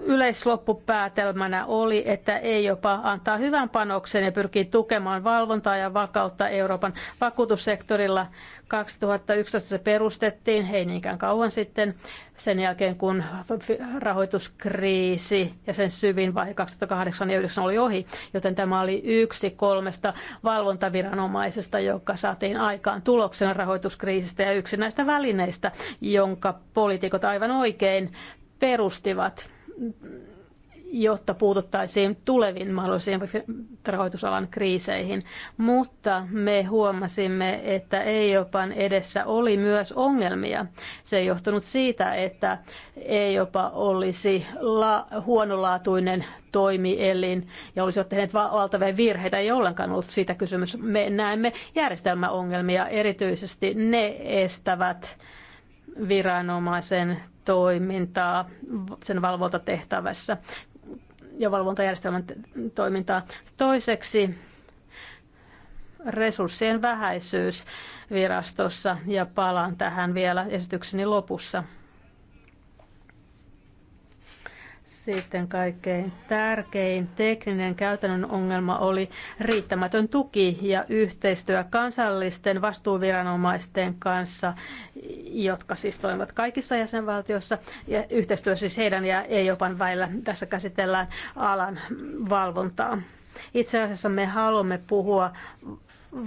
yleisloppupäätelmänä oli, että ei jopa antaa hyvän panoksen ja pyrkii tukemaan valvontaa ja vakautta Euroopan vakuutussektorilla. 2011 se perustettiin, ei niinkään kauan sitten, sen jälkeen kun rahoituskriisi ja sen syvin vaihe 2008 ja 2009 oli ohi, joten tämä oli yksi kolmesta valvontaviranomaisesta, joka saatiin aikaan tuloksena rahoituskriisistä ja yksi näistä välineistä, jonka poliitikot aivan oikein perustivat, jotta puututtaisiin tuleviin mahdollisiin rahoitusalan kriiseihin. Mutta me huomasimme, että EIOPan edessä oli myös ongelmia. Se ei johtunut siitä, että EIOPA olisi la- huonolaatuinen toimielin ja olisivat tehneet valtavia virheitä, ei ollenkaan ollut siitä kysymys. Me näemme järjestelmäongelmia, erityisesti ne estävät viranomaisen toimintaa sen valvontatehtävässä ja valvontajärjestelmän toimintaa. Toiseksi resurssien vähäisyys virastossa ja palaan tähän vielä esitykseni lopussa. Sitten kaikkein tärkein tekninen käytännön ongelma oli riittämätön tuki ja yhteistyö kansallisten vastuuviranomaisten kanssa, jotka siis toimivat kaikissa jäsenvaltioissa. Ja yhteistyö siis heidän ja EU-pan välillä. Tässä käsitellään alan valvontaa. Itse asiassa me haluamme puhua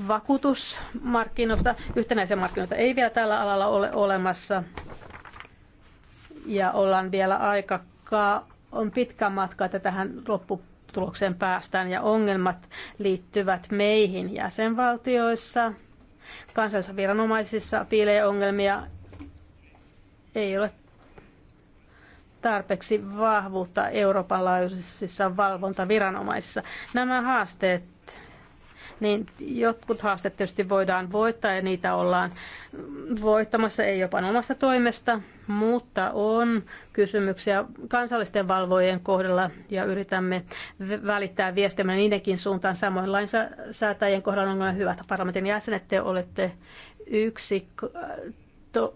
vakuutusmarkkinoita. Yhtenäisiä markkinoita ei vielä tällä alalla ole olemassa ja ollaan vielä aika on pitkä matka, että tähän lopputulokseen päästään ja ongelmat liittyvät meihin jäsenvaltioissa. Kansallisissa viranomaisissa piilee ongelmia. Ei ole tarpeeksi vahvuutta Euroopan laajuisissa valvontaviranomaisissa. Nämä haasteet niin jotkut haasteet tietysti voidaan voittaa ja niitä ollaan voittamassa, ei jopa omasta toimesta, mutta on kysymyksiä kansallisten valvojien kohdalla ja yritämme välittää viestimme niidenkin suuntaan. Samoin lainsäätäjien kohdalla on hyvä, hyvät parlamentin jäsenet, te olette yksi to,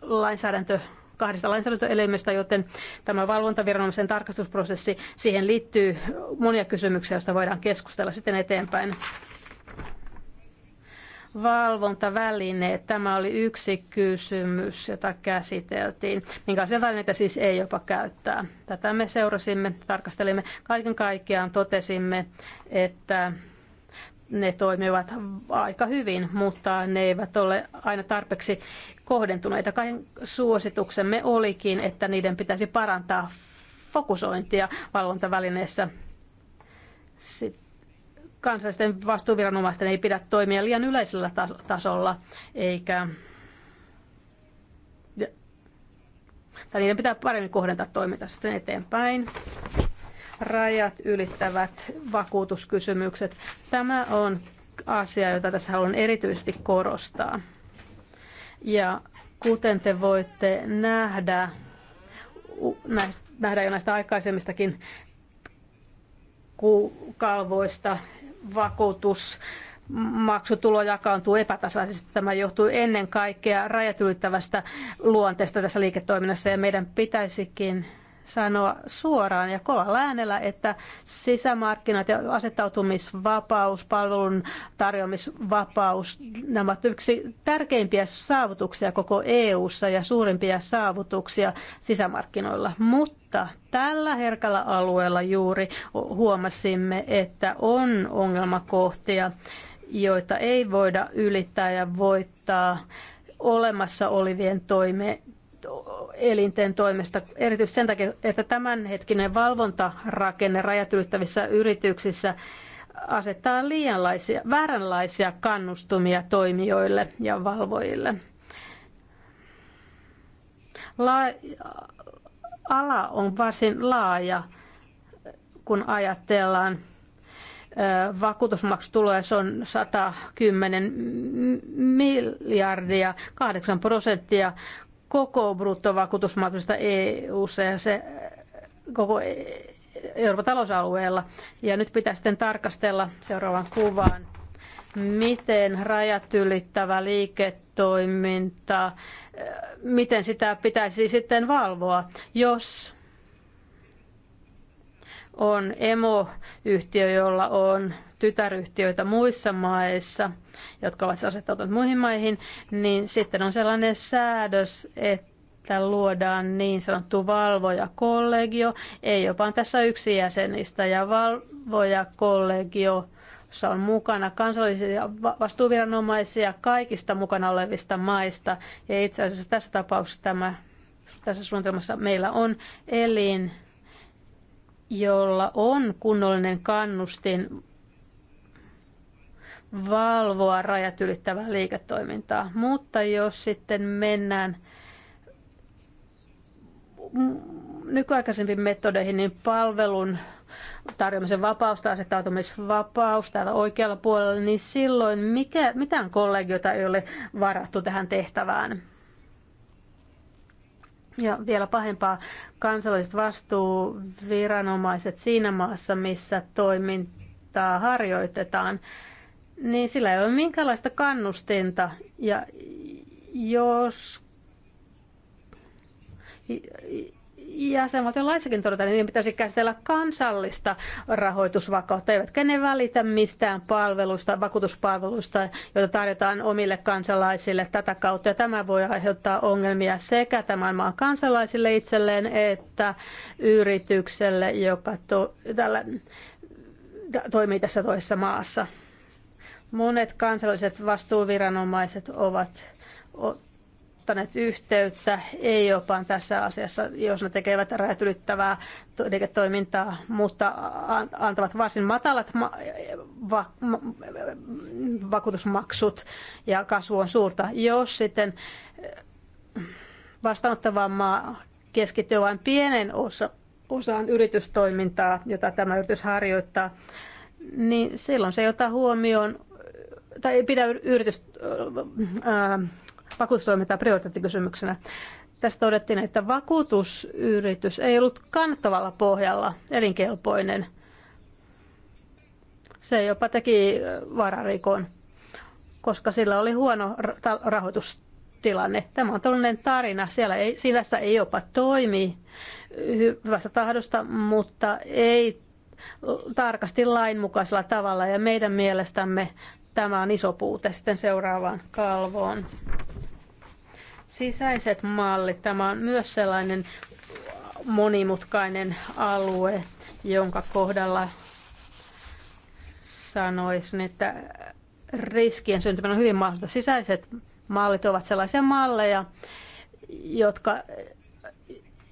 lainsäädäntö kahdesta lainsäädäntöelimestä, joten tämä valvontaviranomaisen tarkastusprosessi, siihen liittyy monia kysymyksiä, joista voidaan keskustella sitten eteenpäin Valvontavälineet, Tämä oli yksi kysymys, jota käsiteltiin. Minkälaisia välineitä siis ei jopa käyttää? Tätä me seurasimme, tarkastelimme. Kaiken kaikkiaan totesimme, että ne toimivat aika hyvin, mutta ne eivät ole aina tarpeeksi kohdentuneita. Kaiken suosituksemme olikin, että niiden pitäisi parantaa fokusointia valvontavälineessä. Sitten kansallisten vastuuviranomaisten ei pidä toimia liian yleisellä tasolla, eikä tai niiden pitää paremmin kohdentaa toimintaa sitten eteenpäin rajat ylittävät vakuutuskysymykset. Tämä on asia, jota tässä haluan erityisesti korostaa. Ja kuten te voitte nähdä, näistä, nähdä jo näistä aikaisemmistakin kalvoista, vakuutus, maksutulo jakaantuu epätasaisesti. Tämä johtuu ennen kaikkea rajat ylittävästä luonteesta tässä liiketoiminnassa ja meidän pitäisikin sanoa suoraan ja kovalla äänellä, että sisämarkkinat ja asettautumisvapaus, palvelun tarjoamisvapaus, nämä ovat yksi tärkeimpiä saavutuksia koko EU:ssa ja suurimpia saavutuksia sisämarkkinoilla. Mutta tällä herkällä alueella juuri huomasimme, että on ongelmakohtia, joita ei voida ylittää ja voittaa olemassa olevien toime, elinten toimesta, erityisesti sen takia, että tämänhetkinen valvontarakenne rajat ylittävissä yrityksissä asettaa liianlaisia, vääränlaisia kannustumia toimijoille ja valvojille. La- ala on varsin laaja, kun ajatellaan vakuutusmaksutuloja, se on 110 miljardia, 8 prosenttia koko bruttovakuutusmaksusta EU-ssa ja se koko e- Euroopan talousalueella. Ja nyt pitää sitten tarkastella seuraavan kuvaan, miten rajat ylittävä liiketoiminta, miten sitä pitäisi sitten valvoa, jos on emoyhtiö, jolla on tytäryhtiöitä muissa maissa, jotka ovat asettautuneet muihin maihin, niin sitten on sellainen säädös, että luodaan niin sanottu valvojakollegio, ei jopa tässä yksi jäsenistä, ja valvojakollegio on mukana kansallisia vastuuviranomaisia kaikista mukana olevista maista. Ja itse asiassa tässä tapauksessa tämä, tässä suunnitelmassa meillä on elin, jolla on kunnollinen kannustin valvoa rajat ylittävää liiketoimintaa. Mutta jos sitten mennään nykyaikaisempiin metodeihin, niin palvelun tarjoamisen vapaus tai asettautumisvapaus täällä oikealla puolella, niin silloin mikä, mitään kollegiota ei ole varattu tähän tehtävään. Ja vielä pahempaa, kansalliset vastuuviranomaiset siinä maassa, missä toimintaa harjoitetaan, niin sillä ei ole minkäänlaista kannustinta. Ja jos jäsenvaltion laissakin todetaan, niin pitäisi käsitellä kansallista rahoitusvakautta, eivätkä ne välitä mistään palvelusta, vakuutuspalvelusta, joita tarjotaan omille kansalaisille tätä kautta. Ja tämä voi aiheuttaa ongelmia sekä tämän maan kansalaisille itselleen että yritykselle, joka to, tällä, toimii tässä toisessa maassa. Monet kansalliset vastuuviranomaiset ovat ottaneet yhteyttä EIOPAan tässä asiassa, jos ne tekevät rajat ylittävää toimintaa, mutta antavat varsin matalat ma- va- ma- vakuutusmaksut ja kasvu on suurta. Jos sitten vastaanottava maa keskittyy vain pienen osa, osaan yritystoimintaa, jota tämä yritys harjoittaa, niin silloin se ei ota huomioon tai ei pidä yritys, äh, vakuutustoimintaa prioriteettikysymyksenä. Tästä todettiin, että vakuutusyritys ei ollut kannattavalla pohjalla elinkelpoinen. Se jopa teki vararikon, koska sillä oli huono rahoitustilanne. Tämä on tällainen tarina. Siellä ei, sinässä ei jopa toimi hyvästä tahdosta, mutta ei tarkasti lainmukaisella tavalla ja meidän mielestämme Tämä on iso puute sitten seuraavaan kalvoon. Sisäiset mallit. Tämä on myös sellainen monimutkainen alue, jonka kohdalla sanoisin, että riskien syntyminen on hyvin mahdollista. Sisäiset mallit ovat sellaisia malleja, jotka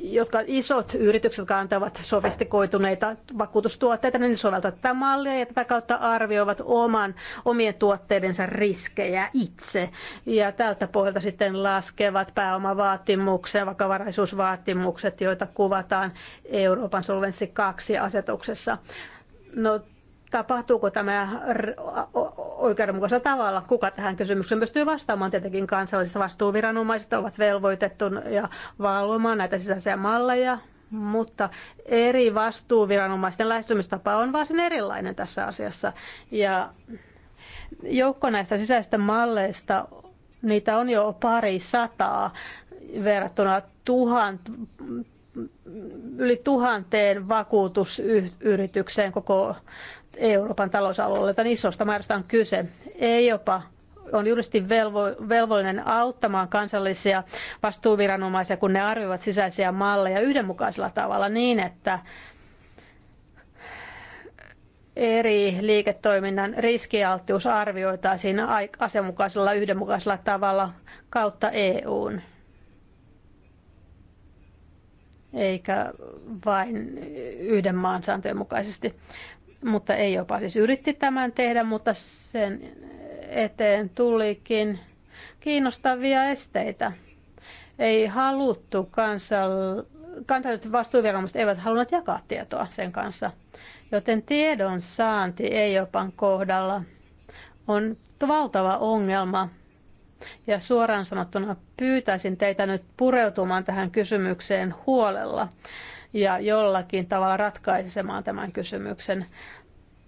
jotka isot yritykset, jotka antavat sofistikoituneita vakuutustuotteita, niin soveltavat tätä mallia ja tätä kautta arvioivat oman, omien tuotteidensa riskejä itse. Ja tältä pohjalta sitten laskevat pääomavaatimuksia, vakavaraisuusvaatimukset, joita kuvataan Euroopan solvenssi 2 asetuksessa. No, Tapahtuuko tämä oikeudenmukaisella tavalla? Kuka tähän kysymykseen pystyy vastaamaan? Tietenkin kansalliset vastuuviranomaiset ovat velvoitettu ja valvomaan näitä sisäisiä malleja, mutta eri vastuuviranomaisten lähestymistapa on varsin erilainen tässä asiassa. Ja joukko näistä sisäisistä malleista, niitä on jo pari sataa verrattuna tuhant, yli tuhanteen vakuutusyritykseen koko Euroopan talousalueelle. Tämän isosta määrästä on kyse. Ei jopa on juristi velvo, velvollinen auttamaan kansallisia vastuuviranomaisia, kun ne arvioivat sisäisiä malleja yhdenmukaisella tavalla niin, että eri liiketoiminnan riskialttius arvioitaisiin asianmukaisella yhdenmukaisella tavalla kautta EUn. Eikä vain yhden maan sääntöjen mukaisesti mutta ei jopa siis yritti tämän tehdä, mutta sen eteen tulikin kiinnostavia esteitä. Ei haluttu kansal... kansalliset vastuuviranomaiset eivät halunneet jakaa tietoa sen kanssa, joten tiedon saanti ei jopan kohdalla on valtava ongelma. Ja suoraan sanottuna pyytäisin teitä nyt pureutumaan tähän kysymykseen huolella ja jollakin tavalla ratkaisemaan tämän kysymyksen.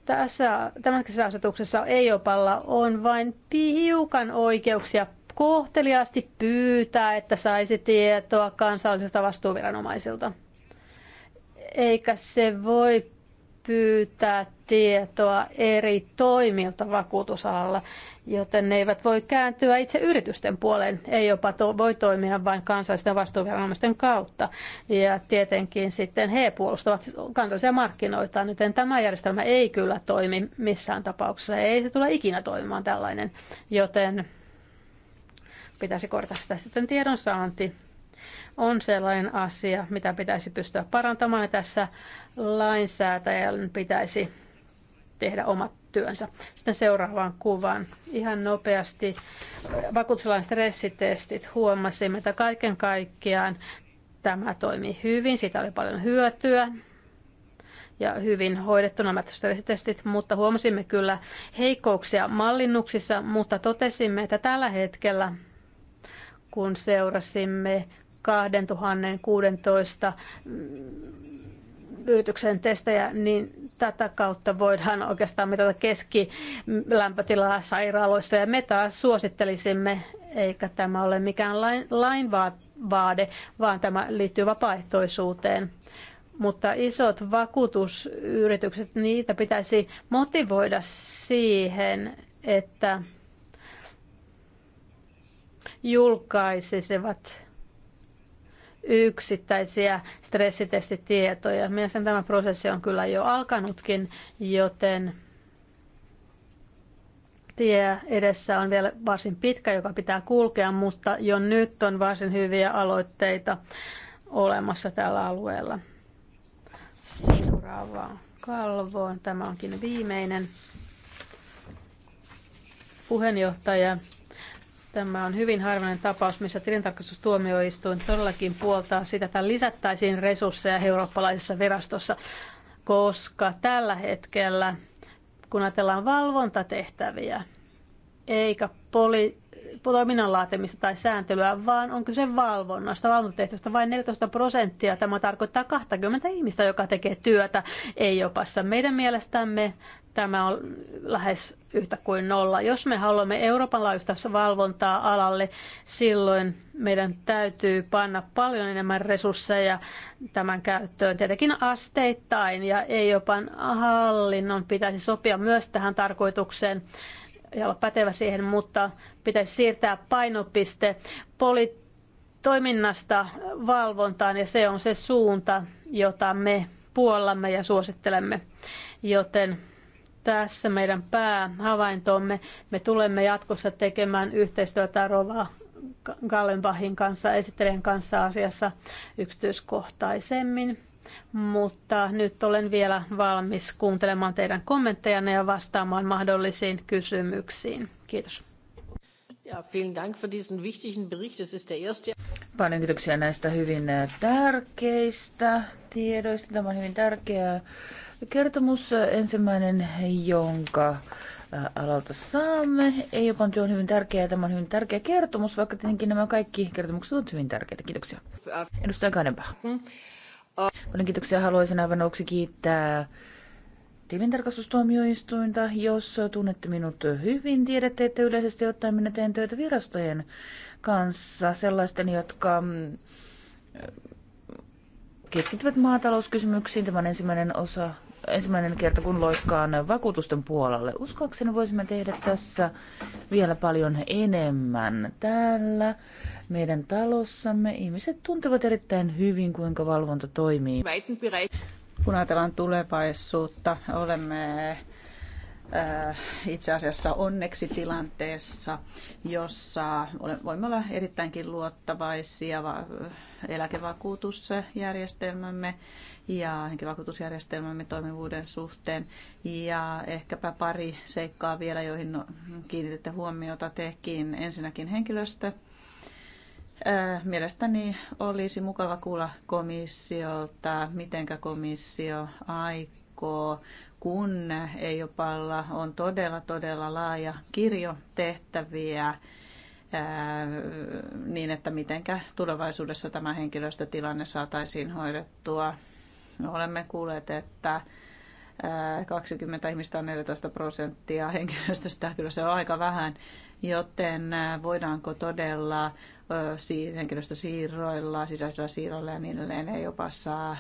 Tässä tämänkin asetuksessa EIOPalla on vain hiukan oikeuksia kohteliaasti pyytää, että saisi tietoa kansallisilta vastuuviranomaisilta. Eikä se voi pyytää tietoa eri toimilta vakuutusalalla, joten ne eivät voi kääntyä itse yritysten puoleen, ei jopa to- voi toimia vain kansallisten vastuuviranomaisten kautta. Ja tietenkin sitten he puolustavat kansallisia markkinoita, joten tämä järjestelmä ei kyllä toimi missään tapauksessa, ei se tule ikinä toimimaan tällainen, joten pitäisi korjata sitä sitten tiedonsaanti on sellainen asia, mitä pitäisi pystyä parantamaan ja tässä lainsäätäjän pitäisi tehdä omat työnsä. Sitten seuraavaan kuvaan. Ihan nopeasti Vakuutuslain stressitestit huomasimme, että kaiken kaikkiaan tämä toimii hyvin, siitä oli paljon hyötyä ja hyvin hoidettu nämä stressitestit, mutta huomasimme kyllä heikkouksia mallinnuksissa, mutta totesimme, että tällä hetkellä, kun seurasimme 2016 mm, yrityksen testejä, niin tätä kautta voidaan oikeastaan mitata keskilämpötilaa sairaaloissa ja me taas suosittelisimme, eikä tämä ole mikään lain, lainvaade, vaan tämä liittyy vapaaehtoisuuteen. Mutta isot vakuutusyritykset, niitä pitäisi motivoida siihen, että julkaisisivat yksittäisiä stressitestitietoja. Mielestäni tämä prosessi on kyllä jo alkanutkin, joten tie edessä on vielä varsin pitkä, joka pitää kulkea, mutta jo nyt on varsin hyviä aloitteita olemassa tällä alueella. Seuraavaan kalvoon. Tämä onkin viimeinen puheenjohtaja. Tämä on hyvin harvinainen tapaus, missä tilintarkastustuomioistuin todellakin puoltaa sitä, että lisättäisiin resursseja eurooppalaisessa virastossa, koska tällä hetkellä, kun ajatellaan valvontatehtäviä, eikä poli- toiminnan laatimista tai sääntelyä, vaan on kyse valvonnasta, valvontatehtävästä vain 14 prosenttia. Tämä tarkoittaa 20 ihmistä, joka tekee työtä ei jopassa. Meidän mielestämme tämä on lähes yhtä kuin nolla. Jos me haluamme Euroopan laajuista valvontaa alalle, silloin meidän täytyy panna paljon enemmän resursseja tämän käyttöön, tietenkin asteittain, ja ei jopa hallinnon pitäisi sopia myös tähän tarkoitukseen ja olla pätevä siihen, mutta pitäisi siirtää painopiste poli- toiminnasta valvontaan, ja se on se suunta, jota me puollamme ja suosittelemme. Joten tässä meidän päähavaintomme. Me tulemme jatkossa tekemään yhteistyötä Rova Gallenbachin kanssa, esittelijän kanssa asiassa yksityiskohtaisemmin. Mutta nyt olen vielä valmis kuuntelemaan teidän kommenttejanne ja vastaamaan mahdollisiin kysymyksiin. Kiitos. Ja, vielen Dank für diesen wichtigen Bericht. Das ist der erste. Paljon kiitoksia näistä hyvin tärkeistä tiedoista. Tämä on hyvin tärkeää kertomus, eh, ensimmäinen, jonka eh, alalta saamme. Ei jopa on hyvin tärkeä, tämä on hyvin tärkeä kertomus, vaikka tietenkin nämä kaikki kertomukset ovat hyvin tärkeitä. Kiitoksia. Edustaja Kadenpää. Paljon kiitoksia. Haluaisin aivan aluksi kiittää tilintarkastustuomioistuinta. Jos tunnette minut hyvin, tiedätte, että yleisesti ottaen minä teen töitä virastojen kanssa, sellaisten, jotka mm, keskittyvät maatalouskysymyksiin. Tämä on ensimmäinen osa, ensimmäinen kerta, kun loikkaan vakuutusten puolelle. Uskoakseni voisimme tehdä tässä vielä paljon enemmän. Täällä meidän talossamme ihmiset tuntevat erittäin hyvin, kuinka valvonta toimii. Kun ajatellaan tulevaisuutta, olemme Äh, itse asiassa onneksi tilanteessa, jossa voimme olla erittäinkin luottavaisia eläkevakuutusjärjestelmämme ja henkivakuutusjärjestelmämme toimivuuden suhteen. Ja ehkäpä pari seikkaa vielä, joihin kiinnititte huomiota tekin. Ensinnäkin henkilöstö. Äh, mielestäni olisi mukava kuulla komissiolta, mitenkä komissio aikoo kun EIOPalla on todella, todella laaja kirjo tehtäviä, niin että mitenkä tulevaisuudessa tämä henkilöstötilanne saataisiin hoidettua. Olemme kuulleet, että 20 ihmistä on 14 prosenttia henkilöstöstä, kyllä se on aika vähän, joten voidaanko todella henkilöstösiirroilla, sisäisillä siirroilla ja niin edelleen ei jopa saa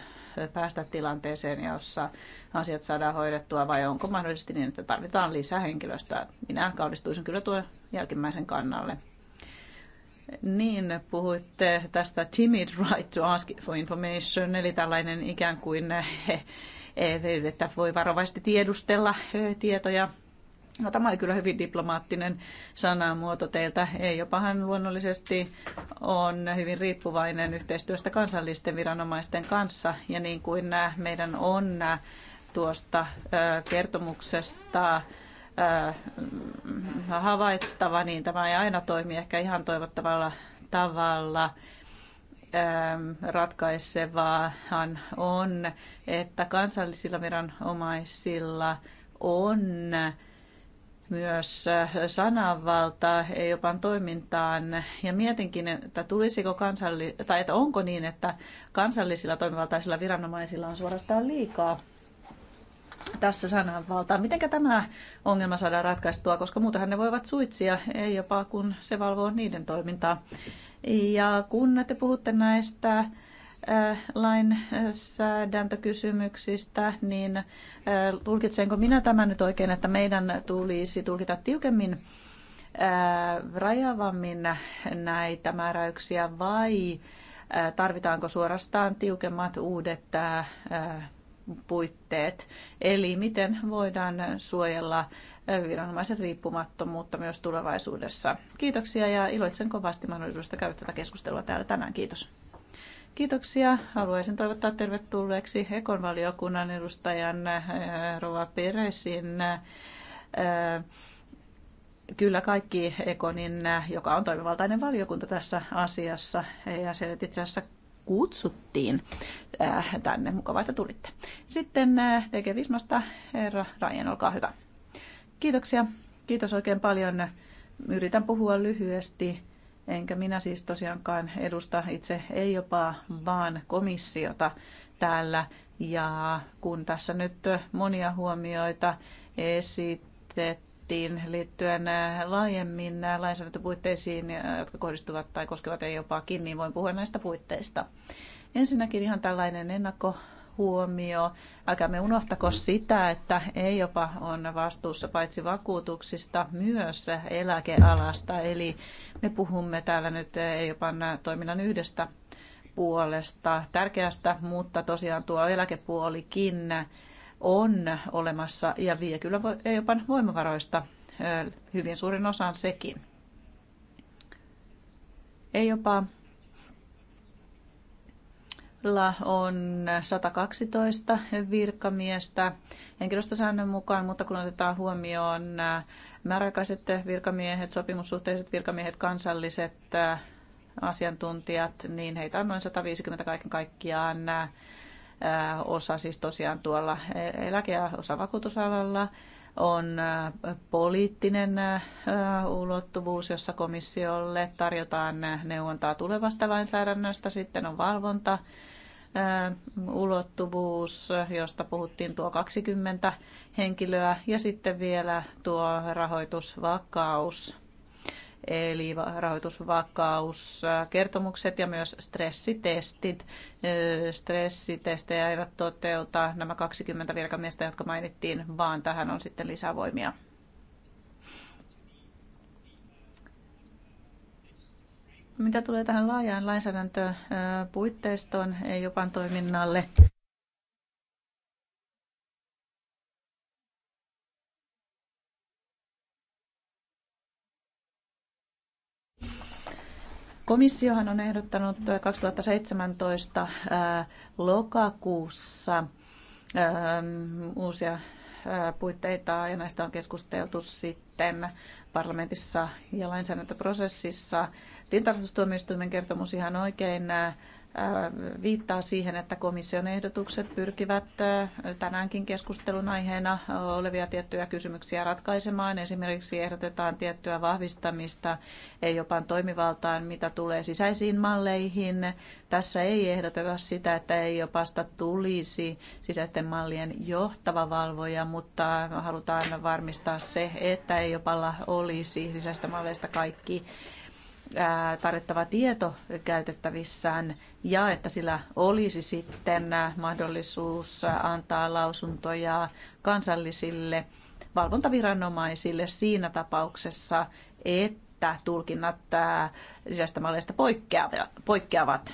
päästä tilanteeseen, jossa asiat saadaan hoidettua, vai onko mahdollisesti niin, että tarvitaan lisää henkilöstöä? Minä kaudistuisin kyllä tuon jälkimmäisen kannalle. Niin, puhuitte tästä timid right to ask for information, eli tällainen ikään kuin, eh, eh, että voi varovaisesti tiedustella eh, tietoja No, tämä oli kyllä hyvin diplomaattinen sanamuoto teiltä. EIOPahan luonnollisesti on hyvin riippuvainen yhteistyöstä kansallisten viranomaisten kanssa. Ja niin kuin äh, meidän on äh, tuosta äh, kertomuksesta mm, havaittava, niin tämä ei aina toimi ehkä ihan toivottavalla tavalla ähm, ratkaisevaahan on, että kansallisilla viranomaisilla on myös sananvaltaa jopa toimintaan. Ja mietinkin, että tulisiko kansalli- tai että onko niin, että kansallisilla toimivaltaisilla viranomaisilla on suorastaan liikaa tässä sananvaltaa. Miten tämä ongelma saadaan ratkaistua, koska muutenhan ne voivat suitsia, ei jopa kun se valvoo niiden toimintaa. Ja kun te puhutte näistä Äh, lainsäädäntökysymyksistä, äh, niin äh, tulkitsenko minä tämän nyt oikein, että meidän tulisi tulkita tiukemmin rajavammin näitä määräyksiä vai tarvitaanko suorastaan tiukemmat uudet puitteet, eli miten voidaan suojella viranomaisen riippumattomuutta myös tulevaisuudessa. Kiitoksia ja iloitsen kovasti mahdollisuudesta käydä tätä keskustelua täällä tänään. Kiitos. Kiitoksia. Haluaisin toivottaa tervetulleeksi Hekon valiokunnan edustajan äh, Rova Peresin. Äh, Kyllä kaikki Ekonin, äh, joka on toimivaltainen valiokunta tässä asiassa, ja se itse asiassa kutsuttiin tänne. Mukavaa, että tulitte. Sitten DG Vismasta, herra Rajan, olkaa hyvä. Kiitoksia. Kiitos oikein paljon. Yritän puhua lyhyesti Enkä minä siis tosiaankaan edusta itse ei jopa vaan komissiota täällä. Ja kun tässä nyt monia huomioita esitettiin liittyen laajemmin lainsäädäntöpuitteisiin, jotka kohdistuvat tai koskevat ei jopaakin, niin voin puhua näistä puitteista. Ensinnäkin ihan tällainen ennakko huomio. Älkäämme unohtako sitä, että ei jopa on vastuussa paitsi vakuutuksista myös eläkealasta. Eli me puhumme täällä nyt ei jopa toiminnan yhdestä puolesta tärkeästä, mutta tosiaan tuo eläkepuolikin on olemassa ja vie kyllä jopa voimavaroista hyvin suurin osan sekin. Ei jopa Minulla on 112 virkamiestä henkilöstösäännön mukaan, mutta kun otetaan huomioon äh, määräaikaiset virkamiehet, sopimussuhteiset virkamiehet, kansalliset äh, asiantuntijat, niin heitä on noin 150 kaiken kaikkiaan äh, osa siis tosiaan tuolla e-, eläke- ja osavakuutusalalla on poliittinen ulottuvuus, jossa komissiolle tarjotaan neuvontaa tulevasta lainsäädännöstä, sitten on valvonta ulottuvuus, josta puhuttiin tuo 20 henkilöä, ja sitten vielä tuo rahoitusvakaus, eli rahoitusvakaus, kertomukset ja myös stressitestit. Stressitestejä eivät toteuta nämä 20 virkamiestä, jotka mainittiin, vaan tähän on sitten lisävoimia Mitä tulee tähän laajaan lainsäädäntöpuitteistoon EUPAN toiminnalle, Komissiohan on ehdottanut 2017 lokakuussa uusia puitteita ja näistä on keskusteltu sitten parlamentissa ja lainsäädäntöprosessissa. Tintarastustuomioistuimen kertomus ihan oikein äh, viittaa siihen, että komission ehdotukset pyrkivät tänäänkin keskustelun aiheena olevia tiettyjä kysymyksiä ratkaisemaan. Esimerkiksi ehdotetaan tiettyä vahvistamista jopa toimivaltaan, mitä tulee sisäisiin malleihin. Tässä ei ehdoteta sitä, että ei jopasta tulisi sisäisten mallien johtava valvoja, mutta halutaan varmistaa se, että ei jopalla olisi sisäistä malleista kaikki tarjottava tieto käytettävissään ja että sillä olisi sitten mahdollisuus antaa lausuntoja kansallisille valvontaviranomaisille siinä tapauksessa, että tulkinnat sisäistä malleista poikkeavat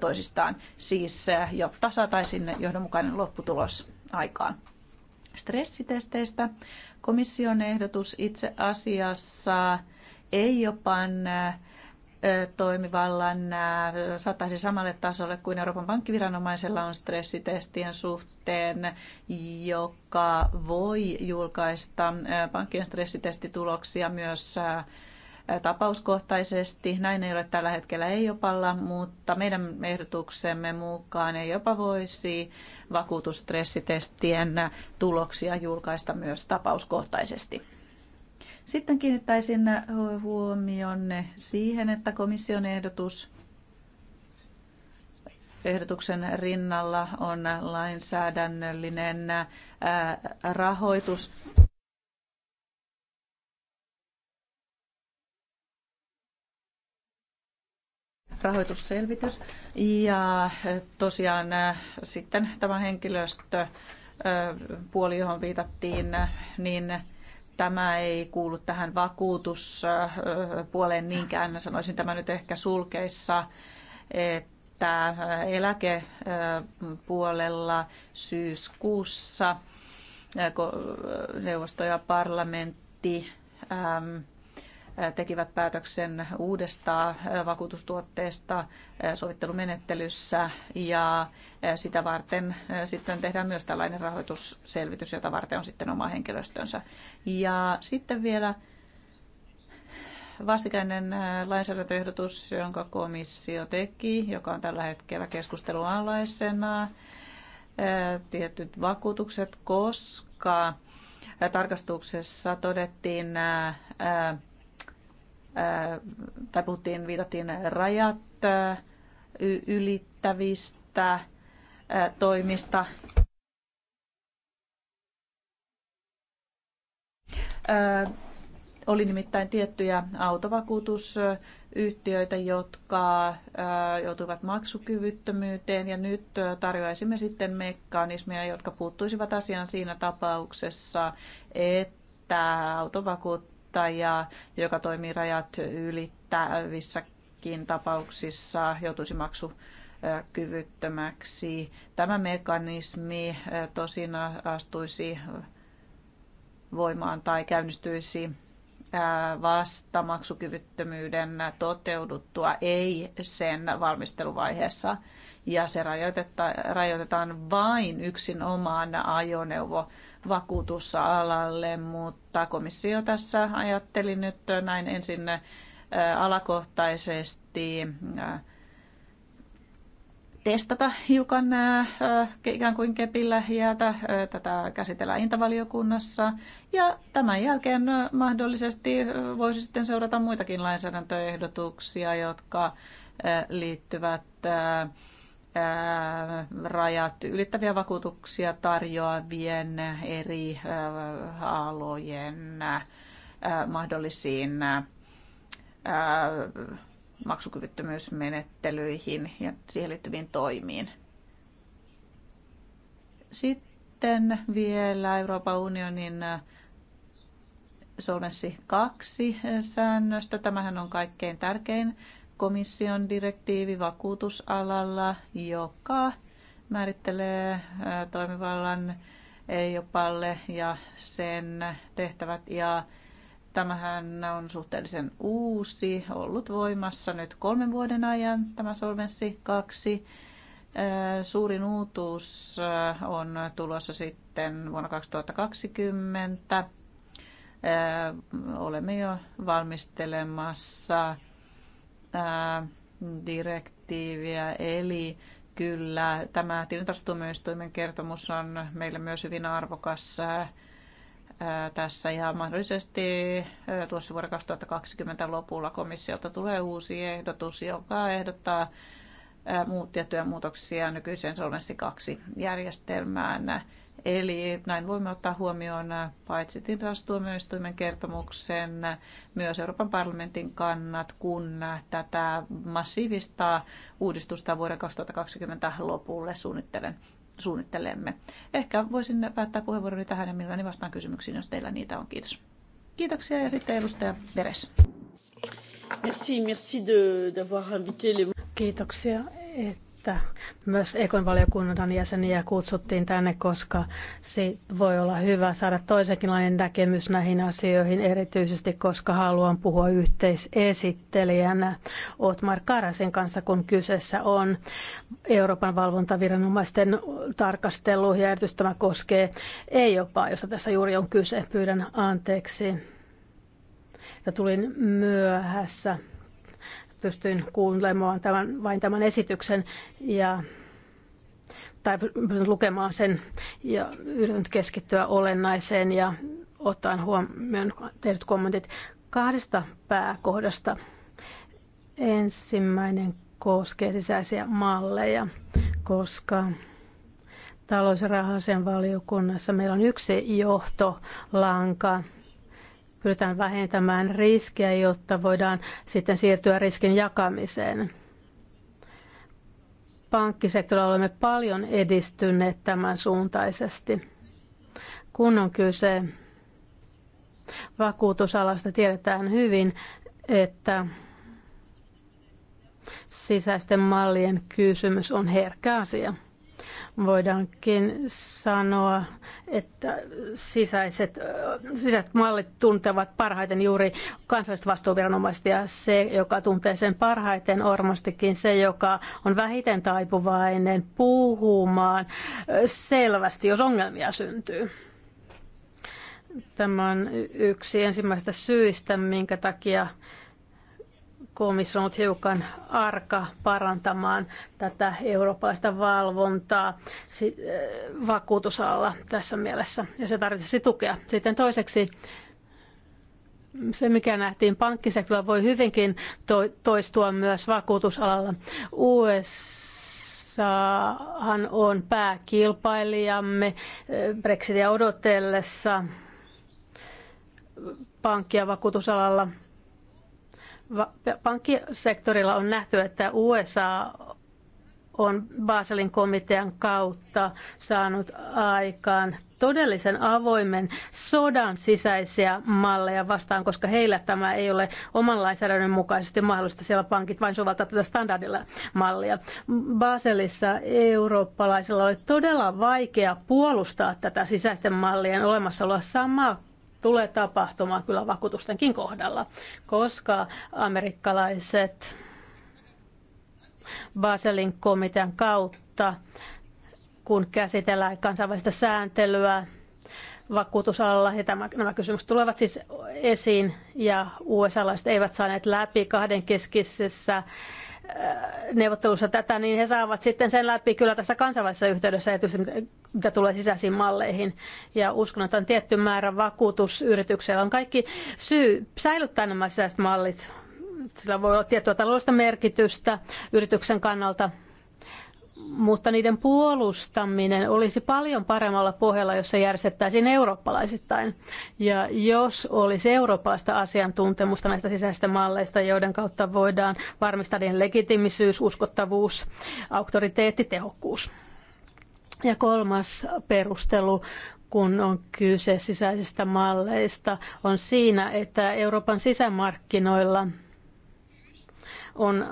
toisistaan, siis jotta saataisiin johdonmukainen lopputulos aikaan. Stressitesteistä komission ehdotus itse asiassa ei jopa toimivallan saattaisi samalle tasolle kuin Euroopan pankkiviranomaisella on stressitestien suhteen, joka voi julkaista pankkien stressitestituloksia myös tapauskohtaisesti. Näin ei ole tällä hetkellä jopalla, mutta meidän ehdotuksemme mukaan ei jopa voisi vakuutustressitestien tuloksia julkaista myös tapauskohtaisesti. Sitten kiinnittäisin huomionne siihen, että komission ehdotus ehdotuksen rinnalla on lainsäädännöllinen rahoitus. rahoitusselvitys. Ja tosiaan sitten tämä henkilöstö, puoli johon viitattiin, niin tämä ei kuulu tähän vakuutuspuoleen niinkään. Sanoisin tämä nyt ehkä sulkeissa, että eläkepuolella syyskuussa eh, neuvosto ja parlamentti tekivät päätöksen uudesta vakuutustuotteesta sovittelumenettelyssä ja sitä varten sitten tehdään myös tällainen rahoitusselvitys, jota varten on sitten oma henkilöstönsä. Ja sitten vielä vastikäinen lainsäädäntöehdotus, jonka komissio teki, joka on tällä hetkellä keskustelualaisena, tietyt vakuutukset, koska tarkastuksessa todettiin tai puhuttiin, viitattiin rajat ylittävistä toimista. Oli nimittäin tiettyjä autovakuutusyhtiöitä, jotka joutuivat maksukyvyttömyyteen ja nyt tarjoaisimme sitten mekanismeja, jotka puuttuisivat asiaan siinä tapauksessa, että autovakuutus kuluttajaa, joka toimii rajat ylittävissäkin tapauksissa, joutuisi maksu kyvyttömäksi. Tämä mekanismi eh, tosin astuisi voimaan tai käynnistyisi eh, vasta maksukyvyttömyyden toteuduttua, ei sen valmisteluvaiheessa. Ja se rajoitetaan vain yksin omaan ajoneuvo vakuutusalalle, mutta komissio tässä ajatteli nyt näin ensin äh, alakohtaisesti äh, testata hiukan äh, ikään kuin kepillä jäätä. Tätä käsitellään intavaliokunnassa. Ja tämän jälkeen mahdollisesti voisi sitten seurata muitakin lainsäädäntöehdotuksia, jotka liittyvät rajat ylittäviä vakuutuksia tarjoavien eri alojen mahdollisiin maksukyvyttömyysmenettelyihin ja siihen liittyviin toimiin. Sitten vielä Euroopan unionin Solvenssi 2 säännöstö. Tämähän on kaikkein tärkein komission direktiivi vakuutusalalla, joka määrittelee äh, toimivallan EIOPalle ja sen tehtävät. Ja tämähän on suhteellisen uusi, ollut voimassa nyt kolmen vuoden ajan tämä Solvenssi 2. Äh, suurin uutuus äh, on tulossa sitten vuonna 2020. Olemme jo valmistelemassa direktiiviä, eli kyllä tämä tilintarkastustuomioistuimen kertomus on meille myös hyvin arvokas tässä ja mahdollisesti tuossa vuoden 2020 lopulla komissiolta tulee uusi ehdotus, joka ehdottaa tiettyjä muutoksia nykyiseen Solvenssi 2-järjestelmään. Eli näin voimme ottaa huomioon äh, paitsi tilastuomioistuimen kertomuksen, myös Euroopan parlamentin kannat, kun äh, tätä massiivista uudistusta vuoden 2020 lopulle suunnittelen suunnittelemme. Ehkä voisin päättää puheenvuoroni tähän ja mielelläni vastaan kysymyksiin, jos teillä niitä on. Kiitos. Kiitoksia ja sitten edustaja Veres. Merci, merci de, Kiitoksia, että että myös valiokunnan jäseniä kutsuttiin tänne, koska se voi olla hyvä saada toisenkinlainen näkemys näihin asioihin, erityisesti koska haluan puhua yhteisesittelijänä Otmar Karasin kanssa, kun kyseessä on Euroopan valvontaviranomaisten tarkastelu, ja erityisesti tämä koskee ei jopa, josta tässä juuri on kyse. Pyydän anteeksi, että tulin myöhässä pystyin kuuntelemaan tämän, vain tämän esityksen ja tai lukemaan sen ja yritän keskittyä olennaiseen ja ottaen huomioon tehdyt kommentit kahdesta pääkohdasta. Ensimmäinen koskee sisäisiä malleja, koska talous- ja valiokunnassa meillä on yksi johtolanka – pyritään vähentämään riskiä, jotta voidaan sitten siirtyä riskin jakamiseen. Pankkisektorilla olemme paljon edistyneet tämän suuntaisesti. Kun on kyse vakuutusalasta, tiedetään hyvin, että sisäisten mallien kysymys on herkkä asia. Voidaankin sanoa, että sisäiset, sisäiset mallit tuntevat parhaiten juuri kansalliset vastuuviranomaiset ja se, joka tuntee sen parhaiten, ormastikin se, joka on vähiten taipuvainen puhumaan selvästi, jos ongelmia syntyy. Tämä on yksi ensimmäistä syistä, minkä takia komissio on ollut hiukan arka parantamaan tätä eurooppalaista valvontaa eh, vakuutusalalla tässä mielessä, ja se tarvitsisi tukea. Sitten toiseksi se, mikä nähtiin pankkisektorilla, voi hyvinkin toistua myös vakuutusalalla. USAhan on pääkilpailijamme eh, Brexitia odotellessa pankki- ja vakuutusalalla – pankkisektorilla on nähty, että USA on Baselin komitean kautta saanut aikaan todellisen avoimen sodan sisäisiä malleja vastaan, koska heillä tämä ei ole oman lainsäädännön mukaisesti mahdollista. Siellä pankit vain soveltaa tätä standardilla mallia. Baselissa eurooppalaisilla oli todella vaikea puolustaa tätä sisäisten mallien olemassaoloa. samaa tulee tapahtumaan kyllä vakuutustenkin kohdalla, koska amerikkalaiset Baselin komitean kautta, kun käsitellään kansainvälistä sääntelyä vakuutusalalla, ja tämä, nämä kysymykset tulevat siis esiin, ja USA-laiset eivät saaneet läpi kahdenkeskisessä keskisessä neuvottelussa tätä, niin he saavat sitten sen läpi kyllä tässä kansainvälisessä yhteydessä, tietysti, mitä tulee sisäisiin malleihin. Ja uskon, että on tietty määrä vakuutusyrityksellä on kaikki syy säilyttää nämä sisäiset mallit. Sillä voi olla tiettyä taloudellista merkitystä yrityksen kannalta, mutta niiden puolustaminen olisi paljon paremmalla pohjalla, jos se järjestettäisiin eurooppalaisittain. Ja jos olisi eurooppalaista asiantuntemusta näistä sisäisistä malleista, joiden kautta voidaan varmistaa niiden legitimisyys, uskottavuus, auktoriteetti, tehokkuus. Ja kolmas perustelu kun on kyse sisäisistä malleista, on siinä, että Euroopan sisämarkkinoilla – on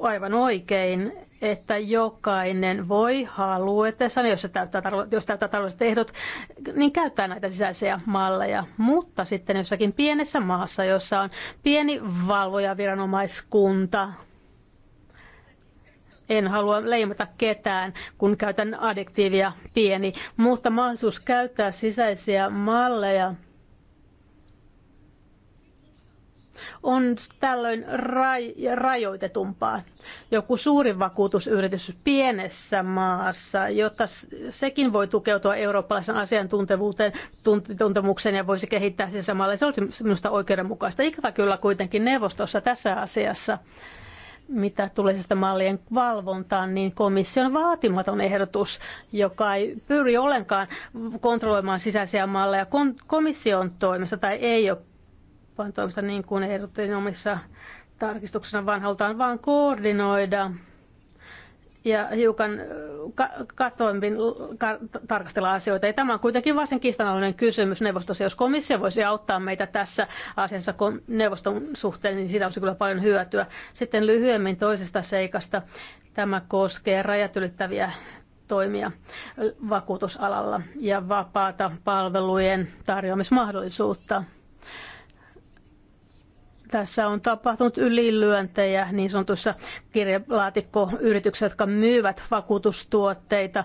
aivan oikein, että jokainen voi haluetessaan, jos täyttää, jos täyttää taloudelliset ehdot, niin käyttää näitä sisäisiä malleja. Mutta sitten jossakin pienessä maassa, jossa on pieni valvojaviranomaiskunta, en halua leimata ketään, kun käytän adjektiivia pieni, mutta mahdollisuus käyttää sisäisiä malleja – on tällöin raj- rajoitetumpaa. Joku suuri vakuutusyritys pienessä maassa, jotta sekin voi tukeutua eurooppalaisen asiantuntemukseen tunt- ja voisi kehittää sen samalla. Se olisi minusta oikeudenmukaista. Ikävä kyllä kuitenkin neuvostossa tässä asiassa mitä tulee sitä siis mallien valvontaan, niin komission vaatimaton ehdotus, joka ei pyri ollenkaan kontrolloimaan sisäisiä malleja komission toimesta tai ei ole vaan toimesta niin kuin ehdottiin omissa tarkistuksena, vaan halutaan vain koordinoida ja hiukan katoimmin tarkastella asioita. Ja tämä on kuitenkin varsin kiistanalainen kysymys neuvostossa. Jos komissio voisi auttaa meitä tässä asiassa neuvoston suhteen, niin siitä olisi kyllä paljon hyötyä. Sitten lyhyemmin toisesta seikasta. Tämä koskee rajat ylittäviä toimia vakuutusalalla ja vapaata palvelujen tarjoamismahdollisuutta. Tässä on tapahtunut ylilyöntejä niin sanotussa kirjalaatikkoyrityksessä, jotka myyvät vakuutustuotteita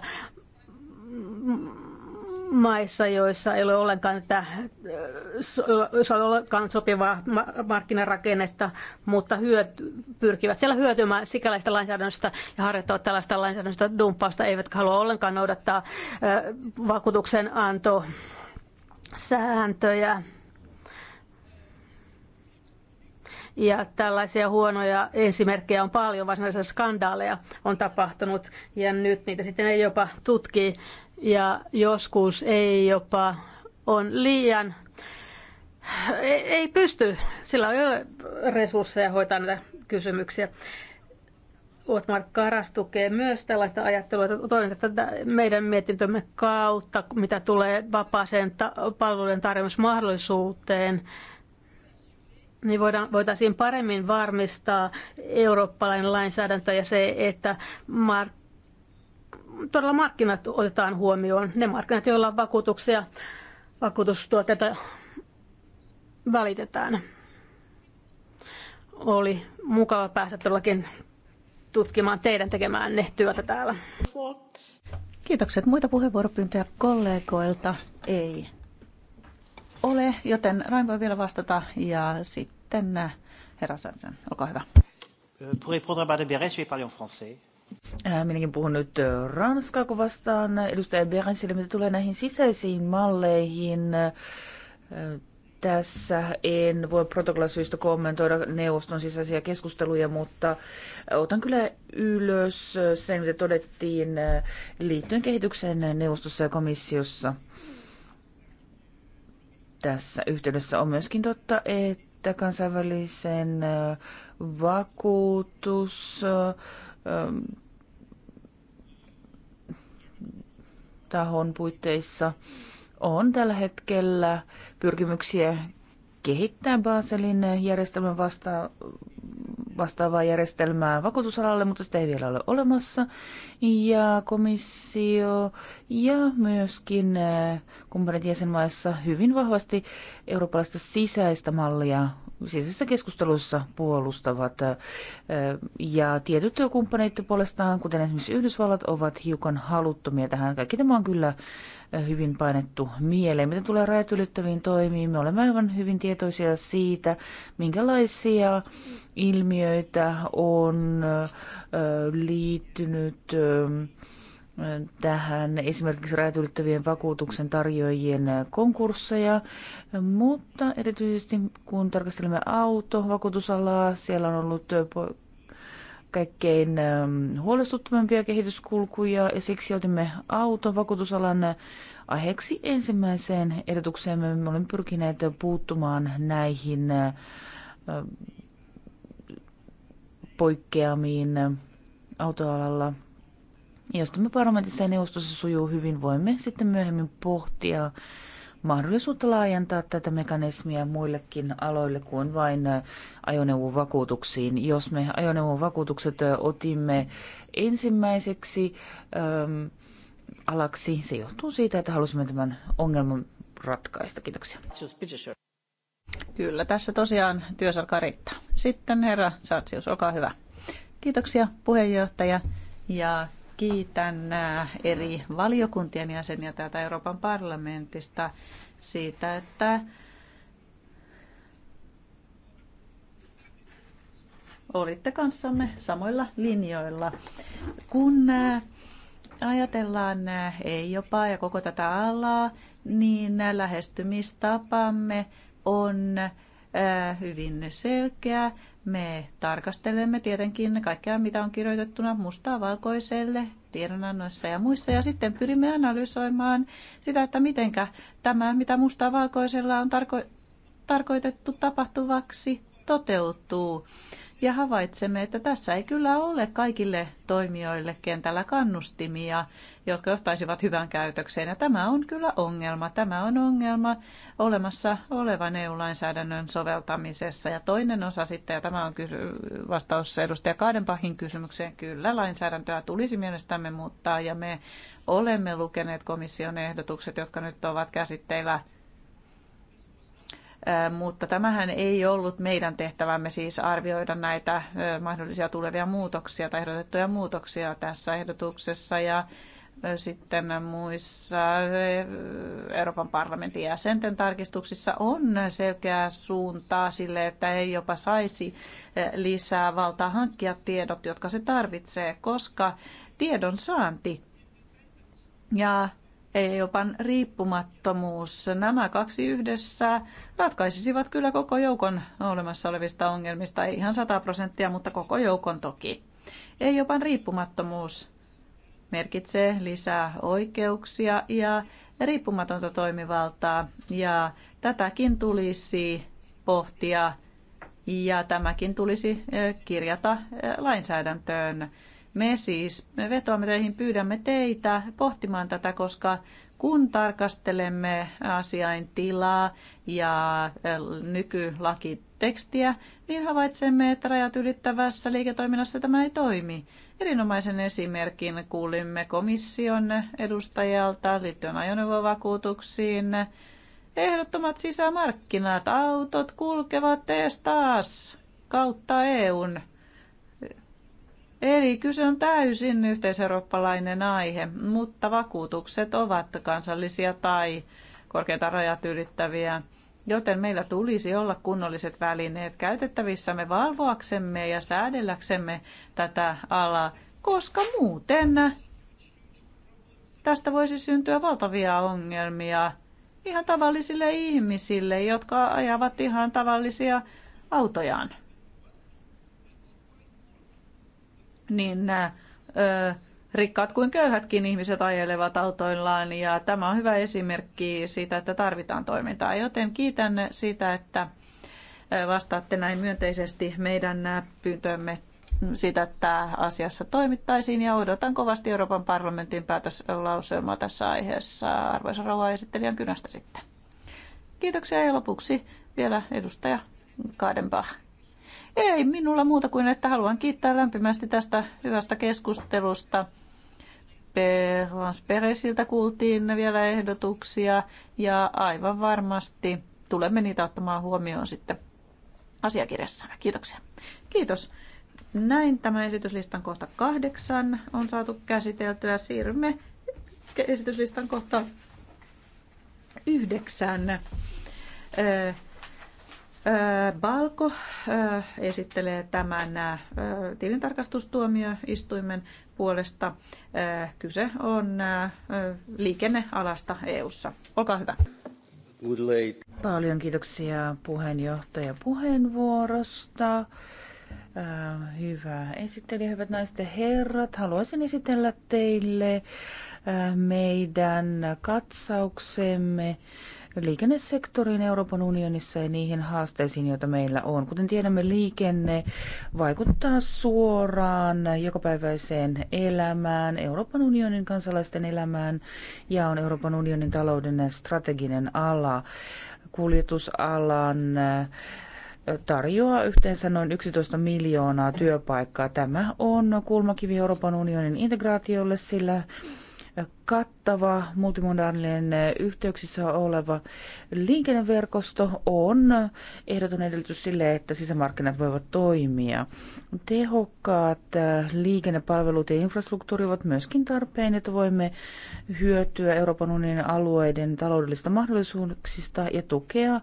maissa, joissa ei ole ollenkaan, tätä, äh, ei ole ollenkaan sopivaa markkinarakennetta, mutta hyöty, pyrkivät siellä hyötymään sikäläistä lainsäädännöstä ja harjoittavat tällaista lainsäädännöstä dumppausta, eivätkä halua ollenkaan noudattaa äh, vakuutuksen anto sääntöjä Ja tällaisia huonoja esimerkkejä on paljon, varsinaisia skandaaleja on tapahtunut ja nyt niitä sitten ei jopa tutki ja joskus ei jopa on liian ei, ei pysty, sillä ei ole resursseja hoitaa näitä kysymyksiä. Otmar Karas tukee myös tällaista ajattelua, että toinen että meidän mietintömme kautta, mitä tulee vapaaseen ta- palveluiden tarjoamismahdollisuuteen, niin voidaan, voitaisiin paremmin varmistaa eurooppalainen lainsäädäntö ja se, että mar- todella markkinat otetaan huomioon. Ne markkinat, joilla on vakuutuksia, vakuutustuotteita välitetään. Oli mukava päästä todellakin tutkimaan teidän tekemään ne työtä täällä. Kiitokset. Muita puheenvuoropyyntöjä kollegoilta ei ole, joten Rain voi vielä vastata ja sitten äh, herra Sansen, olkaa hyvä. Euh, pour répondre à Madame Beres, je vais parler en français. Äh, minäkin puhun nyt äh, ranskaa, kun vastaan edustaja Berensille, mitä tulee näihin sisäisiin malleihin. Tässä en voi protokollasyistä kommentoida neuvoston sisäisiä keskusteluja, mutta otan kyllä ylös sen, mitä todettiin liittyen kehitykseen neuvostossa ja komissiossa tässä yhteydessä on myöskin totta, että kansainvälisen vakuutus tahon puitteissa on tällä hetkellä pyrkimyksiä kehittää Baselin järjestelmän vasta- vastaavaa järjestelmää vakuutusalalle, mutta sitä ei vielä ole olemassa. Ja komissio ja myöskin eh, kumppanit jäsenmaissa hyvin vahvasti eurooppalaista sisäistä mallia sisäisessä keskustelussa puolustavat. Eh, ja tietyt kumppanit puolestaan, kuten esimerkiksi Yhdysvallat, ovat hiukan haluttomia tähän. Kaikki tämä on kyllä hyvin painettu mieleen. Mitä tulee rajat ylittäviin toimiin, me olemme aivan hyvin tietoisia siitä, minkälaisia ilmiöitä on liittynyt tähän esimerkiksi rajat ylittävien vakuutuksen tarjoajien konkursseja, mutta erityisesti kun tarkastelemme autovakuutusalaa, siellä on ollut kaikkein ähm, huolestuttavimpia kehityskulkuja ja siksi otimme auton vakuutusalan aiheeksi ensimmäiseen ehdotukseen. Me olemme pyrkineet puuttumaan näihin äh, poikkeamiin autoalalla. Jos tämä parlamentissa ja neuvostossa sujuu hyvin, voimme sitten myöhemmin pohtia mahdollisuutta laajentaa tätä mekanismia muillekin aloille kuin vain äh, ajoneuvovakuutuksiin. Jos me ajoneuvovakuutukset äh, otimme ensimmäiseksi äm, alaksi, se johtuu siitä, että halusimme tämän ongelman ratkaista. Kiitoksia. Kyllä, tässä tosiaan työsarka riittää. Sitten herra satsius olkaa hyvä. Kiitoksia puheenjohtaja ja kiitän äh, eri valiokuntien jäseniä täältä Euroopan parlamentista siitä, että olitte kanssamme samoilla linjoilla. Kun äh, ajatellaan äh, ei jopa ja koko tätä alaa, niin lähestymistapamme on Äh, hyvin selkeä. Me tarkastelemme tietenkin kaikkea, mitä on kirjoitettuna mustaa valkoiselle tiedonannoissa ja muissa, ja sitten pyrimme analysoimaan sitä, että mitenkä tämä, mitä mustaa valkoisella on tarko- tarkoitettu tapahtuvaksi, toteutuu ja havaitsemme, että tässä ei kyllä ole kaikille toimijoille kentällä kannustimia, jotka johtaisivat hyvän käytökseen. Ja tämä on kyllä ongelma. Tämä on ongelma olemassa olevan EU-lainsäädännön soveltamisessa. Ja toinen osa sitten, ja tämä on kysy- vastaus edustaja Kaadenpahin kysymykseen, kyllä lainsäädäntöä tulisi mielestämme muuttaa, ja me olemme lukeneet komission ehdotukset, jotka nyt ovat käsitteillä – mutta tämähän ei ollut meidän tehtävämme siis arvioida näitä mahdollisia tulevia muutoksia tai ehdotettuja muutoksia tässä ehdotuksessa ja sitten muissa Euroopan parlamentin jäsenten tarkistuksissa on selkeää suuntaa sille, että ei jopa saisi lisää valtaa hankkia tiedot, jotka se tarvitsee, koska tiedon saanti ja EIOPan riippumattomuus. Nämä kaksi yhdessä ratkaisisivat kyllä koko joukon olemassa olevista ongelmista, ei ihan 100 prosenttia, mutta koko joukon toki. EIOPan riippumattomuus merkitsee lisää oikeuksia ja riippumatonta toimivaltaa ja tätäkin tulisi pohtia ja tämäkin tulisi eh, kirjata eh, lainsäädäntöön. Me siis me vetoamme teihin, pyydämme teitä pohtimaan tätä, koska kun tarkastelemme asiain tilaa ja nykylakitekstiä, niin havaitsemme, että rajat ylittävässä liiketoiminnassa tämä ei toimi. Erinomaisen esimerkin kuulimme komission edustajalta liittyen ajoneuvovakuutuksiin. Ehdottomat sisämarkkinat, autot kulkevat ees taas kautta EUn Eli kyse on täysin yhteiseurooppalainen aihe, mutta vakuutukset ovat kansallisia tai korkeita rajat ylittäviä, joten meillä tulisi olla kunnolliset välineet käytettävissämme valvoaksemme ja säädelläksemme tätä alaa, koska muuten tästä voisi syntyä valtavia ongelmia ihan tavallisille ihmisille, jotka ajavat ihan tavallisia autojaan. niin nämä rikkaat kuin köyhätkin ihmiset ajelevat autoillaan ja tämä on hyvä esimerkki siitä, että tarvitaan toimintaa. Joten kiitän siitä, että vastaatte näin myönteisesti meidän pyyntöömme sitä että asiassa toimittaisiin ja odotan kovasti Euroopan parlamentin päätöslauselmaa tässä aiheessa. Arvoisa rouva esittelijän kynästä sitten. Kiitoksia ja lopuksi vielä edustaja Kaadenbach. Ei minulla muuta kuin, että haluan kiittää lämpimästi tästä hyvästä keskustelusta. Pervans Peresiltä kuultiin vielä ehdotuksia ja aivan varmasti tulemme niitä ottamaan huomioon sitten asiakirjassa. Kiitoksia. Kiitos. Näin tämä esityslistan kohta kahdeksan on saatu käsiteltyä. Siirrymme esityslistan kohta yhdeksän. Öö, Balko esittelee tämän tilintarkastustuomioistuimen puolesta. Kyse on liikennealasta EU:ssa. Olkaa hyvä. Paljon kiitoksia puheenjohtaja puheenvuorosta. Hyvä esittelijä, hyvät naiset ja herrat. Haluaisin esitellä teille meidän katsauksemme liikennesektoriin Euroopan unionissa ja niihin haasteisiin, joita meillä on. Kuten tiedämme, liikenne vaikuttaa suoraan jokapäiväiseen elämään, Euroopan unionin kansalaisten elämään ja on Euroopan unionin talouden strateginen ala, kuljetusalan tarjoaa yhteensä noin 11 miljoonaa työpaikkaa. Tämä on kulmakivi Euroopan unionin integraatiolle, sillä kattava multimodaalinen yhteyksissä oleva liikenneverkosto on ehdoton edellytys sille, että sisämarkkinat voivat toimia. Tehokkaat äh, liikennepalvelut ja infrastruktuuri ovat myöskin tarpeen, että voimme hyötyä Euroopan unionin alueiden taloudellisista mahdollisuuksista ja tukea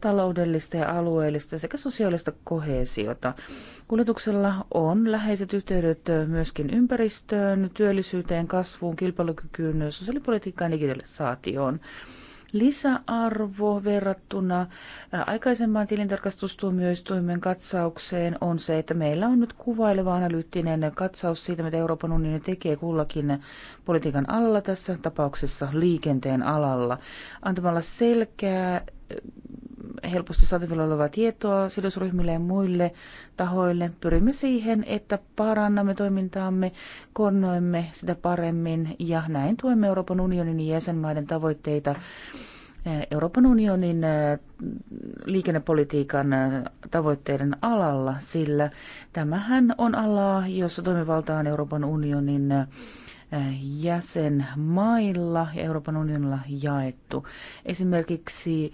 taloudellista ja alueellista sekä sosiaalista kohesiota. Kuljetuksella on läheiset yhteydet myöskin ympäristöön, työllisyyteen, kasvuun, kilpailukykyyn, liittyyn sosiaalipolitiikkaan digitalisaatioon. Lisäarvo verrattuna aikaisempaan tilintarkastustuomioistuimen katsaukseen on se, että meillä on nyt kuvaileva analyyttinen katsaus siitä, mitä Euroopan unioni tekee kullakin politiikan alalla, tässä tapauksessa liikenteen alalla, antamalla selkeää helposti saatavilla olevaa tietoa sidosryhmille ja muille tahoille. Pyrimme siihen, että parannamme toimintaamme, konnoimme sitä paremmin ja näin tuemme Euroopan unionin ja jäsenmaiden tavoitteita Euroopan unionin äh, liikennepolitiikan äh, tavoitteiden alalla, sillä tämähän on ala, jossa toimivalta on Euroopan unionin äh, jäsenmailla ja Euroopan unionilla jaettu. Esimerkiksi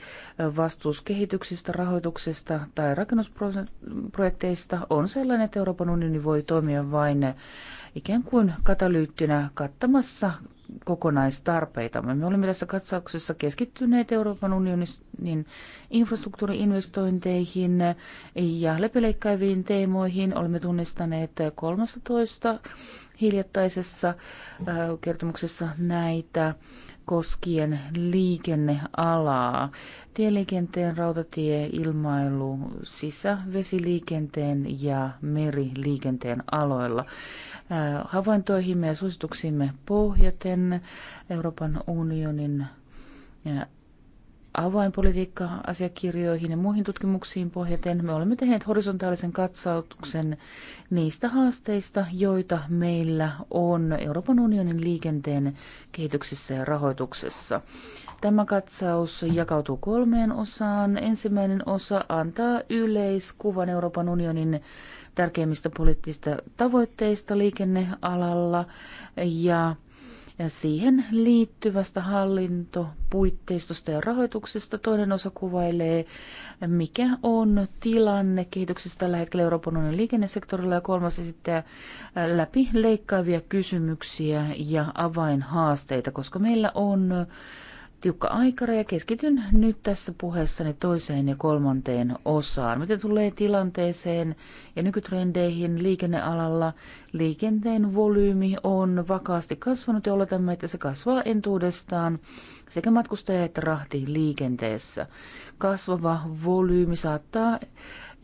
vastuus kehityksestä, rahoituksesta tai rakennusprojekteista on sellainen, että Euroopan unioni voi toimia vain ikään kuin katalyyttinä kattamassa kokonaistarpeitamme. Me olemme tässä katsauksessa keskittyneet Euroopan unionin niin infrastruktuuriinvestointeihin ja lepeleikkaiviin teemoihin. Olemme tunnistaneet 13 hiljattaisessa äh, kertomuksessa näitä koskien liikennealaa tieliikenteen, rautatie, ilmailu, sisä, vesiliikenteen ja meriliikenteen aloilla. Äh, havaintoihimme ja suosituksimme pohjaten Euroopan unionin äh, avainpolitiikka-asiakirjoihin ja muihin tutkimuksiin pohjaten me olemme tehneet horisontaalisen katsauksen niistä haasteista, joita meillä on Euroopan unionin liikenteen kehityksessä ja rahoituksessa. Tämä katsaus jakautuu kolmeen osaan. Ensimmäinen osa antaa yleiskuvan Euroopan unionin tärkeimmistä poliittisista tavoitteista liikennealalla ja siihen liittyvästä hallintopuitteistosta ja rahoituksesta. Toinen osa kuvailee, mikä on tilanne kehityksessä tällä hetkellä Euroopan unionin liikennesektorilla ja kolmas esittää läpi leikkaavia kysymyksiä ja avainhaasteita, koska meillä on tiukka aikaraja. Keskityn nyt tässä puheessani toiseen ja kolmanteen osaan. Mitä tulee tilanteeseen ja nykytrendeihin liikennealalla, liikenteen volyymi on vakaasti kasvanut ja oletamme, että se kasvaa entuudestaan sekä matkustaja- että rahti liikenteessä. Kasvava volyymi saattaa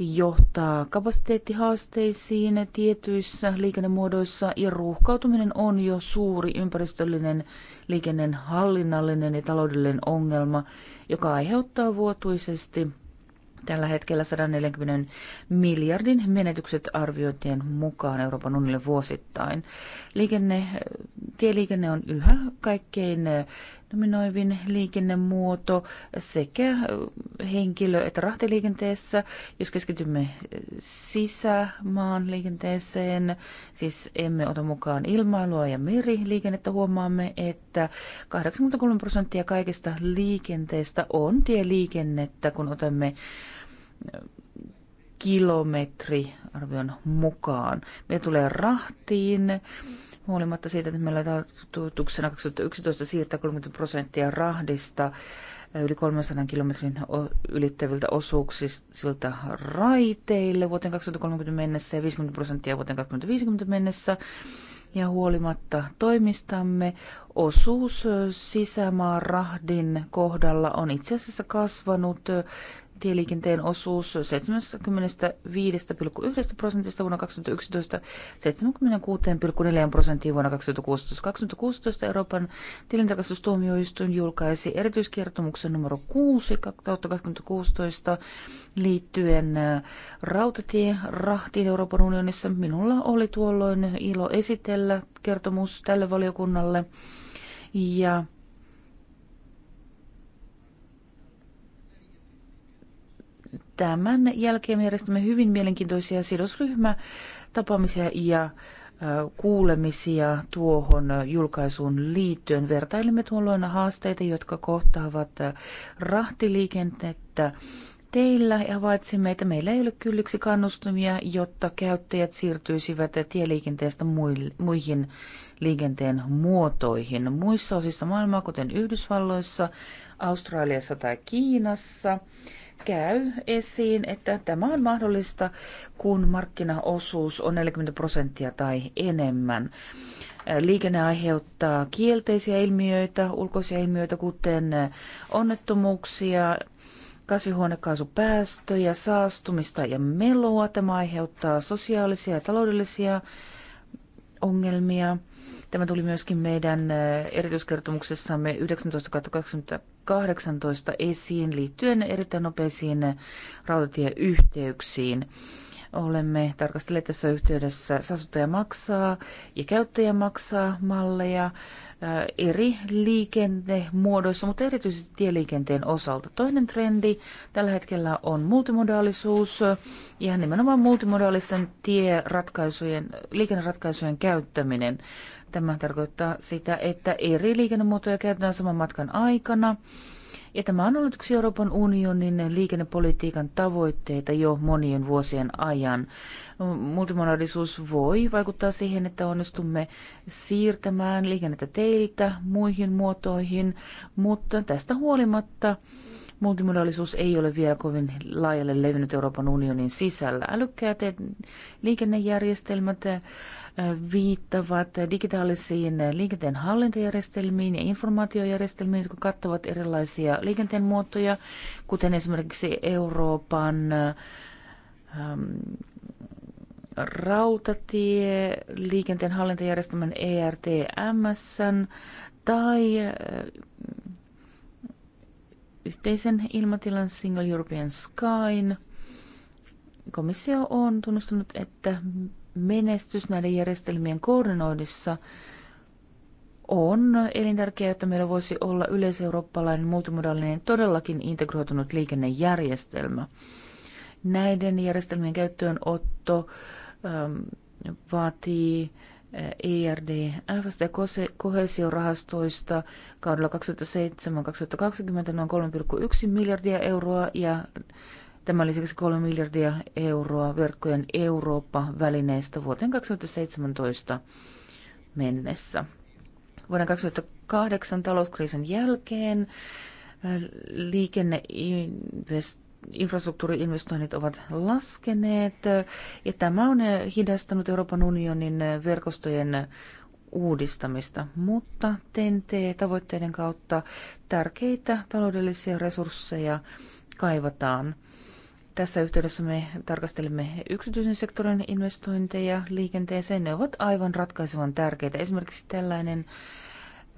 johtaa kapasiteettihaasteisiin tietyissä liikennemuodoissa ja ruuhkautuminen on jo suuri ympäristöllinen, liikennen hallinnallinen ja taloudellinen ongelma, joka aiheuttaa vuotuisesti tällä hetkellä 140 miljardin menetykset arviointien mukaan Euroopan unionille vuosittain. Liikenne, tieliikenne on yhä kaikkein dominoivin liikennemuoto sekä henkilö- että rahtiliikenteessä. Jos keskitymme sisämaan liikenteeseen, siis emme ota mukaan ilmailua ja meriliikennettä, huomaamme, että 83 prosenttia kaikesta liikenteestä on tieliikennettä, kun otamme arvion mukaan. Me tulee rahtiin huolimatta siitä, että meillä on tarkoituksena 2011 siirtää 30 prosenttia rahdista eh, yli 300 kilometrin ylittäviltä osuuksilta raiteille vuoteen 2030 mennessä ja 50 prosenttia vuoteen 2050 mennessä. Ja huolimatta toimistamme, osuus eh, sisämaan rahdin kohdalla on itse asiassa kasvanut eh, tieliikenteen osuus 75,1 prosentista vuonna 2011 76,4 prosenttiin vuonna 2016. 2016 Euroopan tilintarkastustuomioistuin julkaisi erityiskertomuksen numero 6 2016 liittyen äh, rautatierahtiin Euroopan unionissa. Minulla oli tuolloin ilo esitellä kertomus tälle valiokunnalle. Ja tämän jälkeen me järjestämme hyvin mielenkiintoisia sidosryhmätapaamisia ja kuulemisia tuohon julkaisuun liittyen. Vertailemme tuolloin haasteita, jotka kohtaavat rahtiliikennettä teillä ja havaitsimme, että meillä ei ole kylliksi kannustumia, jotta käyttäjät siirtyisivät tieliikenteestä muihin liikenteen muotoihin. Muissa osissa maailmaa, kuten Yhdysvalloissa, Australiassa tai Kiinassa, käy esiin, että tämä on mahdollista, kun markkinaosuus on 40 prosenttia tai enemmän. Liikenne aiheuttaa kielteisiä ilmiöitä, ulkoisia ilmiöitä, kuten onnettomuuksia, kasvihuonekaasupäästöjä, saastumista ja melua. Tämä aiheuttaa sosiaalisia ja taloudellisia ongelmia. Tämä tuli myöskin meidän eh, erityiskertomuksessamme 19.20 18 esiin liittyen erittäin nopeisiin rautatieyhteyksiin. Olemme tarkastelleet tässä yhteydessä sasuttaja maksaa ja käyttäjä maksaa malleja äh, eri liikennemuodoissa, mutta erityisesti tieliikenteen osalta. Toinen trendi tällä hetkellä on multimodaalisuus, ja nimenomaan multimodaalisten tieratkaisujen, liikenneratkaisujen käyttäminen. Tämä tarkoittaa sitä, että eri liikennemuotoja käytetään saman matkan aikana. Ja tämä on ollut yksi Euroopan unionin liikennepolitiikan tavoitteita jo monien vuosien ajan. Multimodaalisuus voi vaikuttaa siihen, että onnistumme siirtämään liikennettä teiltä muihin muotoihin, mutta tästä huolimatta multimodaalisuus ei ole vielä kovin laajalle levinnyt Euroopan unionin sisällä. Älykkäät liikennejärjestelmät viittavat digitaalisiin liikenteen hallintajärjestelmiin ja informaatiojärjestelmiin, jotka kattavat erilaisia liikenteen muotoja, kuten esimerkiksi Euroopan ähm, rautatie, liikenteen hallintajärjestelmän ERTMS tai äh, yhteisen ilmatilan Single European Sky. Komissio on tunnustanut, että menestys näiden järjestelmien koordinoidissa on elintärkeää, että meillä voisi olla yleiseurooppalainen multimodaalinen todellakin integroitunut liikennejärjestelmä. Näiden järjestelmien käyttöönotto ähm, vaatii äh, ERDFstä ja kohesiorahastoista kaudella 2007-2020 noin 3,1 miljardia euroa ja Tämän lisäksi 3 miljardia euroa verkkojen Eurooppa-välineestä vuoteen 2017 mennessä. Vuoden 2008 talouskriisin jälkeen äh, liikenneinfrastruktuuriinvestoinnit ovat laskeneet äh, ja tämä on äh, hidastanut Euroopan unionin verkostojen uudistamista, mutta tnt tavoitteiden kautta tärkeitä taloudellisia resursseja kaivataan. Tässä yhteydessä me tarkastelemme yksityisen sektorin investointeja liikenteeseen. Ne ovat aivan ratkaisevan tärkeitä. Esimerkiksi tällainen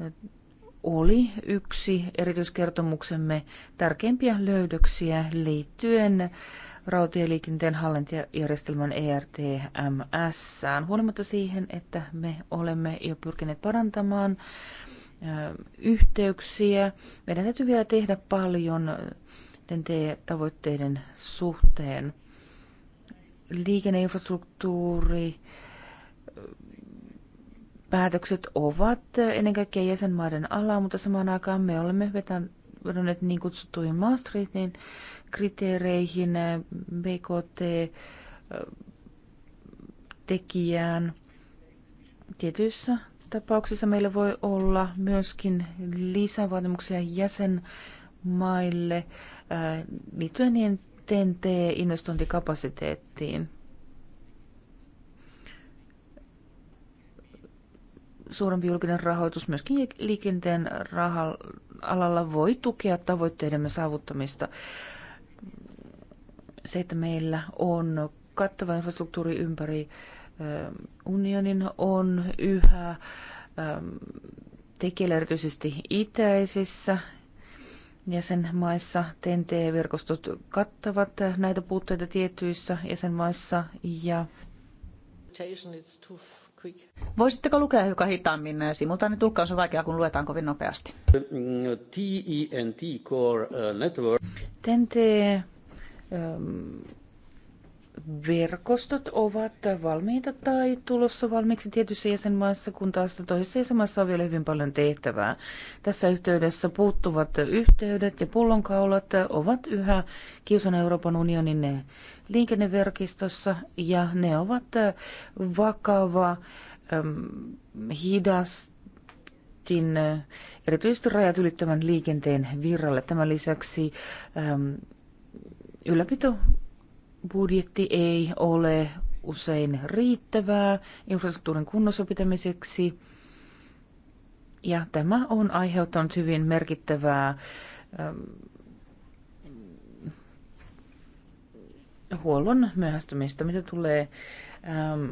eh, oli yksi erityiskertomuksemme tärkeimpiä löydöksiä liittyen rautieliikenteen hallintajärjestelmän ERTMS. Huolimatta siihen, että me olemme jo pyrkineet parantamaan eh, yhteyksiä, meidän täytyy vielä tehdä paljon ten tavoitteiden suhteen. Liikenneinfrastruktuuri, päätökset ovat ennen kaikkea jäsenmaiden alla, mutta samaan aikaan me olemme vedonneet niin kutsuttuihin Maastrichtin kriteereihin, BKT-tekijään. Tietyissä tapauksissa meillä voi olla myöskin lisävaatimuksia jäsenmaille Äh, liittyen niin TNT-investointikapasiteettiin. Suurempi julkinen rahoitus myöskin liikenteen alalla voi tukea tavoitteidemme saavuttamista. Se, että meillä on kattava infrastruktuuri ympäri äh, unionin, on yhä ähm, tekijöillä erityisesti itäisissä jäsenmaissa TNT-verkostot kattavat näitä puutteita tietyissä jäsenmaissa ja Voisitteko lukea hiukan hitaammin? Simultaaninen tulkkaus on vaikeaa, kun luetaan kovin nopeasti. TNT e Core uh, Network verkostot ovat valmiita tai tulossa valmiiksi tietyissä jäsenmaissa, kun taas toisessa jäsenmaissa on vielä hyvin paljon tehtävää. Tässä yhteydessä puuttuvat yhteydet ja pullonkaulat ovat yhä kiusana Euroopan unionin liikenneverkistossa ja ne ovat vakava, hidastin, erityisesti rajat ylittävän liikenteen virralle. Tämän lisäksi ylläpito budjetti ei ole usein riittävää infrastruktuurin kunnossa pitämiseksi. Ja tämä on aiheuttanut hyvin merkittävää ähm, huollon myöhästymistä, mitä tulee äm,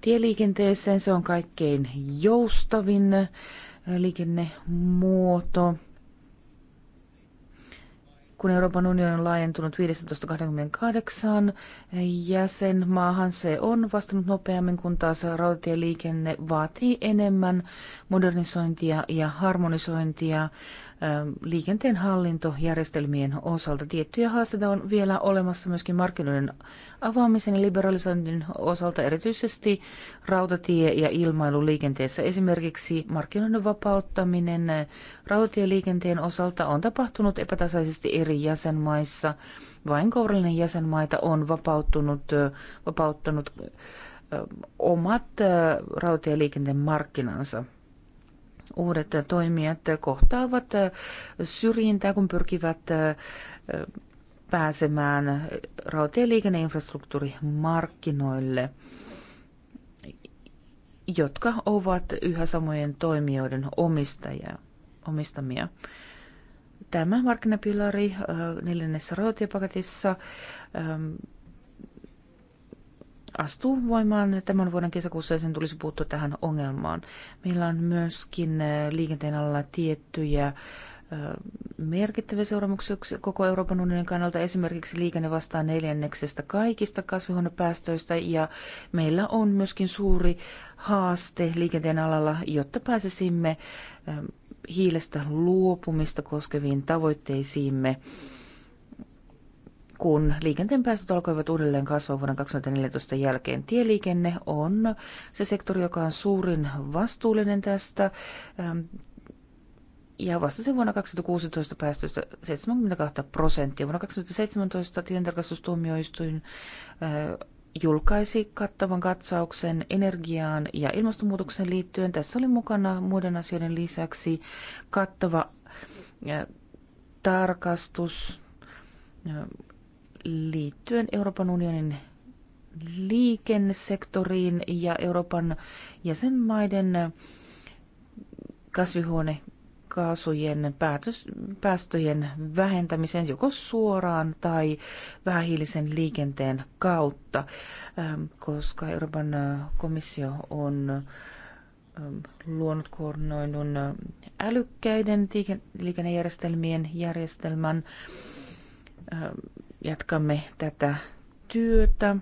tieliikenteeseen. Se on kaikkein joustavin äh, liikennemuoto kun Euroopan unioni on laajentunut 1528 jäsenmaahan, se on vastannut nopeammin, kun taas rautatieliikenne vaatii enemmän modernisointia ja harmonisointia liikenteen hallintojärjestelmien osalta. Tiettyjä haasteita on vielä olemassa myöskin markkinoiden avaamisen ja liberalisoinnin osalta, erityisesti rautatie- ja ilmailuliikenteessä. Esimerkiksi markkinoiden vapauttaminen rautatieliikenteen osalta on tapahtunut epätasaisesti eri jäsenmaissa. Vain kourallinen jäsenmaita on vapauttunut, vapauttanut omat rautatieliikenteen markkinansa uudet toimijat kohtaavat äh, syrjintää, kun pyrkivät äh, pääsemään rautatieliikenneinfrastruktuurimarkkinoille, jotka ovat yhä samojen toimijoiden omistajia, omistamia. Tämä markkinapilari äh, neljännessä rautatiepaketissa ähm, astuu voimaan tämän vuoden kesäkuussa ja sen tulisi puuttua tähän ongelmaan. Meillä on myöskin äh, liikenteen alalla tiettyjä äh, merkittäviä seuraamuksia koko Euroopan unionin kannalta. Esimerkiksi liikenne vastaa neljänneksestä kaikista kasvihuonepäästöistä ja meillä on myöskin suuri haaste liikenteen alalla, jotta pääsisimme ähm, hiilestä luopumista koskeviin tavoitteisiimme kun liikenteen päästöt alkoivat uudelleen kasvaa vuoden 2014 jälkeen. Tieliikenne on se sektori, joka on suurin vastuullinen tästä. Ähm, ja vasta sen vuonna 2016 päästöistä 72 prosenttia. Vuonna 2017 tilintarkastustuomioistuin äh, julkaisi kattavan katsauksen energiaan ja ilmastonmuutokseen liittyen. Tässä oli mukana muiden asioiden lisäksi kattava äh, tarkastus äh, liittyen Euroopan unionin liikennesektoriin ja Euroopan jäsenmaiden kasvihuonekaasujen päätös, päästöjen vähentämiseen joko suoraan tai vähähiilisen liikenteen kautta, ähm, koska Euroopan äh, komissio on ähm, luonut koordinoidun äh, älykkäiden liikennejärjestelmien järjestelmän ähm, jatkamme tätä työtä.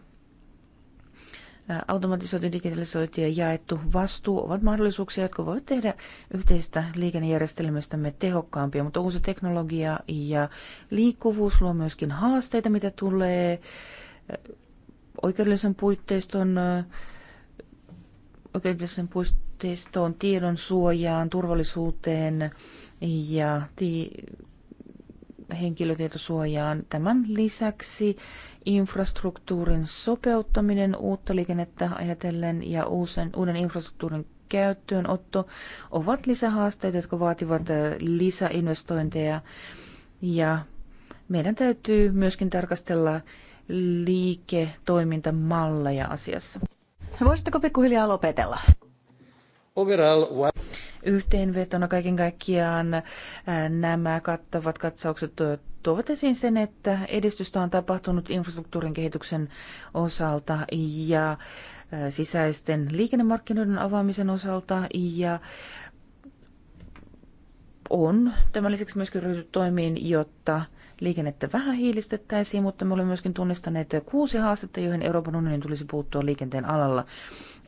Automatisoitu, digitalisoitu ja jaettu vastuu ovat mahdollisuuksia, jotka voivat tehdä yhteistä liikennejärjestelmästämme tehokkaampia, mutta uusi teknologia ja liikkuvuus luo myöskin haasteita, mitä tulee oikeudellisen puitteiston, oikeudellisen puitteiston tiedon suojaan, turvallisuuteen ja ti- henkilötietosuojaan. Tämän lisäksi infrastruktuurin sopeuttaminen uutta liikennettä ajatellen ja uusen, uuden infrastruktuurin käyttöönotto ovat lisähaasteita, jotka vaativat lisäinvestointeja. Ja meidän täytyy myöskin tarkastella liiketoimintamalleja asiassa. Voisitteko pikkuhiljaa lopetella? Yhteenvetona kaiken kaikkiaan äh, nämä kattavat katsaukset tuovat esiin sen, että edistystä on tapahtunut infrastruktuurin kehityksen osalta ja äh, sisäisten liikennemarkkinoiden avaamisen osalta ja on tämän lisäksi myöskin ryhdytty toimiin, jotta liikennettä vähän hiilistettäisiin, mutta me olemme myöskin tunnistaneet kuusi haastetta, joihin Euroopan unionin tulisi puuttua liikenteen alalla.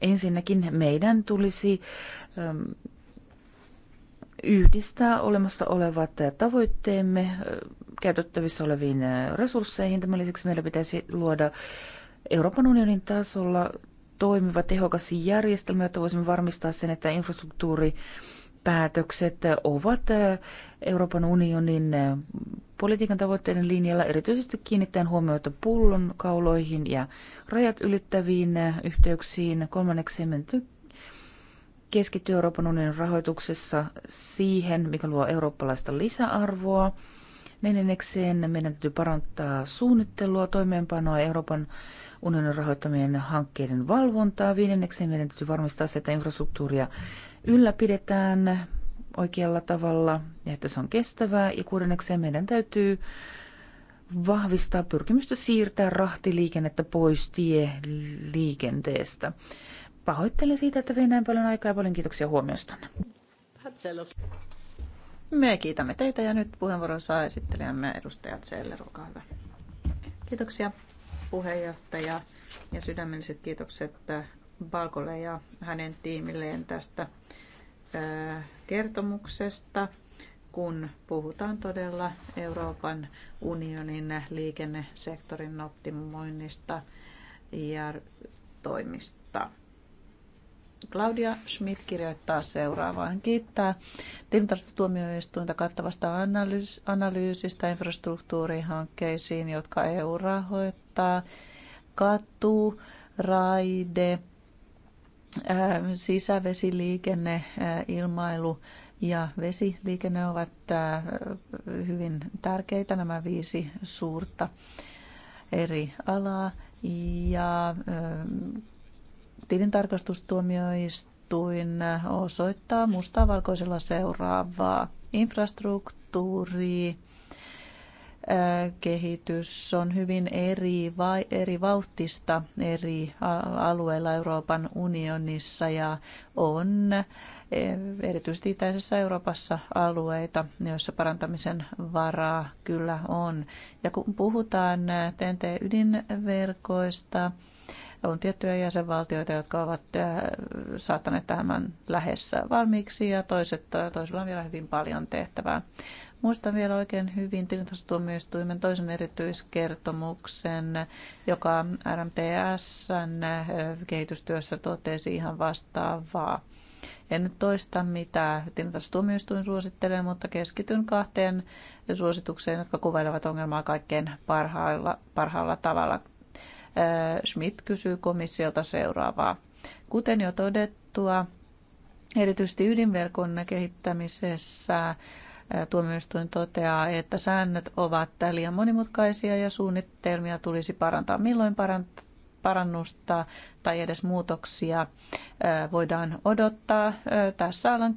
Ensinnäkin meidän tulisi ähm, yhdistää olemassa olevat tavoitteemme äh, käytettävissä oleviin äh, resursseihin. Tämän lisäksi meillä pitäisi luoda Euroopan unionin tasolla toimiva tehokas järjestelmä, jotta voisimme varmistaa sen, että infrastruktuuri päätökset ovat Euroopan unionin politiikan tavoitteiden linjalla erityisesti kiinnittäen huomiota pullonkauloihin ja rajat ylittäviin yhteyksiin. Kolmanneksi keskittyy Euroopan unionin rahoituksessa siihen, mikä luo eurooppalaista lisäarvoa. Neljännekseen meidän täytyy parantaa suunnittelua, toimeenpanoa Euroopan unionin rahoittamien hankkeiden valvontaa. Viidennekseen meidän täytyy varmistaa se, että infrastruktuuria ylläpidetään oikealla tavalla ja että se on kestävää. Ja kuudennekseen meidän täytyy vahvistaa pyrkimystä siirtää rahtiliikennettä pois tieliikenteestä. Pahoittelen siitä, että vein näin paljon aikaa ja paljon kiitoksia huomiostanne. Me kiitämme teitä ja nyt puheenvuoron saa esittelijämme edustaja Zeller, olkaa hyvä. Kiitoksia puheenjohtaja ja sydämelliset kiitokset Balkolle ja hänen tiimilleen tästä kertomuksesta, kun puhutaan todella Euroopan unionin liikennesektorin optimoinnista ja toimista. Claudia Schmidt kirjoittaa seuraavaa. Hän kiittää tilintarastotuomioistuinta kattavasta analyys- analyysistä infrastruktuurihankkeisiin, jotka EU rahoittaa. Katu, raide, sisävesiliikenne, ilmailu ja vesiliikenne ovat hyvin tärkeitä nämä viisi suurta eri alaa. Ja tilintarkastustuomioistuin osoittaa mustavalkoisella seuraavaa infrastruktuuria, kehitys on hyvin eri, vai, eri vauhtista eri alueilla Euroopan unionissa ja on erityisesti itäisessä Euroopassa alueita, joissa parantamisen varaa kyllä on. Ja kun puhutaan TNT-ydinverkoista, on tiettyjä jäsenvaltioita, jotka ovat saattaneet tähän lähes valmiiksi ja toiset, toisilla on vielä hyvin paljon tehtävää. Muistan vielä oikein hyvin tilintasotuomioistuimen toisen erityiskertomuksen, joka RMTSn eh, kehitystyössä totesi ihan vastaavaa. En nyt toista, mitä tilintarkastustuomioistuin suosittelee, mutta keskityn kahteen suositukseen, jotka kuvailevat ongelmaa kaikkein parhaalla, parhaalla tavalla. Eh, Schmidt kysyy komissiolta seuraavaa. Kuten jo todettua, erityisesti ydinverkon kehittämisessä Tuomioistuin toteaa, että säännöt ovat liian monimutkaisia ja suunnitelmia tulisi parantaa. Milloin parantaa? parannusta tai edes muutoksia voidaan odottaa. Tässä alan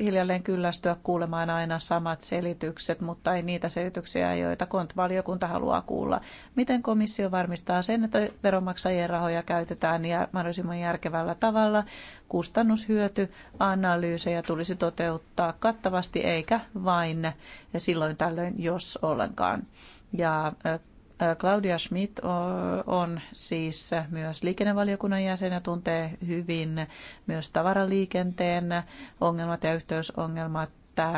hiljalleen kyllästyä kuulemaan aina samat selitykset, mutta ei niitä selityksiä, joita kontvaliokunta haluaa kuulla. Miten komissio varmistaa sen, että veronmaksajien rahoja käytetään ja mahdollisimman järkevällä tavalla? Kustannushyöty, analyysejä tulisi toteuttaa kattavasti eikä vain silloin tällöin, jos ollenkaan. Ja Äh, Claudia Schmidt on siis myös liikennevaliokunnan jäsen ja tuntee hyvin myös tavaraliikenteen ongelmat ja yhteysongelmat äh,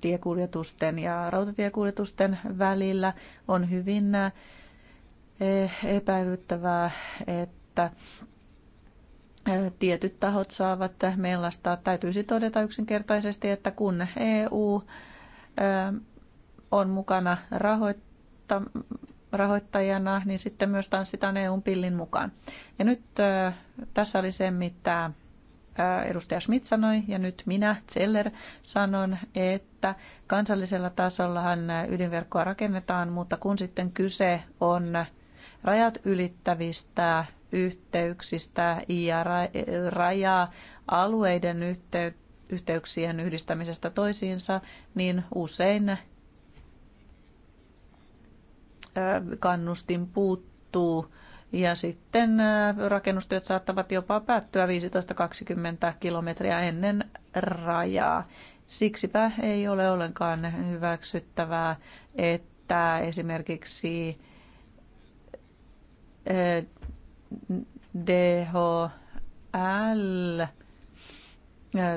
tiekuljetusten ja rautatiekuljetusten välillä. On hyvin äh, epäilyttävää, että tietyt tahot saavat mellastaa. Täytyisi todeta yksinkertaisesti, että kun EU on mukana rahoitta, rahoittajana, niin sitten myös tanssitaan EUn pillin mukaan. Ja nyt äh, tässä oli se, mitä edustaja Schmidt sanoi ja nyt minä, Zeller, sanon, että kansallisella tasollahan ydinverkkoa rakennetaan, mutta kun sitten kyse on rajat ylittävistä yhteyksistä ja raja-alueiden yhteyksien yhdistämisestä toisiinsa, niin usein kannustin puuttuu ja sitten rakennustyöt saattavat jopa päättyä 15-20 kilometriä ennen rajaa. Siksipä ei ole ollenkaan hyväksyttävää, että esimerkiksi DHL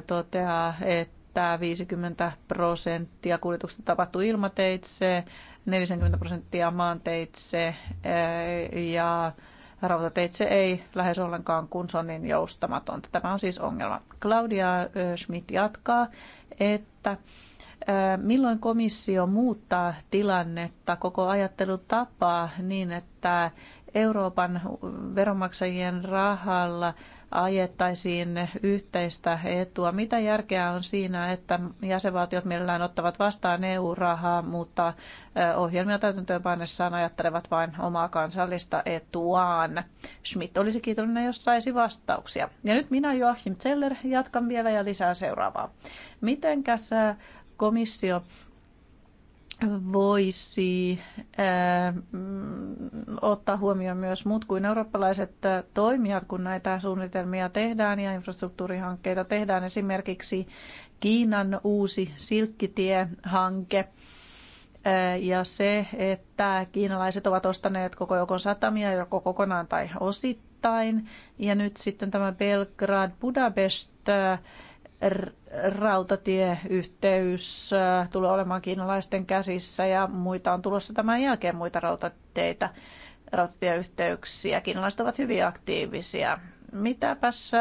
toteaa, että 50 prosenttia kuljetuksista tapahtuu ilmateitse, 40 prosenttia maanteitse eh, ja rautateitse ei lähes ollenkaan, kun se on niin joustamatonta. Tämä on siis ongelma. Claudia eh, Schmidt jatkaa, että eh, milloin komissio muuttaa tilannetta, koko ajattelutapaa niin, että Euroopan veronmaksajien rahalla ajettaisiin yhteistä etua. Mitä järkeä on siinä, että jäsenvaltiot mielellään ottavat vastaan EU-rahaa, mutta ohjelmia täytäntöönpannessaan ajattelevat vain omaa kansallista etuaan? Schmidt olisi kiitollinen, jos saisi vastauksia. Ja nyt minä, Joachim Zeller, jatkan vielä ja lisään seuraavaa. Mitenkäs komissio voisi eh, ottaa huomioon myös muut kuin eurooppalaiset eh, toimijat, kun näitä suunnitelmia tehdään ja infrastruktuurihankkeita tehdään. Esimerkiksi Kiinan uusi silkkitiehanke äh, ja se, että kiinalaiset ovat ostaneet koko joukon satamia joko kokonaan tai osittain. Ja nyt sitten tämä Belgrad-Budapest rautatieyhteys tulee olemaan kiinalaisten käsissä ja muita on tulossa tämän jälkeen muita rautateitä, rautatieyhteyksiä. Kiinalaiset ovat hyvin aktiivisia. Mitäpäs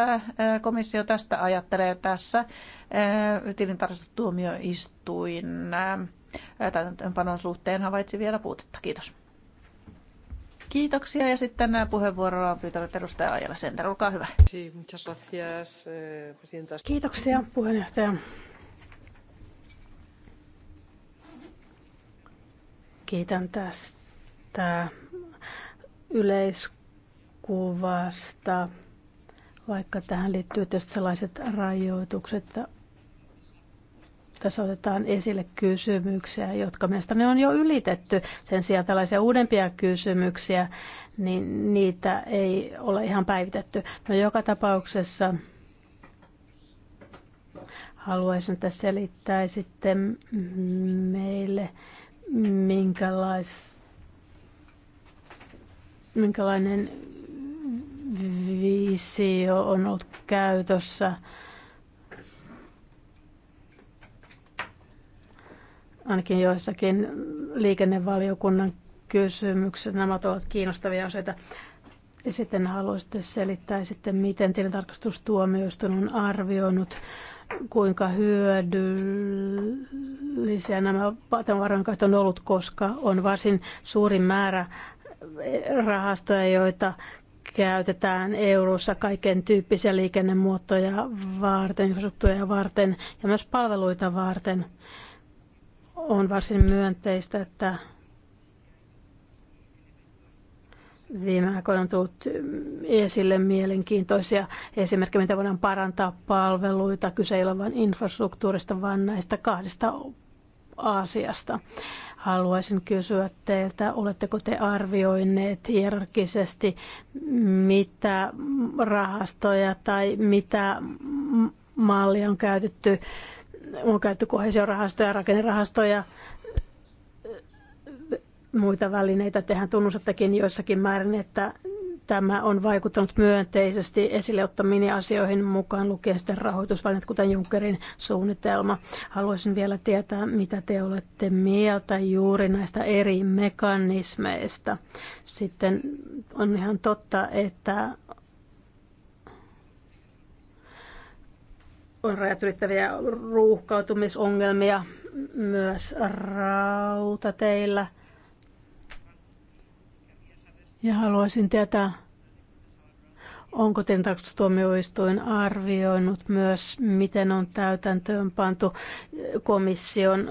komissio tästä ajattelee tässä tilintarkastustuomioistuin täytäntöönpanon suhteen havaitsi vielä puutetta. Kiitos. Kiitoksia ja sitten puheenvuoroa on pyytänyt edustaja Ajala Sender. Olkaa hyvä. Eh, Kiitoksia puheenjohtaja. Kiitän tästä yleiskuvasta, vaikka tähän liittyy tietysti sellaiset rajoitukset, että tässä otetaan esille kysymyksiä, jotka mielestäni on jo ylitetty. Sen sijaan tällaisia uudempia kysymyksiä, niin niitä ei ole ihan päivitetty. No joka tapauksessa haluaisin, että selittäisitte meille, minkälais, minkälainen visio on ollut käytössä ainakin joissakin liikennevaliokunnan kysymyksissä. Nämä ovat kiinnostavia asioita. Ja sitten haluaisitte selittää sitten, miten tilintarkastustuomioistuin on arvioinut, kuinka hyödyllisiä nämä varankäyttö on ollut, koska on varsin suuri määrä rahastoja, joita käytetään eurossa kaiken tyyppisiä liikennemuotoja varten, infrastruktuuria varten ja myös palveluita varten. On varsin myönteistä, että viime aikoina on tullut esille mielenkiintoisia esimerkkejä, mitä voidaan parantaa palveluita. Kyse ei ole vain infrastruktuurista, vaan näistä kahdesta asiasta. Haluaisin kysyä teiltä, oletteko te arvioineet hierarkisesti, mitä rahastoja tai mitä mallia on käytetty on käytetty kohesiorahastoja, rakennerahastoja, muita välineitä. Tehän tunnustattekin joissakin määrin, että tämä on vaikuttanut myönteisesti esille ottamiin asioihin mukaan lukien sitten rahoitusvälineet, kuten Junckerin suunnitelma. Haluaisin vielä tietää, mitä te olette mieltä juuri näistä eri mekanismeista. Sitten on ihan totta, että on rajat ylittäviä ruuhkautumisongelmia myös rautateillä. Ja haluaisin tietää, onko tentakstuomioistuin arvioinut myös, miten on täytäntöön pantu komission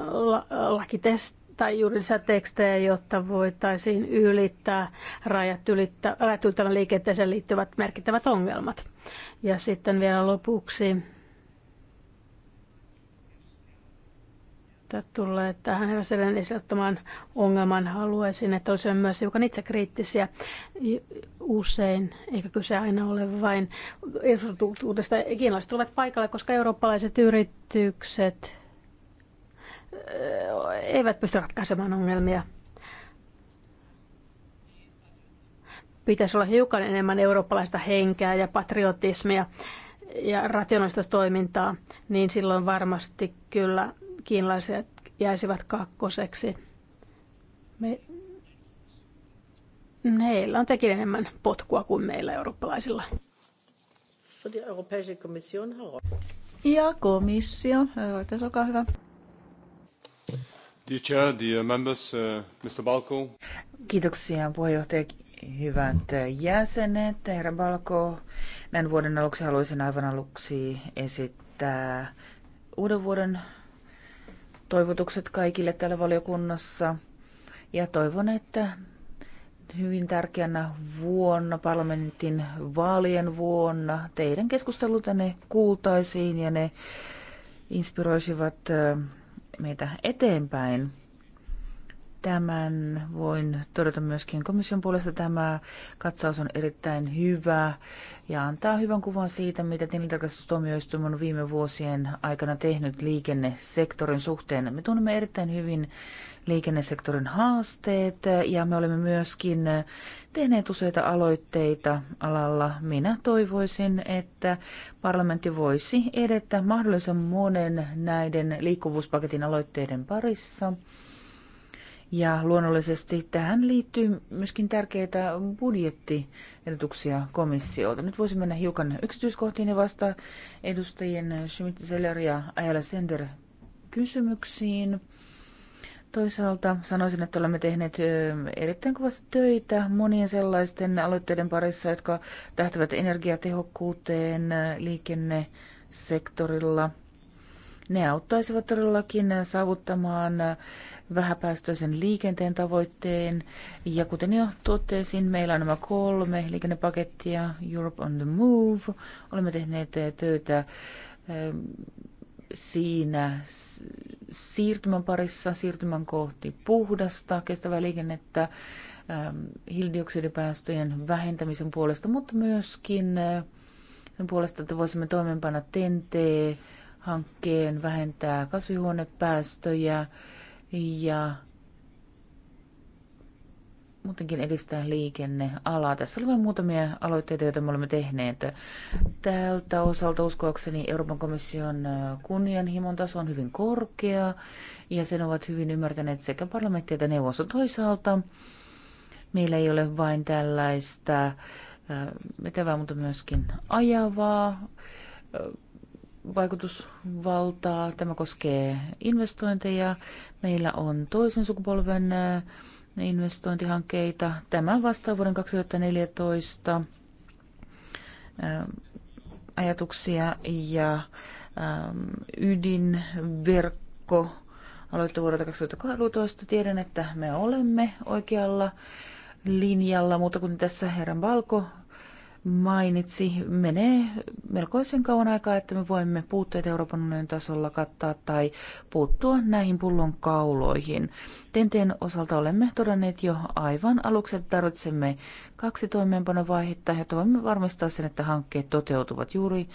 lakitest tai juridisia tekstejä, jotta voitaisiin ylittää rajat, ylittä, rajat ylittävän liikenteeseen liittyvät merkittävät ongelmat. Ja sitten vielä lopuksi tulleet tähän Herselen esittämään ongelman. Haluaisin, että olisimme myös hiukan kriittisiä usein, eikä kyse aina ole vain infrastruktuurista. Kiinalaiset tulevat paikalle, koska eurooppalaiset yritykset eh, eivät pysty ratkaisemaan ongelmia. Pitäisi olla hiukan enemmän eurooppalaista henkeä ja patriotismia ja rationaalista toimintaa, niin silloin varmasti kyllä kiinalaiset jäisivät kakkoseksi. Me, heillä on tekin enemmän potkua kuin meillä eurooppalaisilla. Ja komissio, Reuters, olkaa hyvä. Dear Chair, dear members, uh, Mr. Balko. Kiitoksia puheenjohtaja. Hyvät jäsenet, herra Balko. Näin vuoden aluksi haluaisin aivan aluksi esittää uuden vuoden toivotukset kaikille täällä valiokunnassa. Ja toivon, että hyvin tärkeänä vuonna, parlamentin vaalien vuonna, teidän keskustelutanne kuultaisiin ja ne inspiroisivat äh, meitä eteenpäin. Tämän voin todeta myöskin komission puolesta. Tämä katsaus on erittäin hyvä ja antaa hyvän kuvan siitä, mitä tilintarkastustuomioistuin on viime vuosien aikana tehnyt liikennesektorin suhteen. Me tunnemme erittäin hyvin liikennesektorin haasteet ja me olemme myöskin tehneet useita aloitteita alalla. Minä toivoisin, että parlamentti voisi edetä mahdollisimman monen näiden liikkuvuuspaketin aloitteiden parissa – ja luonnollisesti tähän liittyy myöskin tärkeitä budjettiedotuksia komissiolta. Nyt voisi mennä hiukan yksityiskohtiin ja vasta edustajien Schmidt, Seller ja Ajala Sender kysymyksiin. Toisaalta sanoisin, että olemme tehneet erittäin kovasti töitä monien sellaisten aloitteiden parissa, jotka tähtävät energiatehokkuuteen liikennesektorilla. Ne auttaisivat todellakin saavuttamaan vähäpäästöisen liikenteen tavoitteen. Ja kuten jo totesin, meillä on nämä kolme liikennepakettia, Europe on the Move. Olemme tehneet eh, töitä eh, siinä siirtymän parissa, siirtymän kohti puhdasta, kestävää liikennettä, eh, hiilidioksidipäästöjen vähentämisen puolesta, mutta myöskin sen puolesta, että voisimme toimeenpanna tenteen hankkeen vähentää kasvihuonepäästöjä, ja muutenkin edistää liikennealaa. Tässä oli vain muutamia aloitteita, joita me olemme tehneet. Tältä osalta uskoakseni Euroopan komission kunnianhimon taso on hyvin korkea ja sen ovat hyvin ymmärtäneet sekä parlamentti että neuvosto toisaalta. Meillä ei ole vain tällaista vetävää, mutta myöskin ajavaa vaikutusvaltaa. Tämä koskee investointeja. Meillä on toisen sukupolven äh, investointihankkeita. Tämä vastaa vuoden 2014 äh, ajatuksia ja ähm, ydinverkko aloitti vuodelta 2016. Tiedän, että me olemme oikealla linjalla, mutta kun tässä herran Balko mainitsi, menee melkoisen kauan aikaa, että me voimme puutteet Euroopan unionin tasolla kattaa tai puuttua näihin pullonkauloihin. Tenteen osalta olemme todanneet jo aivan aluksi, että tarvitsemme kaksi toimeenpanovaihetta, jotta voimme varmistaa sen, että hankkeet toteutuvat juuri.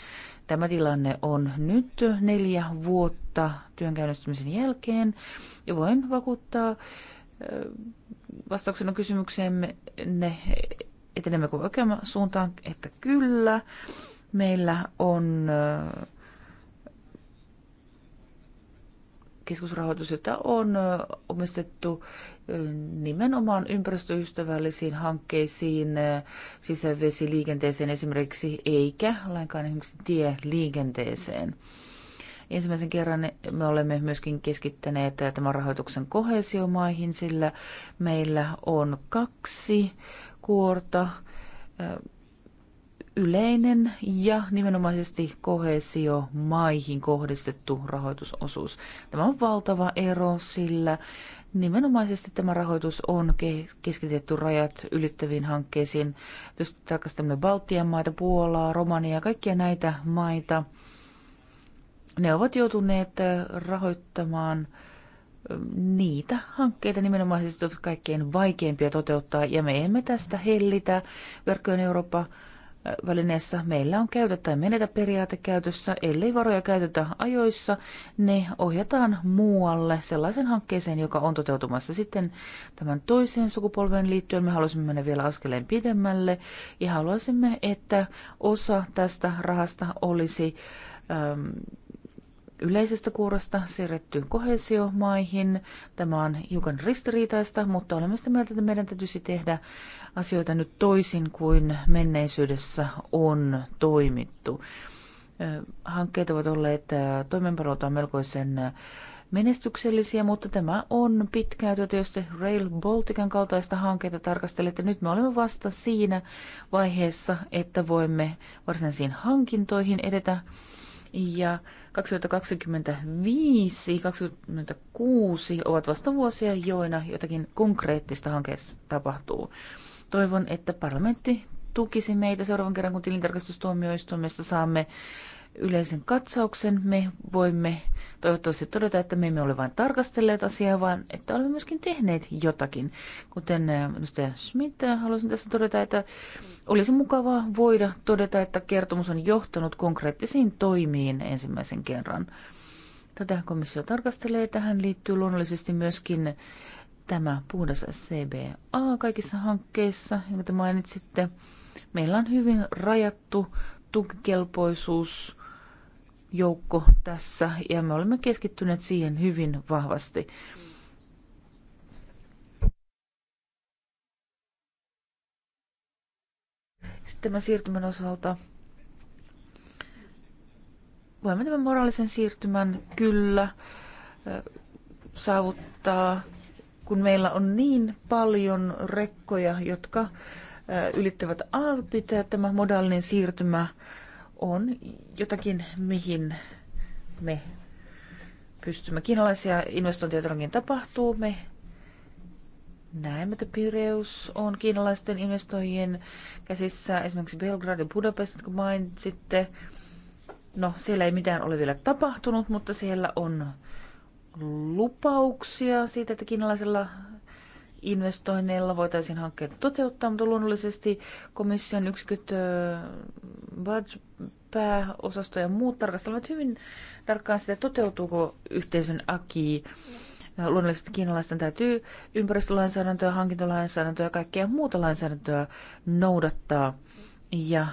Tämä tilanne on nyt neljä vuotta työn käynnistymisen jälkeen ja voin vakuuttaa vastauksena kysymykseemme ne etenemmekö oikeaan suuntaan, että kyllä. Meillä on keskusrahoitus, jota on omistettu nimenomaan ympäristöystävällisiin hankkeisiin, sisävesiliikenteeseen esimerkiksi, eikä lainkaan esimerkiksi tieliikenteeseen. Ensimmäisen kerran me olemme myöskin keskittäneet tämän rahoituksen kohesiomaihin, sillä meillä on kaksi kuorta yleinen ja nimenomaisesti kohesio maihin kohdistettu rahoitusosuus. Tämä on valtava ero, sillä nimenomaisesti tämä rahoitus on keskitetty rajat ylittäviin hankkeisiin. Jos tarkastamme Baltian maita, Puolaa, Romania, kaikkia näitä maita, ne ovat joutuneet rahoittamaan – niitä hankkeita siis ovat kaikkein vaikeimpia toteuttaa, ja me emme tästä hellitä. Verkkojen Eurooppa välineessä meillä on käytä tai menetä periaate käytössä, ellei varoja käytetä ajoissa, ne ohjataan muualle sellaisen hankkeeseen, joka on toteutumassa. Sitten tämän toiseen sukupolven liittyen me haluaisimme mennä vielä askeleen pidemmälle ja haluaisimme, että osa tästä rahasta olisi ähm, yleisestä kuorosta siirretty kohesiomaihin. Tämä on hiukan ristiriitaista, mutta olemme sitä mieltä, että meidän täytyisi tehdä asioita nyt toisin kuin menneisyydessä on toimittu. Hankkeet ovat olleet toimenpanoltaan melkoisen menestyksellisiä, mutta tämä on pitkää työtä, jos te Rail Baltican kaltaista hanketta tarkastelette. Nyt me olemme vasta siinä vaiheessa, että voimme varsinaisiin hankintoihin edetä ja 2025-2026 ovat vasta vuosia, joina jotakin konkreettista hankkeessa tapahtuu. Toivon, että parlamentti tukisi meitä seuraavan kerran, kun tilintarkastustuomioistuimesta saamme yleisen katsauksen, me voimme toivottavasti todeta, että me emme ole vain tarkastelleet asiaa, vaan että olemme myöskin tehneet jotakin. Kuten edustaja Schmidt, haluaisin tässä todeta, että olisi mukavaa voida todeta, että kertomus on johtanut konkreettisiin toimiin ensimmäisen kerran. Tätä komissio tarkastelee. Tähän liittyy luonnollisesti myöskin tämä puhdas CBA kaikissa hankkeissa, jonka te mainitsitte. Meillä on hyvin rajattu tukikelpoisuus joukko tässä ja me olemme keskittyneet siihen hyvin vahvasti. Sitten tämän siirtymän osalta voimme tämän moraalisen siirtymän kyllä saavuttaa, kun meillä on niin paljon rekkoja, jotka ylittävät alpit. Tämä modaalinen siirtymä on jotakin, mihin me pystymme. Kiinalaisia investointeja todellakin tapahtuu. Me näemme, että Pireus on kiinalaisten investoijien käsissä. Esimerkiksi Belgrad ja Budapest, kun mainitsitte. No, siellä ei mitään ole vielä tapahtunut, mutta siellä on lupauksia siitä, että kiinalaisella investoinneilla voitaisiin hankkeet toteuttaa, mutta luonnollisesti komission yksiköt, pääosasto ja muut tarkastelevat hyvin tarkkaan sitä, toteutuuko yhteisön aki. Luonnollisesti kiinalaisten täytyy ympäristölainsäädäntöä, hankintolainsäädäntöä ja kaikkea muuta lainsäädäntöä noudattaa. Ja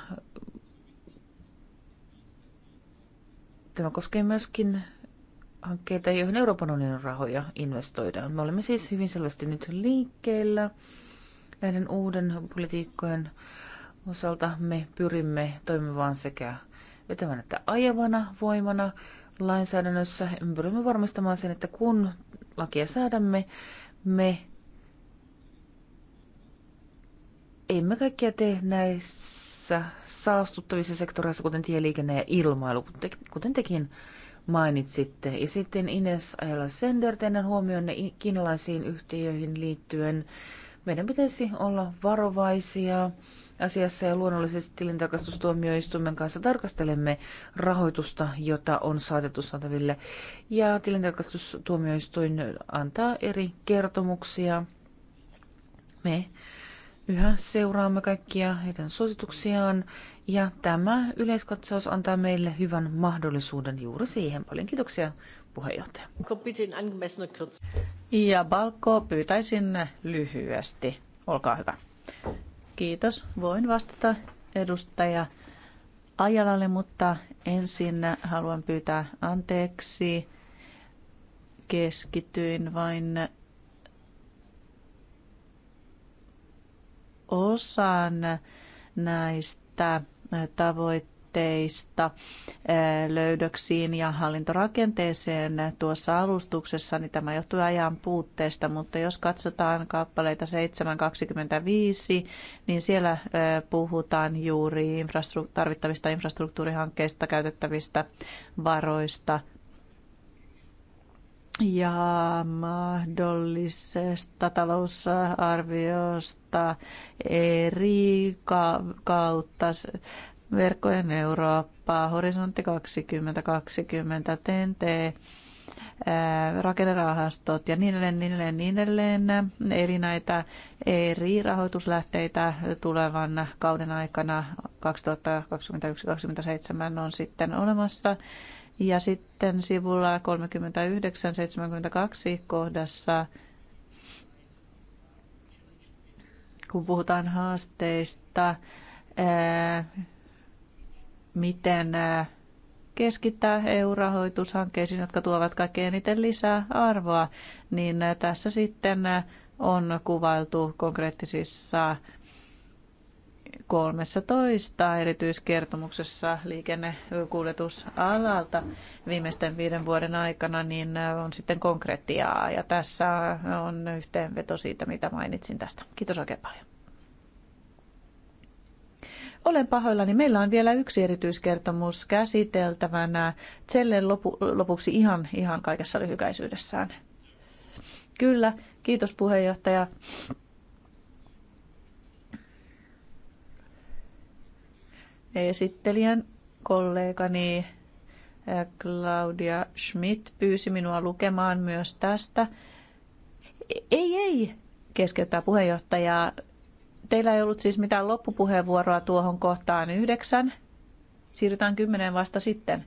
tämä koskee myöskin hankkeita, joihin Euroopan unionin rahoja investoidaan. Me olemme siis hyvin selvästi nyt liikkeellä näiden uuden politiikkojen osalta. Me pyrimme toimimaan sekä vetävän että ajavana voimana lainsäädännössä. Me pyrimme varmistamaan sen, että kun lakia säädämme, me emme kaikkia tee näissä saastuttavissa sektoreissa, kuten tieliikenne ja ilmailu, kuten tekin mainitsitte. Ja sitten Ines Ajala Sender, teidän huomionne kiinalaisiin yhtiöihin liittyen. Meidän pitäisi olla varovaisia asiassa ja luonnollisesti tilintarkastustuomioistuimen kanssa tarkastelemme rahoitusta, jota on saatettu saataville. Ja tilintarkastustuomioistuin antaa eri kertomuksia. Me Yhä seuraamme kaikkia heidän suosituksiaan ja tämä yleiskatsaus antaa meille hyvän mahdollisuuden juuri siihen. Paljon kiitoksia puheenjohtaja. Ja Balko pyytäisin lyhyesti. Olkaa hyvä. Kiitos. Voin vastata edustaja Ajalalle, mutta ensin haluan pyytää anteeksi. Keskityin vain osan näistä tavoitteista eh, löydöksiin ja hallintorakenteeseen tuossa alustuksessa, niin tämä johtuu ajan puutteesta, mutta jos katsotaan kappaleita 7.25, niin siellä eh, puhutaan juuri tarvittavista infrastruktuurihankkeista, käytettävistä varoista – ja mahdollisesta talousarviosta eri kautta verkkojen Eurooppaa, horisontti 2020, TNT, rakennerahastot ja niin edelleen, niin edelleen, niin edelleen. Eli näitä eri rahoituslähteitä tulevan kauden aikana 2021-2027 on sitten olemassa. Ja sitten sivulla 39.72 kohdassa, kun puhutaan haasteista, miten keskittää EU-rahoitushankkeisiin, jotka tuovat kaikkein eniten lisää arvoa, niin tässä sitten on kuvailtu konkreettisissa 13 erityiskertomuksessa liikennekuljetusalalta viimeisten viiden vuoden aikana, niin on sitten konkreettiaa. Ja tässä on yhteenveto siitä, mitä mainitsin tästä. Kiitos oikein paljon. Olen pahoillani. Meillä on vielä yksi erityiskertomus käsiteltävänä. Tsellen lopu, lopuksi ihan, ihan kaikessa lyhykäisyydessään. Kyllä, kiitos puheenjohtaja. Esittelijän kollegani Claudia Schmidt pyysi minua lukemaan myös tästä. Ei, ei, keskeyttää puheenjohtaja. Teillä ei ollut siis mitään loppupuheenvuoroa tuohon kohtaan yhdeksän. Siirrytään kymmeneen vasta sitten.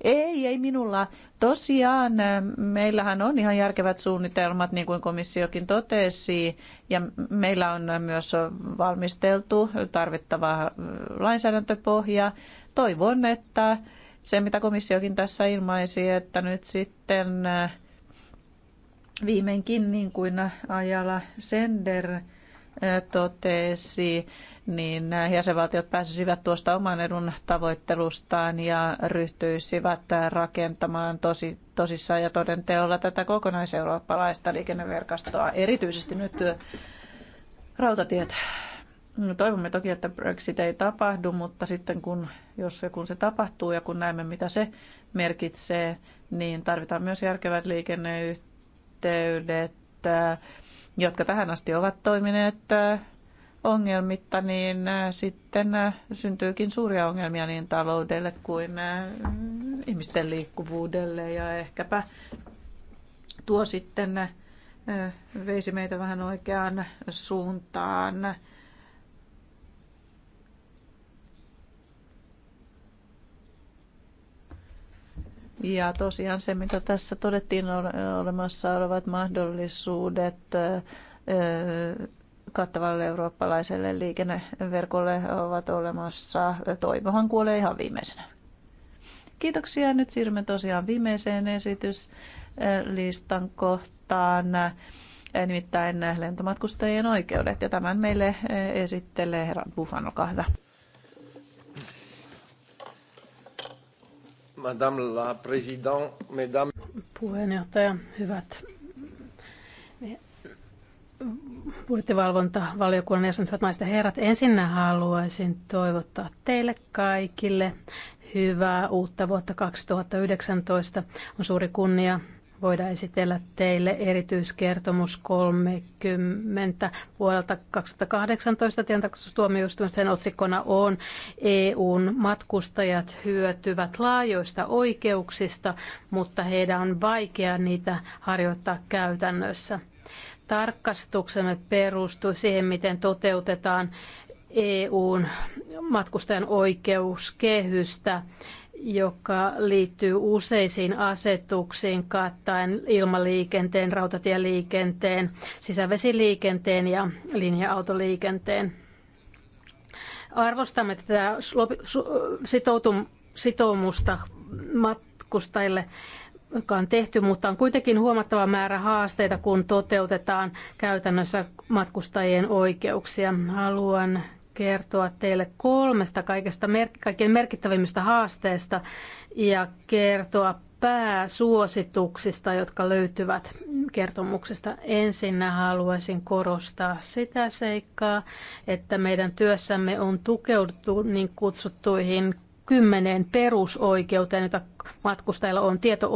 Ei, ei minulla. Tosiaan eh, meillähän on ihan järkevät suunnitelmat, niin kuin komissiokin totesi, ja meillä on myös valmisteltu tarvittava eh, lainsäädäntöpohja. Toivon, että se, mitä komissiokin tässä ilmaisi, että nyt sitten eh, viimeinkin, niin kuin Ajala Sender totesi, niin jäsenvaltiot pääsisivät tuosta oman edun tavoittelustaan ja ryhtyisivät rakentamaan tosi, tosissaan ja todenteolla tätä kokonaiseurooppalaista liikenneverkostoa, erityisesti nyt rautatiet. No, toivomme toki, että Brexit ei tapahdu, mutta sitten kun, jos ja kun se tapahtuu ja kun näemme, mitä se merkitsee, niin tarvitaan myös järkevät liikenneyhteydet jotka tähän asti ovat toimineet ongelmitta, niin sitten syntyykin suuria ongelmia niin taloudelle kuin ihmisten liikkuvuudelle ja ehkäpä tuo sitten veisi meitä vähän oikeaan suuntaan. Ja tosiaan se, mitä tässä todettiin, on olemassa olevat mahdollisuudet kattavalle eurooppalaiselle liikenneverkolle ovat olemassa. Toivohan kuolee ihan viimeisenä. Kiitoksia. Nyt siirrymme tosiaan viimeiseen esityslistan kohtaan, nimittäin lentomatkustajien oikeudet. Ja tämän meille esittelee herra Buffan, olkaa hyvä. Madame la Présidente, Mesdames... Puheenjohtaja, hyvät budjettivalvontavaliokunnan jäsenet, hyvät naiset ja herrat. Ensinnä haluaisin toivottaa teille kaikille hyvää uutta vuotta 2019. On suuri kunnia voidaan esitellä teille erityiskertomus 30 vuodelta 2018 tilintarkastustuomioistuimesta. Sen otsikkona on EUn matkustajat hyötyvät laajoista oikeuksista, mutta heidän on vaikea niitä harjoittaa käytännössä. Tarkastuksemme perustuu siihen, miten toteutetaan EUn matkustajan oikeuskehystä joka liittyy useisiin asetuksiin kattaen ilmaliikenteen, rautatieliikenteen, sisävesiliikenteen ja linja-autoliikenteen. Arvostamme tätä sitoutum- sitoumusta matkustajille, joka on tehty, mutta on kuitenkin huomattava määrä haasteita, kun toteutetaan käytännössä matkustajien oikeuksia. Haluan kertoa teille kolmesta kaikesta, kaikkein merkittävimmistä haasteista ja kertoa pääsuosituksista, jotka löytyvät kertomuksesta. Ensinnä haluaisin korostaa sitä seikkaa, että meidän työssämme on tukeuduttu niin kutsuttuihin kymmeneen perusoikeuteen, jota matkustajilla on tieto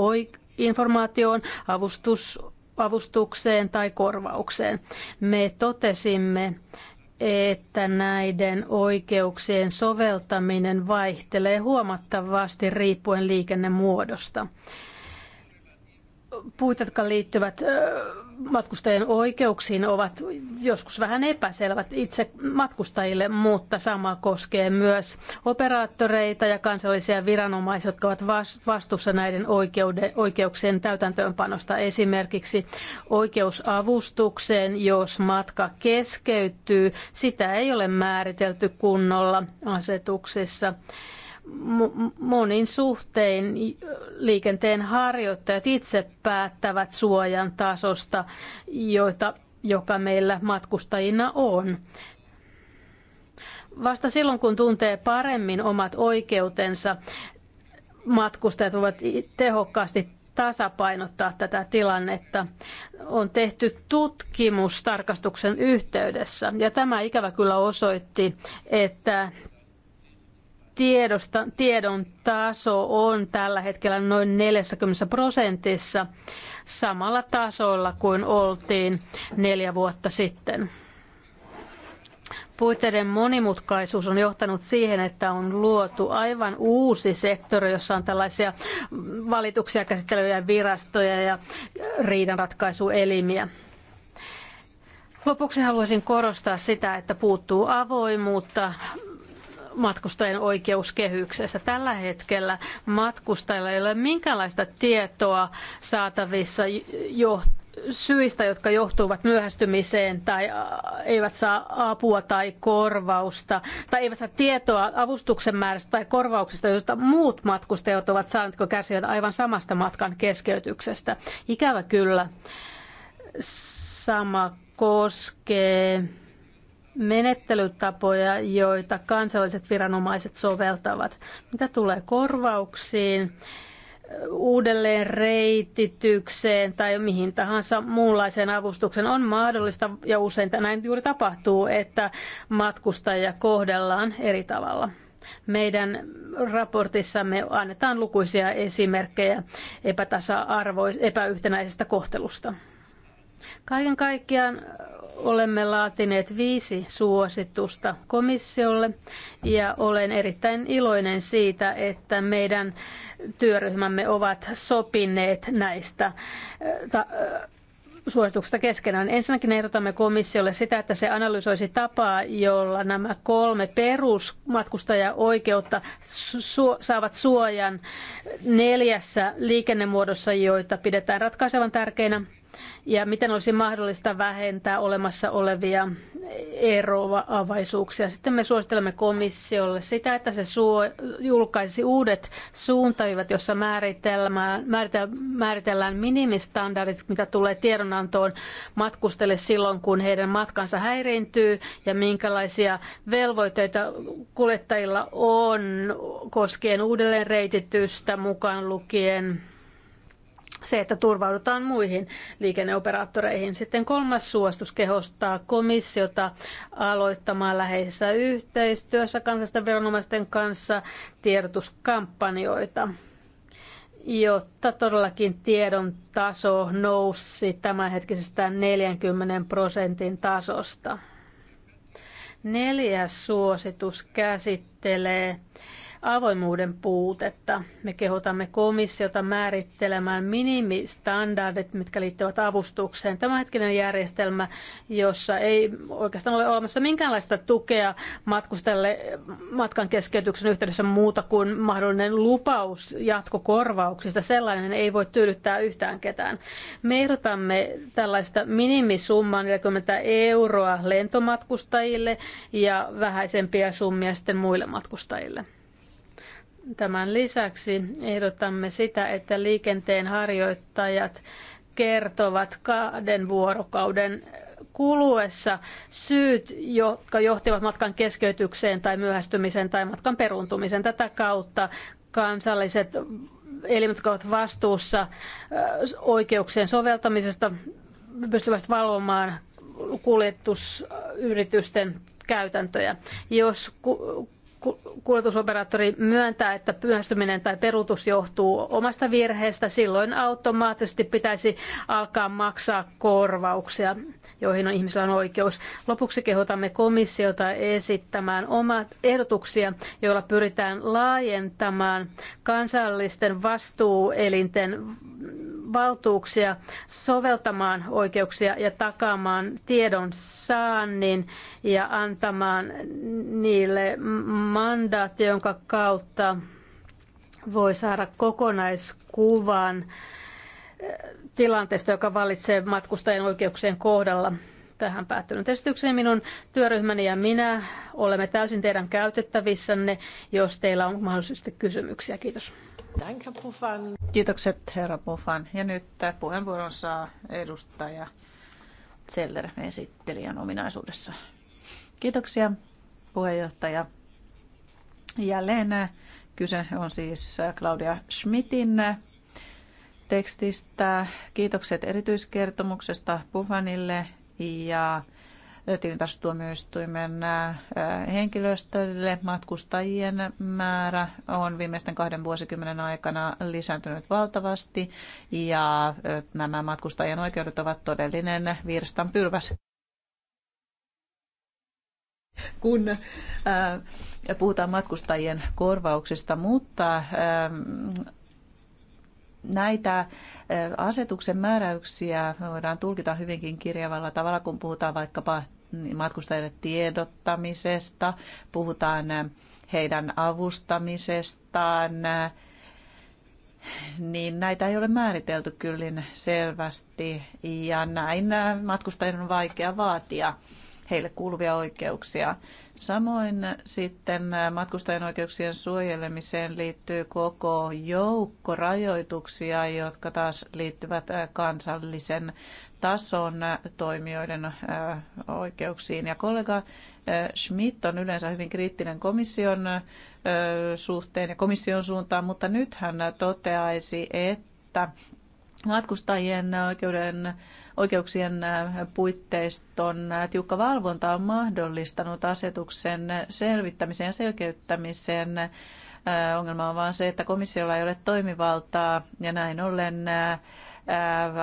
informaatioon, avustus, avustukseen tai korvaukseen. Me totesimme, että näiden oikeuksien soveltaminen vaihtelee huomattavasti riippuen liikennemuodosta. Puut, jotka liittyvät matkustajien oikeuksiin ovat joskus vähän epäselvät itse matkustajille, mutta sama koskee myös operaattoreita ja kansallisia viranomaisia, jotka ovat vastuussa näiden oikeude, oikeuksien täytäntöönpanosta. Esimerkiksi oikeusavustukseen, jos matka keskeytyy, sitä ei ole määritelty kunnolla asetuksessa monin suhtein liikenteen harjoittajat itse päättävät suojan tasosta, joita, joka meillä matkustajina on. Vasta silloin, kun tuntee paremmin omat oikeutensa, matkustajat voivat tehokkaasti tasapainottaa tätä tilannetta. On tehty tutkimus tarkastuksen yhteydessä ja tämä ikävä kyllä osoitti, että tiedosta, tiedon taso on tällä hetkellä noin 40 prosentissa samalla tasolla kuin oltiin neljä vuotta sitten. Puitteiden monimutkaisuus on johtanut siihen, että on luotu aivan uusi sektori, jossa on tällaisia valituksia käsitteleviä virastoja ja riidanratkaisuelimiä. Lopuksi haluaisin korostaa sitä, että puuttuu avoimuutta matkustajien oikeuskehyksestä. Tällä hetkellä matkustajilla ei ole minkäänlaista tietoa saatavissa jo syistä, jotka johtuvat myöhästymiseen tai eivät saa apua tai korvausta tai eivät saa tietoa avustuksen määrästä tai korvauksista, joista muut matkustajat ovat saaneet, kun kärsivät aivan samasta matkan keskeytyksestä. Ikävä kyllä sama koskee menettelytapoja, joita kansalliset viranomaiset soveltavat. Mitä tulee korvauksiin, uudelleen reititykseen tai mihin tahansa muunlaiseen avustukseen on mahdollista, ja usein näin juuri tapahtuu, että matkustajia kohdellaan eri tavalla. Meidän raportissamme annetaan lukuisia esimerkkejä epätasa-arvoisesta epäyhtenäisestä kohtelusta. Kaiken kaikkiaan olemme laatineet viisi suositusta komissiolle ja olen erittäin iloinen siitä, että meidän työryhmämme ovat sopineet näistä eh, eh, suosituksista keskenään. Ensinnäkin ehdotamme komissiolle sitä, että se analysoisi tapaa, jolla nämä kolme perusmatkustajaoikeutta su- saavat suojan neljässä liikennemuodossa, joita pidetään ratkaisevan tärkeinä – ja miten olisi mahdollista vähentää olemassa olevia eroavaisuuksia. Sitten me suosittelemme komissiolle sitä, että se suo, julkaisi uudet suuntaivat, jossa määritellään, määritellään minimistandardit, mitä tulee tiedonantoon matkustele silloin, kun heidän matkansa häiriintyy ja minkälaisia velvoitteita kuljettajilla on koskien uudelleenreititystä mukaan lukien se, että turvaudutaan muihin liikenneoperaattoreihin. Sitten kolmas suostus kehostaa komissiota aloittamaan läheisessä yhteistyössä kansallisten viranomaisten kanssa tiedotuskampanjoita jotta todellakin tiedon taso nousi tämänhetkisestä 40 prosentin tasosta. Neljäs suositus käsittelee avoimuuden puutetta. Me kehotamme komissiota määrittelemään minimistandardit, mitkä liittyvät avustukseen. hetkinen järjestelmä, jossa ei oikeastaan ole olemassa minkäänlaista tukea matkustelle matkan keskeytyksen yhteydessä muuta kuin mahdollinen lupaus jatkokorvauksista, sellainen ei voi tyydyttää yhtään ketään. Me ehdotamme tällaista minimisummaa 40 euroa lentomatkustajille ja vähäisempiä summia sitten muille matkustajille. Tämän lisäksi ehdotamme sitä, että liikenteen harjoittajat kertovat kahden vuorokauden kuluessa syyt, jotka johtivat matkan keskeytykseen tai myöhästymiseen tai matkan peruuntumiseen. Tätä kautta kansalliset elimet, jotka ovat vastuussa oikeuksien soveltamisesta, pystyvät valvomaan kuljetusyritysten käytäntöjä. Jos kuljetusoperaattori myöntää, että myöhästyminen tai peruutus johtuu omasta virheestä, silloin automaattisesti pitäisi alkaa maksaa korvauksia, joihin on ihmisillä on oikeus. Lopuksi kehotamme komissiota esittämään omat ehdotuksia, joilla pyritään laajentamaan kansallisten vastuuelinten valtuuksia soveltamaan oikeuksia ja takaamaan tiedon saannin ja antamaan niille mandaatti, jonka kautta voi saada kokonaiskuvan eh, tilanteesta, joka valitsee matkustajien oikeuksien kohdalla. Tähän päättynyt esitykseen minun työryhmäni ja minä olemme täysin teidän käytettävissänne, jos teillä on mahdollisesti kysymyksiä. Kiitos. Kiitokset herra Buffan. Ja nyt puheenvuoron saa edustaja Zeller esittelijän ominaisuudessa. Kiitoksia puheenjohtaja. Jälleen kyse on siis Claudia Schmidtin tekstistä. Kiitokset erityiskertomuksesta Bufanille ja tilintarkastustuomioistuimen henkilöstölle. Matkustajien määrä on viimeisten kahden vuosikymmenen aikana lisääntynyt valtavasti ja nämä matkustajien oikeudet ovat todellinen virstanpylväs kun puhutaan matkustajien korvauksista, mutta näitä asetuksen määräyksiä voidaan tulkita hyvinkin kirjavalla tavalla, kun puhutaan vaikkapa matkustajille tiedottamisesta, puhutaan heidän avustamisestaan, niin näitä ei ole määritelty kyllin selvästi ja näin matkustajien on vaikea vaatia heille kuuluvia oikeuksia. Samoin sitten matkustajien oikeuksien suojelemiseen liittyy koko joukko rajoituksia, jotka taas liittyvät kansallisen tason äh, toimijoiden äh, oikeuksiin. Ja kollega äh, Schmidt on yleensä hyvin kriittinen komission suhteen ja komission suuntaan, mutta nyt hän toteaisi, että matkustajien oikeuden, oikeuksien puitteiston tiukka valvonta on mahdollistanut asetuksen selvittämisen ja selkeyttämisen. Ongelma on vain se, että komissiolla ei ole toimivaltaa ja näin ollen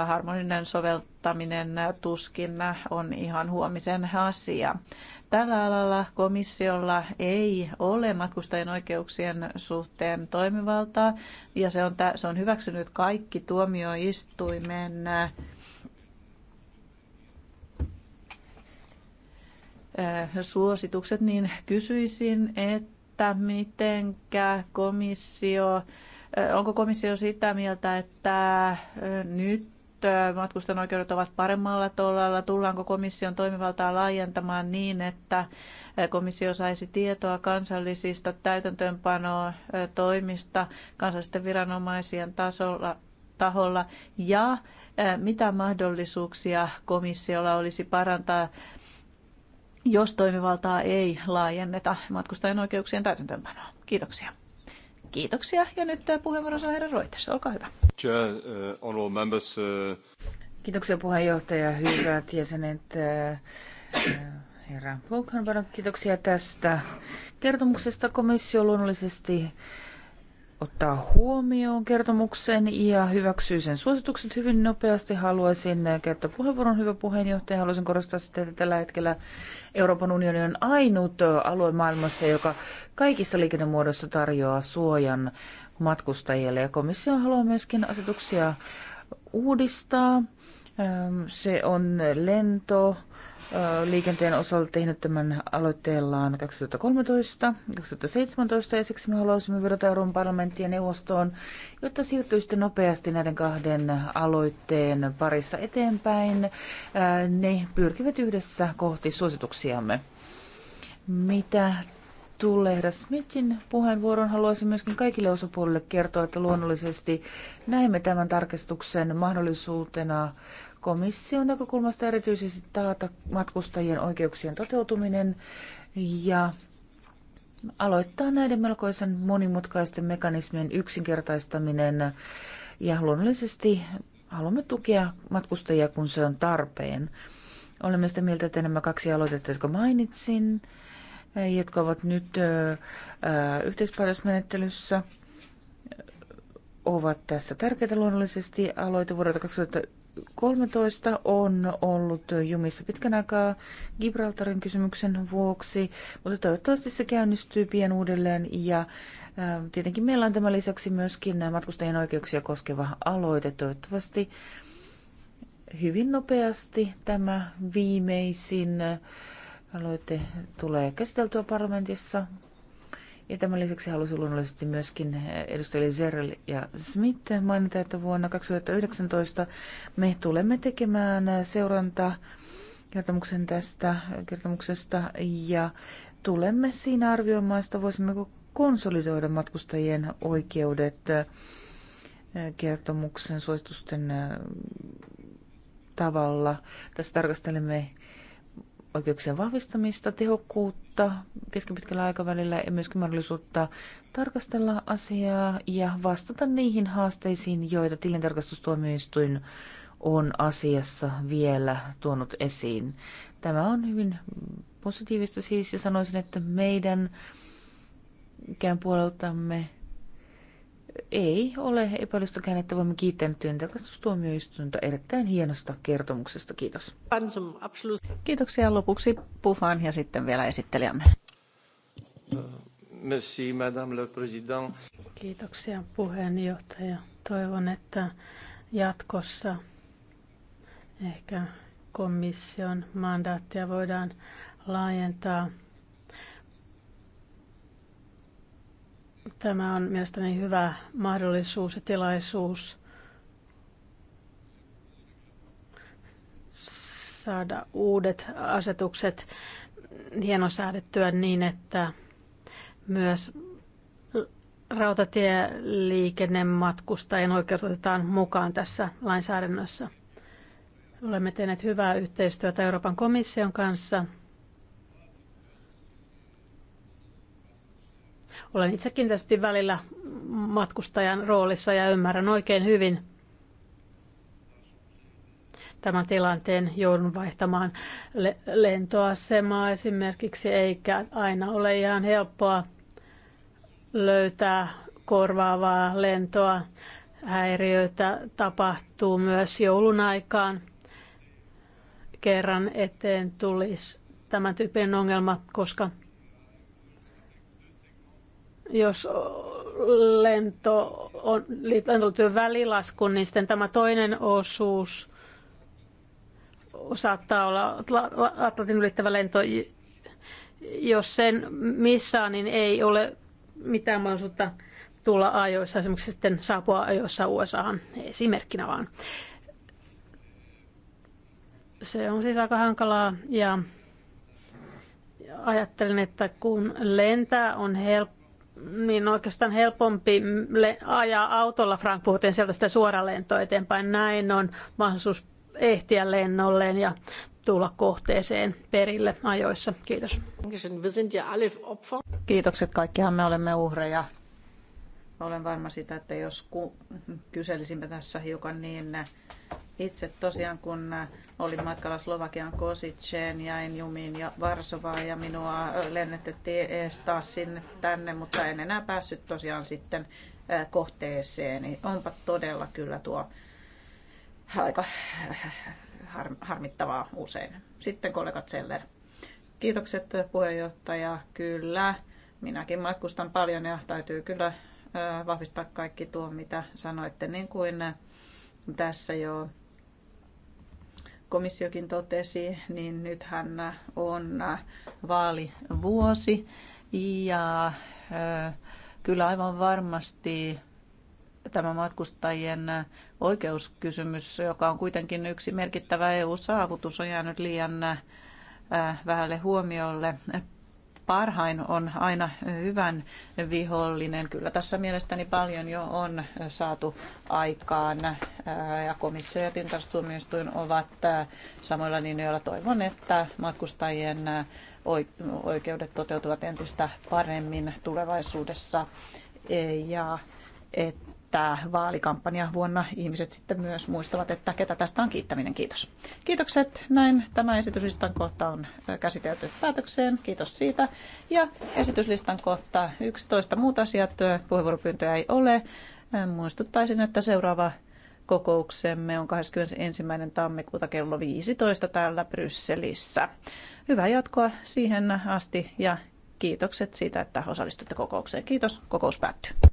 harmoninen soveltaminen tuskin on ihan huomisen asia. Tällä alalla komissiolla ei ole matkustajien oikeuksien suhteen toimivaltaa ja se on, se on hyväksynyt kaikki tuomioistuimen suositukset, niin kysyisin, että mitenkä komissio Onko komissio sitä mieltä, että nyt matkustan oikeudet ovat paremmalla tolalla? Tullaanko komission toimivaltaa laajentamaan niin, että komissio saisi tietoa kansallisista täytäntöönpanoa toimista kansallisten viranomaisien tasolla, taholla ja mitä mahdollisuuksia komissiolla olisi parantaa, jos toimivaltaa ei laajenneta matkustajan oikeuksien täytäntöönpanoa? Kiitoksia. Kiitoksia. Ja nyt äh, puheenvuoro saa herra Reuters. Olkaa hyvä. Chair, uh, members, uh, Kiitoksia puheenjohtaja. Hyvät jäsenet. Äh, äh, herra Volkanvaran, kiitoksia tästä kertomuksesta. Komissio luonnollisesti ottaa huomioon kertomuksen ja hyväksyy sen suositukset hyvin nopeasti. Haluaisin käyttää puheenvuoron, hyvä puheenjohtaja. Haluaisin korostaa sitä, että tällä hetkellä Euroopan unioni on ainut alue maailmassa, joka kaikissa liikennemuodoissa tarjoaa suojan matkustajille. Ja komissio haluaa myöskin asetuksia uudistaa. Se on lento, liikenteen osalta tehnyt tämän aloitteellaan 2013, 2017 ja siksi me haluaisimme vedota Euroopan parlamenttiin ja neuvostoon, jotta siirtyisitte nopeasti näiden kahden aloitteen parissa eteenpäin. Ne pyrkivät yhdessä kohti suosituksiamme. Mitä tulee Smithin puheenvuoron, haluaisin myöskin kaikille osapuolille kertoa, että luonnollisesti näemme tämän tarkistuksen mahdollisuutena komission näkökulmasta erityisesti taata matkustajien oikeuksien toteutuminen ja aloittaa näiden melkoisen monimutkaisten mekanismien yksinkertaistaminen ja luonnollisesti haluamme tukea matkustajia, kun se on tarpeen. Olemme sitä mieltä, että nämä kaksi aloitetta, jotka mainitsin, jotka ovat nyt yhteispäätösmenettelyssä, ovat tässä tärkeitä luonnollisesti. Aloite vuodelta 2000 13 on ollut jumissa pitkän aikaa Gibraltarin kysymyksen vuoksi, mutta toivottavasti se käynnistyy pian uudelleen ja ähm, Tietenkin meillä on tämän lisäksi myöskin matkustajien oikeuksia koskeva aloite. Toivottavasti hyvin nopeasti tämä viimeisin aloite tulee käsiteltyä parlamentissa ja tämän lisäksi halusin luonnollisesti myöskin eh, edustajille Zerl ja Smith mainita, että vuonna 2019 me tulemme tekemään eh, seuranta kertomuksen tästä kertomuksesta ja tulemme siinä arvioimaan että voisimmeko konsolidoida matkustajien oikeudet eh, kertomuksen suositusten tavalla. Tässä tarkastelemme oikeuksien vahvistamista, tehokkuutta keskipitkällä aikavälillä ja myöskin mahdollisuutta tarkastella asiaa ja vastata niihin haasteisiin, joita tilintarkastustuomioistuin on asiassa vielä tuonut esiin. Tämä on hyvin positiivista siis ja sanoisin, että meidän ikään puoleltamme ei ole epäilystäkään, että voimme kiittää nyt työntekastustuomioistuinta erittäin hienosta kertomuksesta. Kiitos. Kiitoksia lopuksi Pufan ja sitten vielä esittelijämme. Merci, Madame le Président. Kiitoksia puheenjohtaja. Toivon, että jatkossa ehkä komission mandaattia voidaan laajentaa – Tämä on mielestäni hyvä mahdollisuus ja tilaisuus saada uudet asetukset hienosäädettyä niin, että myös rautatieliikennematkustajien oikeudet otetaan mukaan tässä lainsäädännössä. Olemme tehneet hyvää yhteistyötä Euroopan komission kanssa – Olen itsekin tietysti välillä matkustajan roolissa ja ymmärrän oikein hyvin tämän tilanteen. Joudun vaihtamaan le- lentoasemaa esimerkiksi, eikä aina ole ihan helppoa löytää korvaavaa lentoa. Häiriöitä tapahtuu myös joulun aikaan. Kerran eteen tulisi tämän tyyppinen ongelma, koska jos lento on, lentotyön välilasku, niin sitten tämä toinen osuus saattaa olla Atlantin ylittävä lento. Jos sen missään, niin ei ole mitään mahdollisuutta tulla ajoissa, esimerkiksi sitten saapua ajoissa USAhan, esimerkkinä vaan. Se on siis aika hankalaa ja ajattelin, että kun lentää on helppo niin oikeastaan helpompi ajaa autolla Frankfurtin sieltä sitä suoraan lentoa eteenpäin. Näin on mahdollisuus ehtiä lennolleen ja tulla kohteeseen perille ajoissa. Kiitos. Kiitokset. Kaikkihan me olemme uhreja olen varma sitä, että jos ku, kyselisimme tässä hiukan, niin itse tosiaan kun olin matkalla Slovakian Kosiceen, jäin jumiin ja Varsovaa ja minua lennettettiin ees taas sinne tänne, mutta en enää päässyt tosiaan sitten kohteeseen. Onpa todella kyllä tuo aika harmittavaa usein. Sitten kollega Zeller. Kiitokset puheenjohtaja. Kyllä, minäkin matkustan paljon ja täytyy kyllä vahvistaa kaikki tuo, mitä sanoitte, niin kuin tässä jo komissiokin totesi, niin nythän on vaalivuosi ja kyllä aivan varmasti tämä matkustajien oikeuskysymys, joka on kuitenkin yksi merkittävä EU-saavutus, on jäänyt liian vähälle huomiolle parhain on aina hyvän vihollinen. Kyllä tässä mielestäni paljon jo on saatu aikaan ja komissio ja tintastuomioistuin ovat samoilla linjoilla. Toivon, että matkustajien oikeudet toteutuvat entistä paremmin tulevaisuudessa ja että tämä vaalikampanja vuonna. Ihmiset sitten myös muistavat, että ketä tästä on kiittäminen. Kiitos. Kiitokset. Näin tämä esityslistan kohta on käsitelty päätökseen. Kiitos siitä. Ja esityslistan kohta 11 muut asiat. Puheenvuoropyyntöjä ei ole. Muistuttaisin, että seuraava kokouksemme on 21. tammikuuta kello 15 täällä Brysselissä. Hyvää jatkoa siihen asti ja kiitokset siitä, että osallistutte kokoukseen. Kiitos, kokous päättyy.